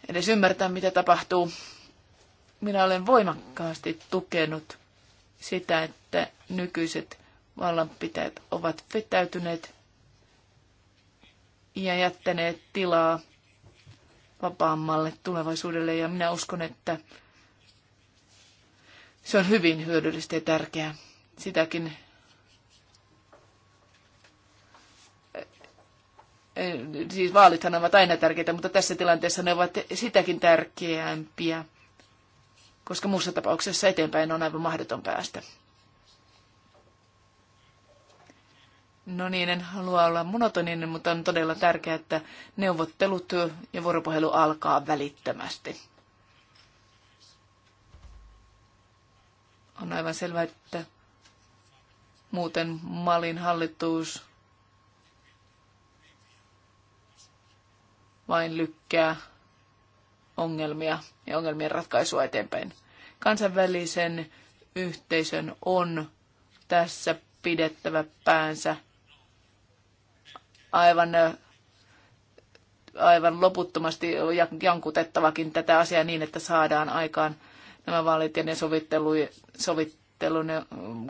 edes ymmärtää, mitä tapahtuu. Minä olen voimakkaasti tukenut sitä, että nykyiset vallanpitäjät ovat vetäytyneet ja jättäneet tilaa vapaammalle tulevaisuudelle. Ja minä uskon, että se on hyvin hyödyllistä ja tärkeää. Sitäkin eh, eh, siis vaalithan ovat aina tärkeitä, mutta tässä tilanteessa ne ovat sitäkin tärkeämpiä, koska muussa tapauksessa eteenpäin on aivan mahdoton päästä. No niin, en halua olla monotoninen, mutta on todella tärkeää, että neuvottelut ja vuoropuhelu alkaa välittömästi. On aivan selvää, että muuten Malin hallitus vain lykkää ongelmia ja ongelmien ratkaisua eteenpäin. Kansainvälisen yhteisön on tässä pidettävä päänsä aivan, aivan loputtomasti jankutettavakin tätä asiaa niin, että saadaan aikaan nämä vaalit ja ne sovittelu, sovittelun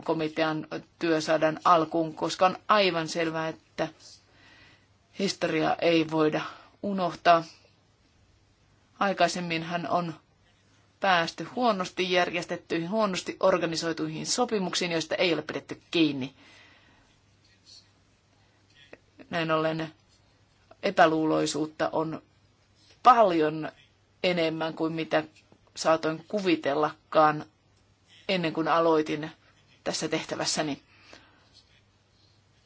komitean työ saadaan alkuun, koska on aivan selvää, että historiaa ei voida unohtaa. Aikaisemmin hän on päästy huonosti järjestettyihin, huonosti organisoituihin sopimuksiin, joista ei ole pidetty kiinni. Näin ollen epäluuloisuutta on paljon enemmän kuin mitä saatoin kuvitellakaan ennen kuin aloitin tässä tehtävässäni.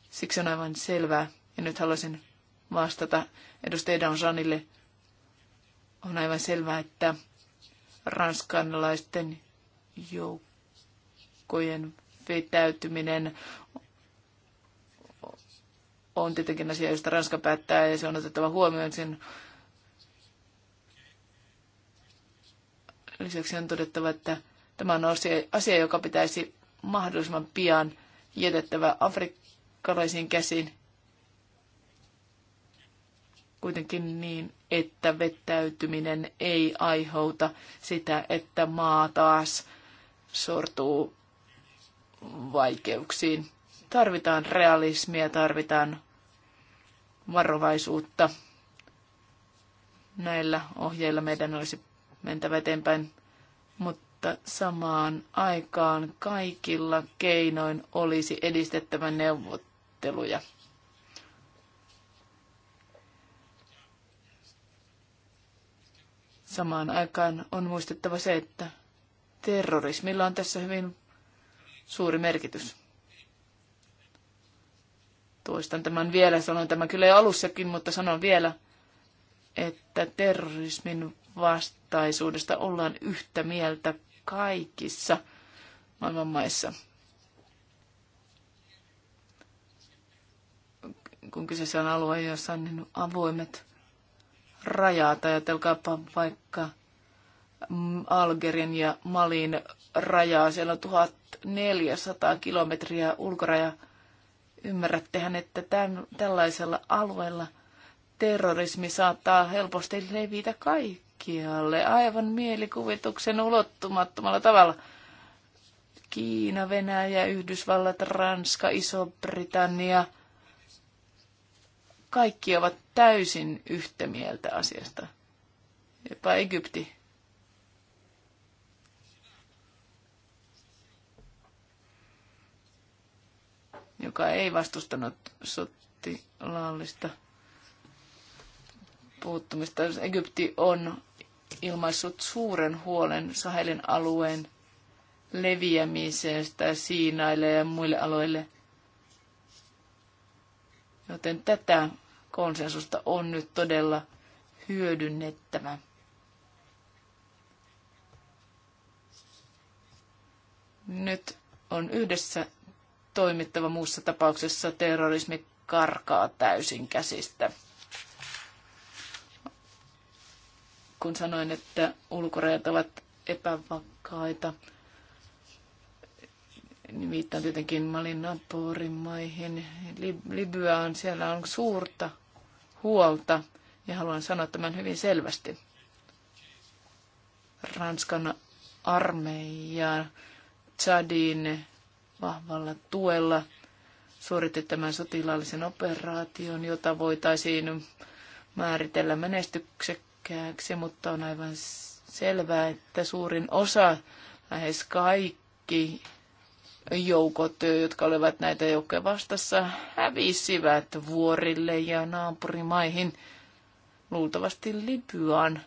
Siksi on aivan selvää, ja nyt haluaisin vastata edustaja Danjanille, on aivan selvää, että ranskanlaisten joukkojen vetäytyminen on tietenkin asia, josta Ranska päättää ja se on otettava huomioon. Sen Lisäksi on todettava, että tämä on asia, joka pitäisi mahdollisimman pian jätettävä afrikkalaisiin käsiin. Kuitenkin niin, että vettäytyminen ei aiheuta sitä, että maa taas sortuu vaikeuksiin. Tarvitaan realismia, tarvitaan varovaisuutta. Näillä ohjeilla meidän olisi mentävä eteenpäin, mutta samaan aikaan kaikilla keinoin olisi edistettävä neuvotteluja. Samaan aikaan on muistettava se, että terrorismilla on tässä hyvin suuri merkitys. Toistan tämän vielä, sanoin tämä kyllä jo alussakin, mutta sanon vielä, että terrorismin vastaisuudesta ollaan yhtä mieltä kaikissa maailman maissa. Kun kyseessä on alue, jossa on niin avoimet rajat, ajatelkaapa vaikka Algerin ja Malin rajaa, siellä on 1400 kilometriä ulkoraja. Ymmärrättehän, että tämän, tällaisella alueella terrorismi saattaa helposti levitä kaikki kaikkialle, aivan mielikuvituksen ulottumattomalla tavalla. Kiina, Venäjä, Yhdysvallat, Ranska, Iso-Britannia. Kaikki ovat täysin yhtä mieltä asiasta. Jopa Egypti. joka ei vastustanut sotilaallista puuttumista. Egypti on ilmaissut suuren huolen Sahelin alueen leviämisestä Siinaille ja muille aloille. Joten tätä konsensusta on nyt todella hyödynnettävä. Nyt on yhdessä toimittava muussa tapauksessa terrorismi karkaa täysin käsistä. kun sanoin, että ulkorajat ovat epävakaita. Niin viittaan tietenkin Malin Naporin maihin. Libya on, siellä on suurta huolta ja haluan sanoa tämän hyvin selvästi. Ranskan armeija Chadin vahvalla tuella suoritti tämän sotilaallisen operaation, jota voitaisiin määritellä menestyksekkääksi tärkeäksi, mutta on aivan selvää, että suurin osa, lähes kaikki joukot, jotka olivat näitä joukkoja vastassa, hävisivät vuorille ja naapurimaihin, luultavasti Libyaan.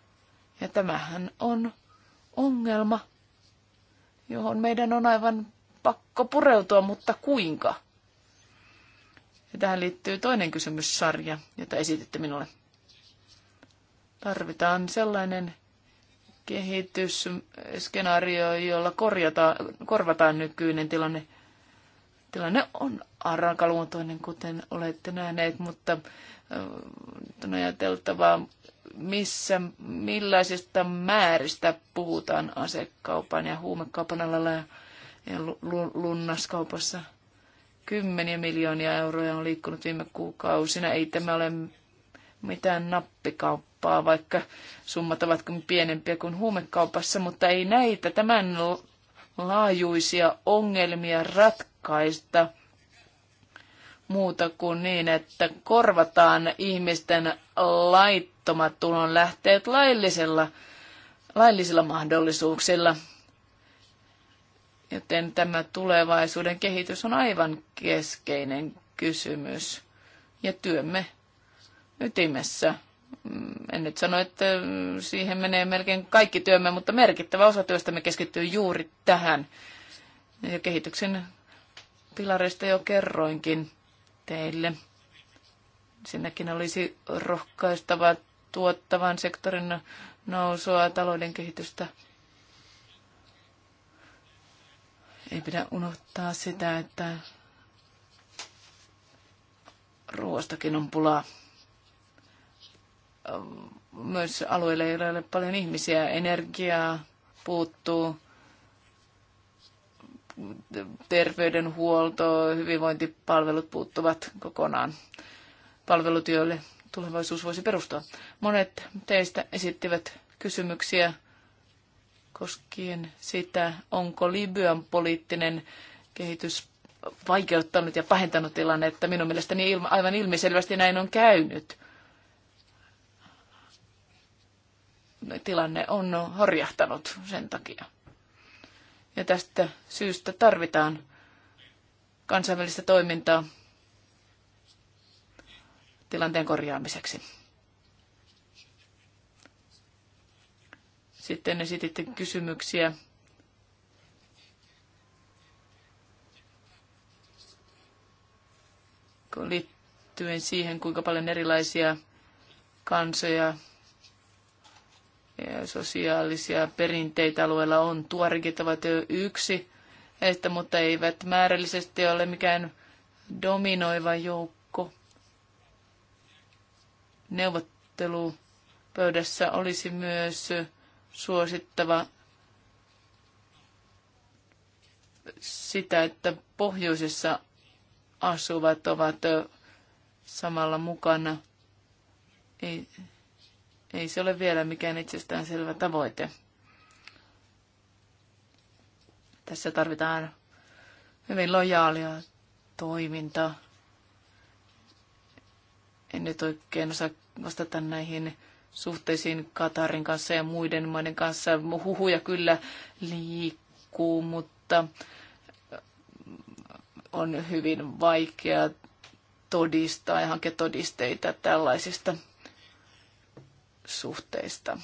Ja tämähän on ongelma, johon meidän on aivan pakko pureutua, mutta kuinka? Ja tähän liittyy toinen kysymyssarja, jota esititte minulle. Tarvitaan sellainen kehitysskenaario, jolla korjataan korvataan nykyinen tilanne. Tilanne on arankaluontoinen, kuten olette nähneet, mutta äh, on ajateltava, missä, millaisista määristä puhutaan asekaupan ja huumekaupan alalla ja, ja lunnaskaupassa. Kymmeniä miljoonia euroja on liikkunut viime kuukausina. Ei tämä ole mitään nappikauppaa kauppaa, vaikka summat ovat pienempiä kuin huumekaupassa, mutta ei näitä tämän laajuisia ongelmia ratkaista muuta kuin niin, että korvataan ihmisten laittomat tulonlähteet laillisella, laillisilla mahdollisuuksilla. Joten tämä tulevaisuuden kehitys on aivan keskeinen kysymys ja työmme ytimessä en nyt sano, että siihen menee melkein kaikki työmme, mutta merkittävä osa työstämme keskittyy juuri tähän. Ja kehityksen pilarista jo kerroinkin teille. Sinnekin olisi rohkaistava tuottavan sektorin nousua, talouden kehitystä. Ei pidä unohtaa sitä, että ruoastakin on pulaa myös alueille joilla ei ole paljon ihmisiä. Energiaa puuttuu, terveydenhuolto, hyvinvointipalvelut puuttuvat kokonaan palvelutyölle. Tulevaisuus voisi perustua. Monet teistä esittivät kysymyksiä koskien sitä, onko Libyan poliittinen kehitys vaikeuttanut ja pahentanut tilannetta. Minun mielestäni aivan ilmiselvästi näin on käynyt. tilanne on horjahtanut sen takia. Ja tästä syystä tarvitaan kansainvälistä toimintaa tilanteen korjaamiseksi. Sitten esititte kysymyksiä liittyen siihen, kuinka paljon erilaisia kansoja sosiaalisia perinteitä alueella on. Tuarikit ovat jo yksi, että, mutta eivät määrällisesti ole mikään dominoiva joukko. Neuvottelupöydässä olisi myös suosittava sitä, että pohjoisessa asuvat ovat samalla mukana. Ei, ei se ole vielä mikään itsestäänselvä tavoite. Tässä tarvitaan hyvin lojaalia toimintaa. En nyt oikein osaa vastata näihin suhteisiin Katarin kanssa ja muiden maiden kanssa. Huhuja kyllä liikkuu, mutta on hyvin vaikea todistaa ja hankkia todisteita tällaisista suhteista.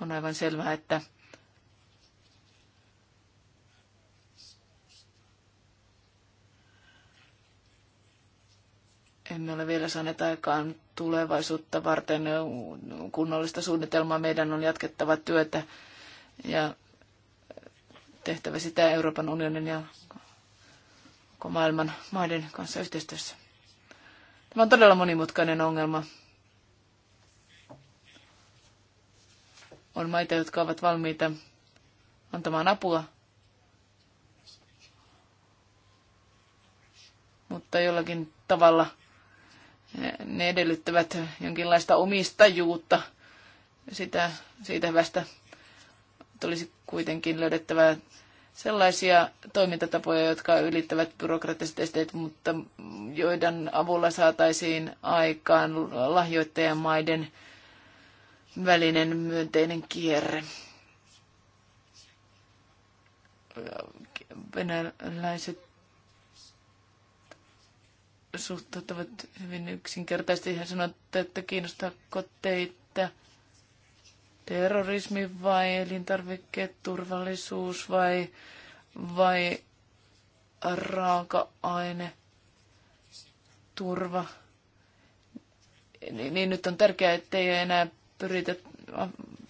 On aivan selvää, että emme ole vielä saaneet aikaan tulevaisuutta varten kunnollista suunnitelmaa. Meidän on jatkettava työtä ja tehtävä sitä Euroopan unionin ja maailman maiden kanssa yhteistyössä. Tämä on todella monimutkainen ongelma. On maita, jotka ovat valmiita antamaan apua, mutta jollakin tavalla ne edellyttävät jonkinlaista omistajuutta. Sitä, siitä hyvästä tulisi kuitenkin löydettävä sellaisia toimintatapoja, jotka ylittävät byrokraattiset esteet, mutta joiden avulla saataisiin aikaan lahjoittajamaiden välinen myönteinen kierre. Venäläiset suhtautuvat hyvin yksinkertaisesti. Hän sanoi, että kiinnostaako teitä – terrorismi vai elintarviketurvallisuus vai, vai raaka-aine turva. Niin, niin nyt on tärkeää, ettei enää pyritä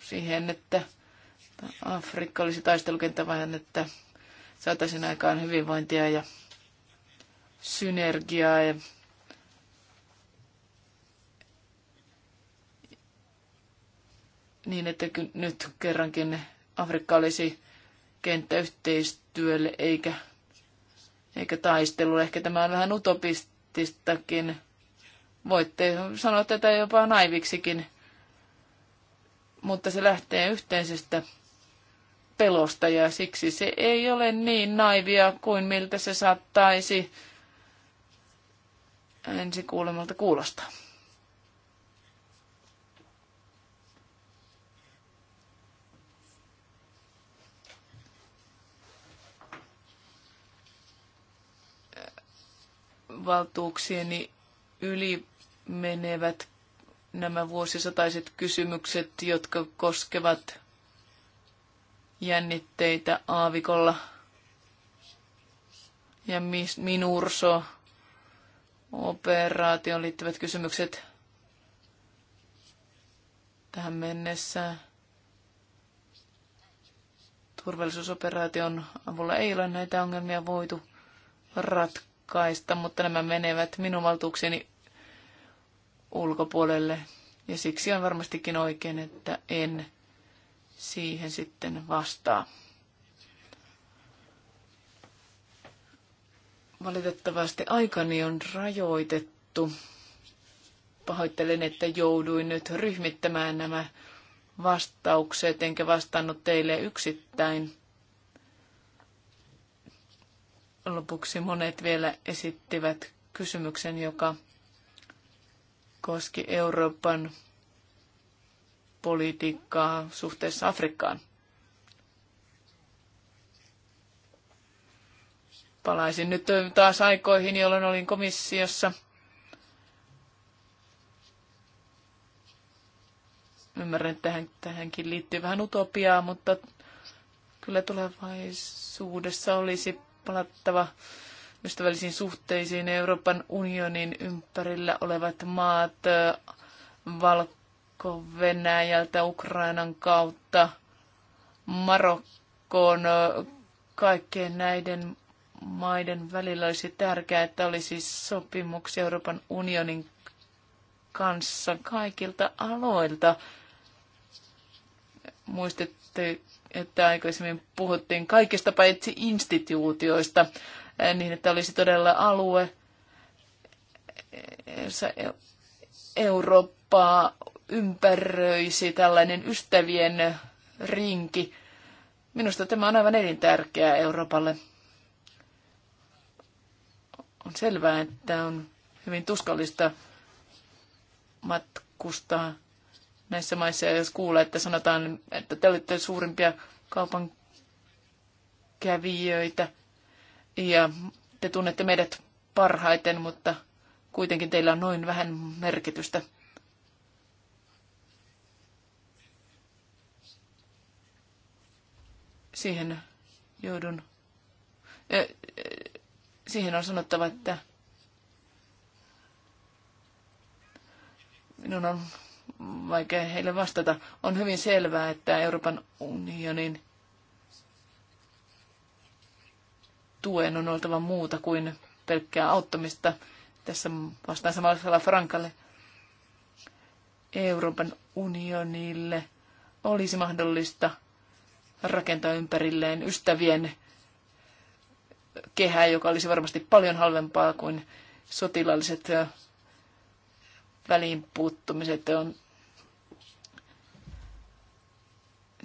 siihen, että Afrikka olisi taistelukenttä, vaan että saataisiin aikaan hyvinvointia ja synergiaa ja niin, että nyt kerrankin Afrikka olisi kenttä yhteistyölle eikä, eikä taistelulle. Ehkä tämä on vähän utopististakin. Voitte sanoa tätä jopa naiviksikin, mutta se lähtee yhteisestä pelosta ja siksi se ei ole niin naivia kuin miltä se saattaisi ensi kuulemalta kuulostaa. valtuuksieni yli menevät nämä vuosisataiset kysymykset, jotka koskevat jännitteitä aavikolla. Ja Minurso operaatioon liittyvät kysymykset tähän mennessä. Turvallisuusoperaation avulla ei ole näitä ongelmia voitu ratkaista kaista, mutta nämä menevät minun valtuukseni ulkopuolelle. Ja siksi on varmastikin oikein, että en siihen sitten vastaa. Valitettavasti aikani on rajoitettu. Pahoittelen, että jouduin nyt ryhmittämään nämä vastaukset, enkä vastannut teille yksittäin lopuksi monet vielä esittivät kysymyksen, joka koski Euroopan politiikkaa suhteessa Afrikkaan. Palaisin nyt taas aikoihin, jolloin olin komissiossa. Ymmärrän, että tähän, tähänkin liittyy vähän utopiaa, mutta kyllä tulevaisuudessa olisi palattava ystävällisiin suhteisiin. Euroopan unionin ympärillä olevat maat Valko-Venäjältä, Ukrainan kautta, Marokkoon, kaikkien näiden maiden välillä olisi tärkeää, että olisi sopimuksia Euroopan unionin kanssa kaikilta aloilta. muistitte että aikaisemmin puhuttiin kaikista paitsi instituutioista, eh, niin että olisi todella alue, eh, jossa e- Eurooppaa ympäröisi tällainen ystävien rinki. Minusta tämä on aivan elintärkeää Euroopalle. On selvää, että on hyvin tuskallista matkustaa näissä maissa. Ja jos kuulee, että sanotaan, että te olette suurimpia kaupan kävijöitä ja te tunnette meidät parhaiten, mutta kuitenkin teillä on noin vähän merkitystä. Siihen joudun. Siihen on sanottava, että minun on vaikea heille vastata. On hyvin selvää, että Euroopan unionin tuen on oltava muuta kuin pelkkää auttamista. Tässä vastaan samalla tavalla Frankalle. Euroopan unionille olisi mahdollista rakentaa ympärilleen ystävien kehää, joka olisi varmasti paljon halvempaa kuin sotilaalliset väliin puuttumiset. On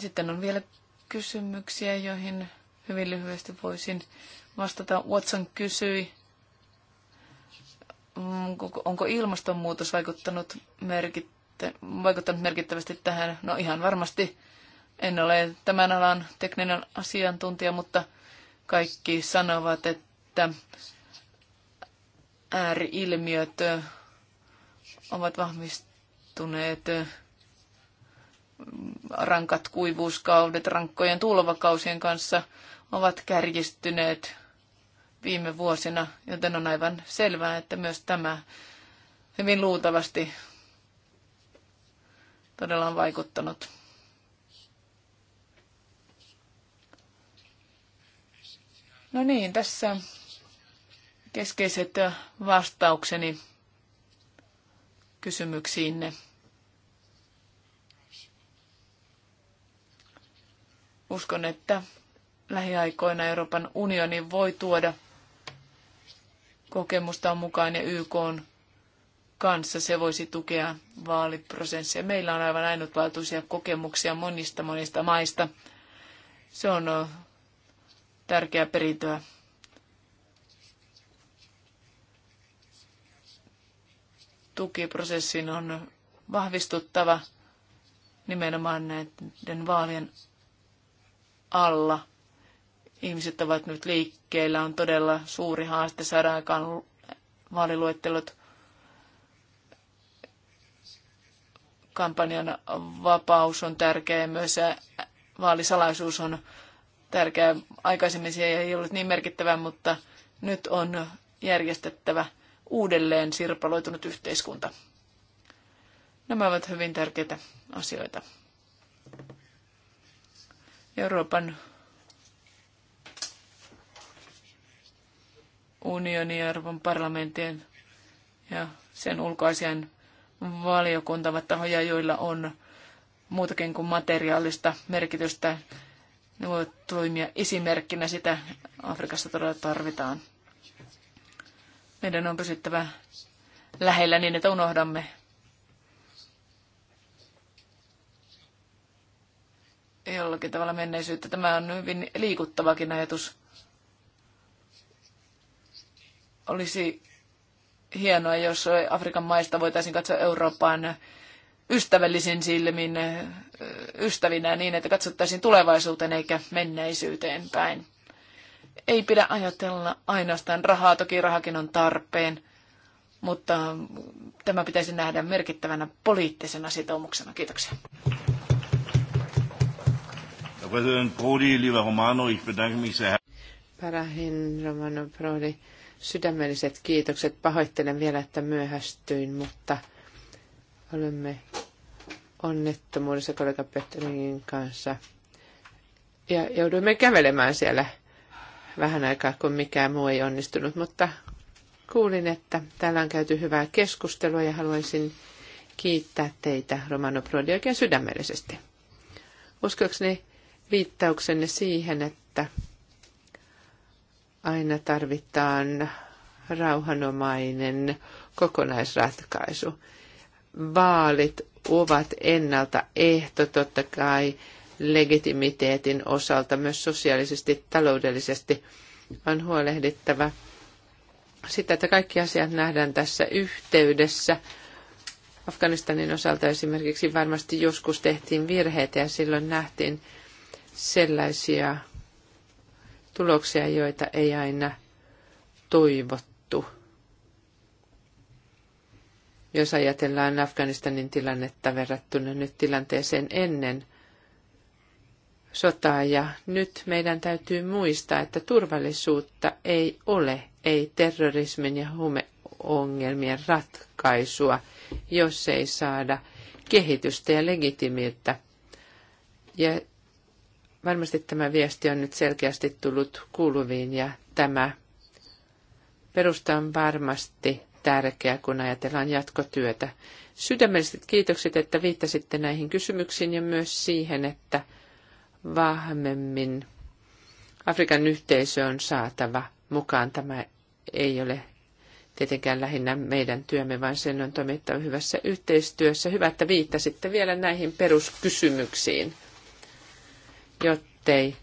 Sitten on vielä kysymyksiä, joihin hyvin lyhyesti voisin vastata. Watson kysyi, onko ilmastonmuutos vaikuttanut, merkitt- vaikuttanut merkittävästi tähän. No ihan varmasti en ole tämän alan tekninen asiantuntija, mutta kaikki sanovat, että ääriilmiöt ovat vahvistuneet rankat kuivuuskaudet rankkojen tulvakausien kanssa ovat kärjistyneet viime vuosina, joten on aivan selvää, että myös tämä hyvin luultavasti todella on vaikuttanut. No niin, tässä keskeiset vastaukseni kysymyksiinne. Uskon, että lähiaikoina Euroopan unioni voi tuoda kokemustaan mukaan ja YK kanssa. Se voisi tukea vaaliprosessia. Meillä on aivan ainutlaatuisia kokemuksia monista monista maista. Se on tärkeää perintöä. Tukiprosessin on vahvistuttava nimenomaan näiden vaalien alla. Ihmiset ovat nyt liikkeellä. On todella suuri haaste saada aikaan vaaliluettelot kampanjan vapaus on tärkeä ja myös vaalisalaisuus on tärkeä. Aikaisemmin se ei ollut niin merkittävä, mutta nyt on järjestettävä uudelleen sirpaloitunut yhteiskunta. Nämä ovat hyvin tärkeitä asioita. Euroopan unionin Euroopan parlamentin ja sen ulkoisen valiokunta ovat tahoja, joilla on muutakin kuin materiaalista merkitystä. Ne voivat toimia esimerkkinä sitä Afrikassa todella tarvitaan. Meidän on pysyttävä lähellä niin, että unohdamme jollakin tavalla menneisyyttä. Tämä on hyvin liikuttavakin ajatus. Olisi hienoa, jos Afrikan maista voitaisiin katsoa Eurooppaan ystävällisin silmin ystävinä niin, että katsottaisiin tulevaisuuteen eikä menneisyyteen päin. Ei pidä ajatella ainoastaan rahaa, toki rahakin on tarpeen, mutta tämä pitäisi nähdä merkittävänä poliittisena sitoumuksena. Kiitoksia. President Prodi, lieber Romano, ich bedanke mich sehr Parahin Romano Prodi, sydämelliset kiitokset. Pahoittelen vielä, että myöhästyin, mutta olemme onnettomuudessa kollega Petterin kanssa. Ja jouduimme kävelemään siellä vähän aikaa, kun mikään muu ei onnistunut, mutta kuulin, että täällä on käyty hyvää keskustelua ja haluaisin kiittää teitä Romano Prodi oikein sydämellisesti. Uskoakseni viittauksenne siihen, että aina tarvitaan rauhanomainen kokonaisratkaisu. Vaalit ovat ennalta ehto totta kai legitimiteetin osalta, myös sosiaalisesti, taloudellisesti on huolehdittava sitä, että kaikki asiat nähdään tässä yhteydessä. Afganistanin osalta esimerkiksi varmasti joskus tehtiin virheitä ja silloin nähtiin, sellaisia tuloksia, joita ei aina toivottu. Jos ajatellaan Afganistanin tilannetta verrattuna nyt tilanteeseen ennen sotaa ja nyt meidän täytyy muistaa, että turvallisuutta ei ole, ei terrorismin ja huumeongelmien ratkaisua, jos ei saada kehitystä ja legitimiyttä. Ja varmasti tämä viesti on nyt selkeästi tullut kuuluviin ja tämä perusta on varmasti tärkeä, kun ajatellaan jatkotyötä. Sydämelliset kiitokset, että viittasitte näihin kysymyksiin ja myös siihen, että vahvemmin Afrikan yhteisö on saatava mukaan. Tämä ei ole tietenkään lähinnä meidän työmme, vaan sen on toimittava hyvässä yhteistyössä. Hyvä, että viittasitte vielä näihin peruskysymyksiin jottei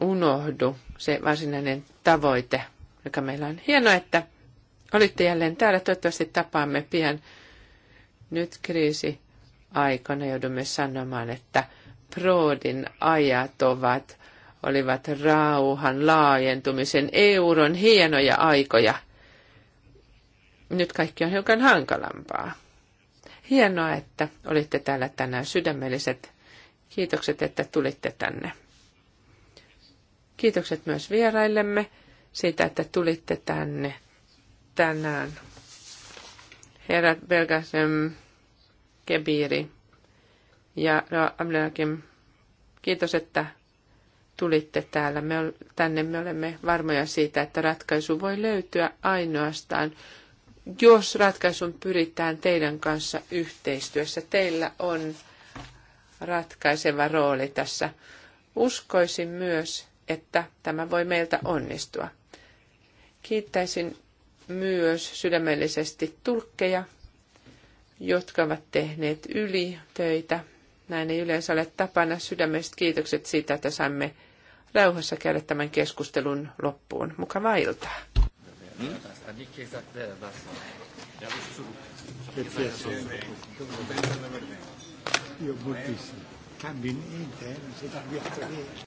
unohdu se varsinainen tavoite, joka meillä on. Hienoa, että olitte jälleen täällä. Toivottavasti tapaamme pian. Nyt kriisi aikana joudumme sanomaan, että Proodin ajat ovat, olivat rauhan, laajentumisen, euron hienoja aikoja. Nyt kaikki on hiukan hankalampaa. Hienoa, että olitte täällä tänään sydämelliset Kiitokset, että tulitte tänne. Kiitokset myös vieraillemme siitä, että tulitte tänne tänään. Herrat Belgasem, Kebiri ja Amleakim, kiitos, että tulitte täällä. Me, tänne me olemme varmoja siitä, että ratkaisu voi löytyä ainoastaan, jos ratkaisun pyritään teidän kanssa yhteistyössä. Teillä on ratkaiseva rooli tässä. Uskoisin myös, että tämä voi meiltä onnistua. Kiittäisin myös sydämellisesti tulkkeja, jotka ovat tehneet yli töitä. Näin ei yleensä ole tapana. Sydämelliset kiitokset siitä, että saimme rauhassa käydä tämän keskustelun loppuun. Mukavaa iltaa. Mm? Io moltissimo. Cambi niente, eh, non si cambia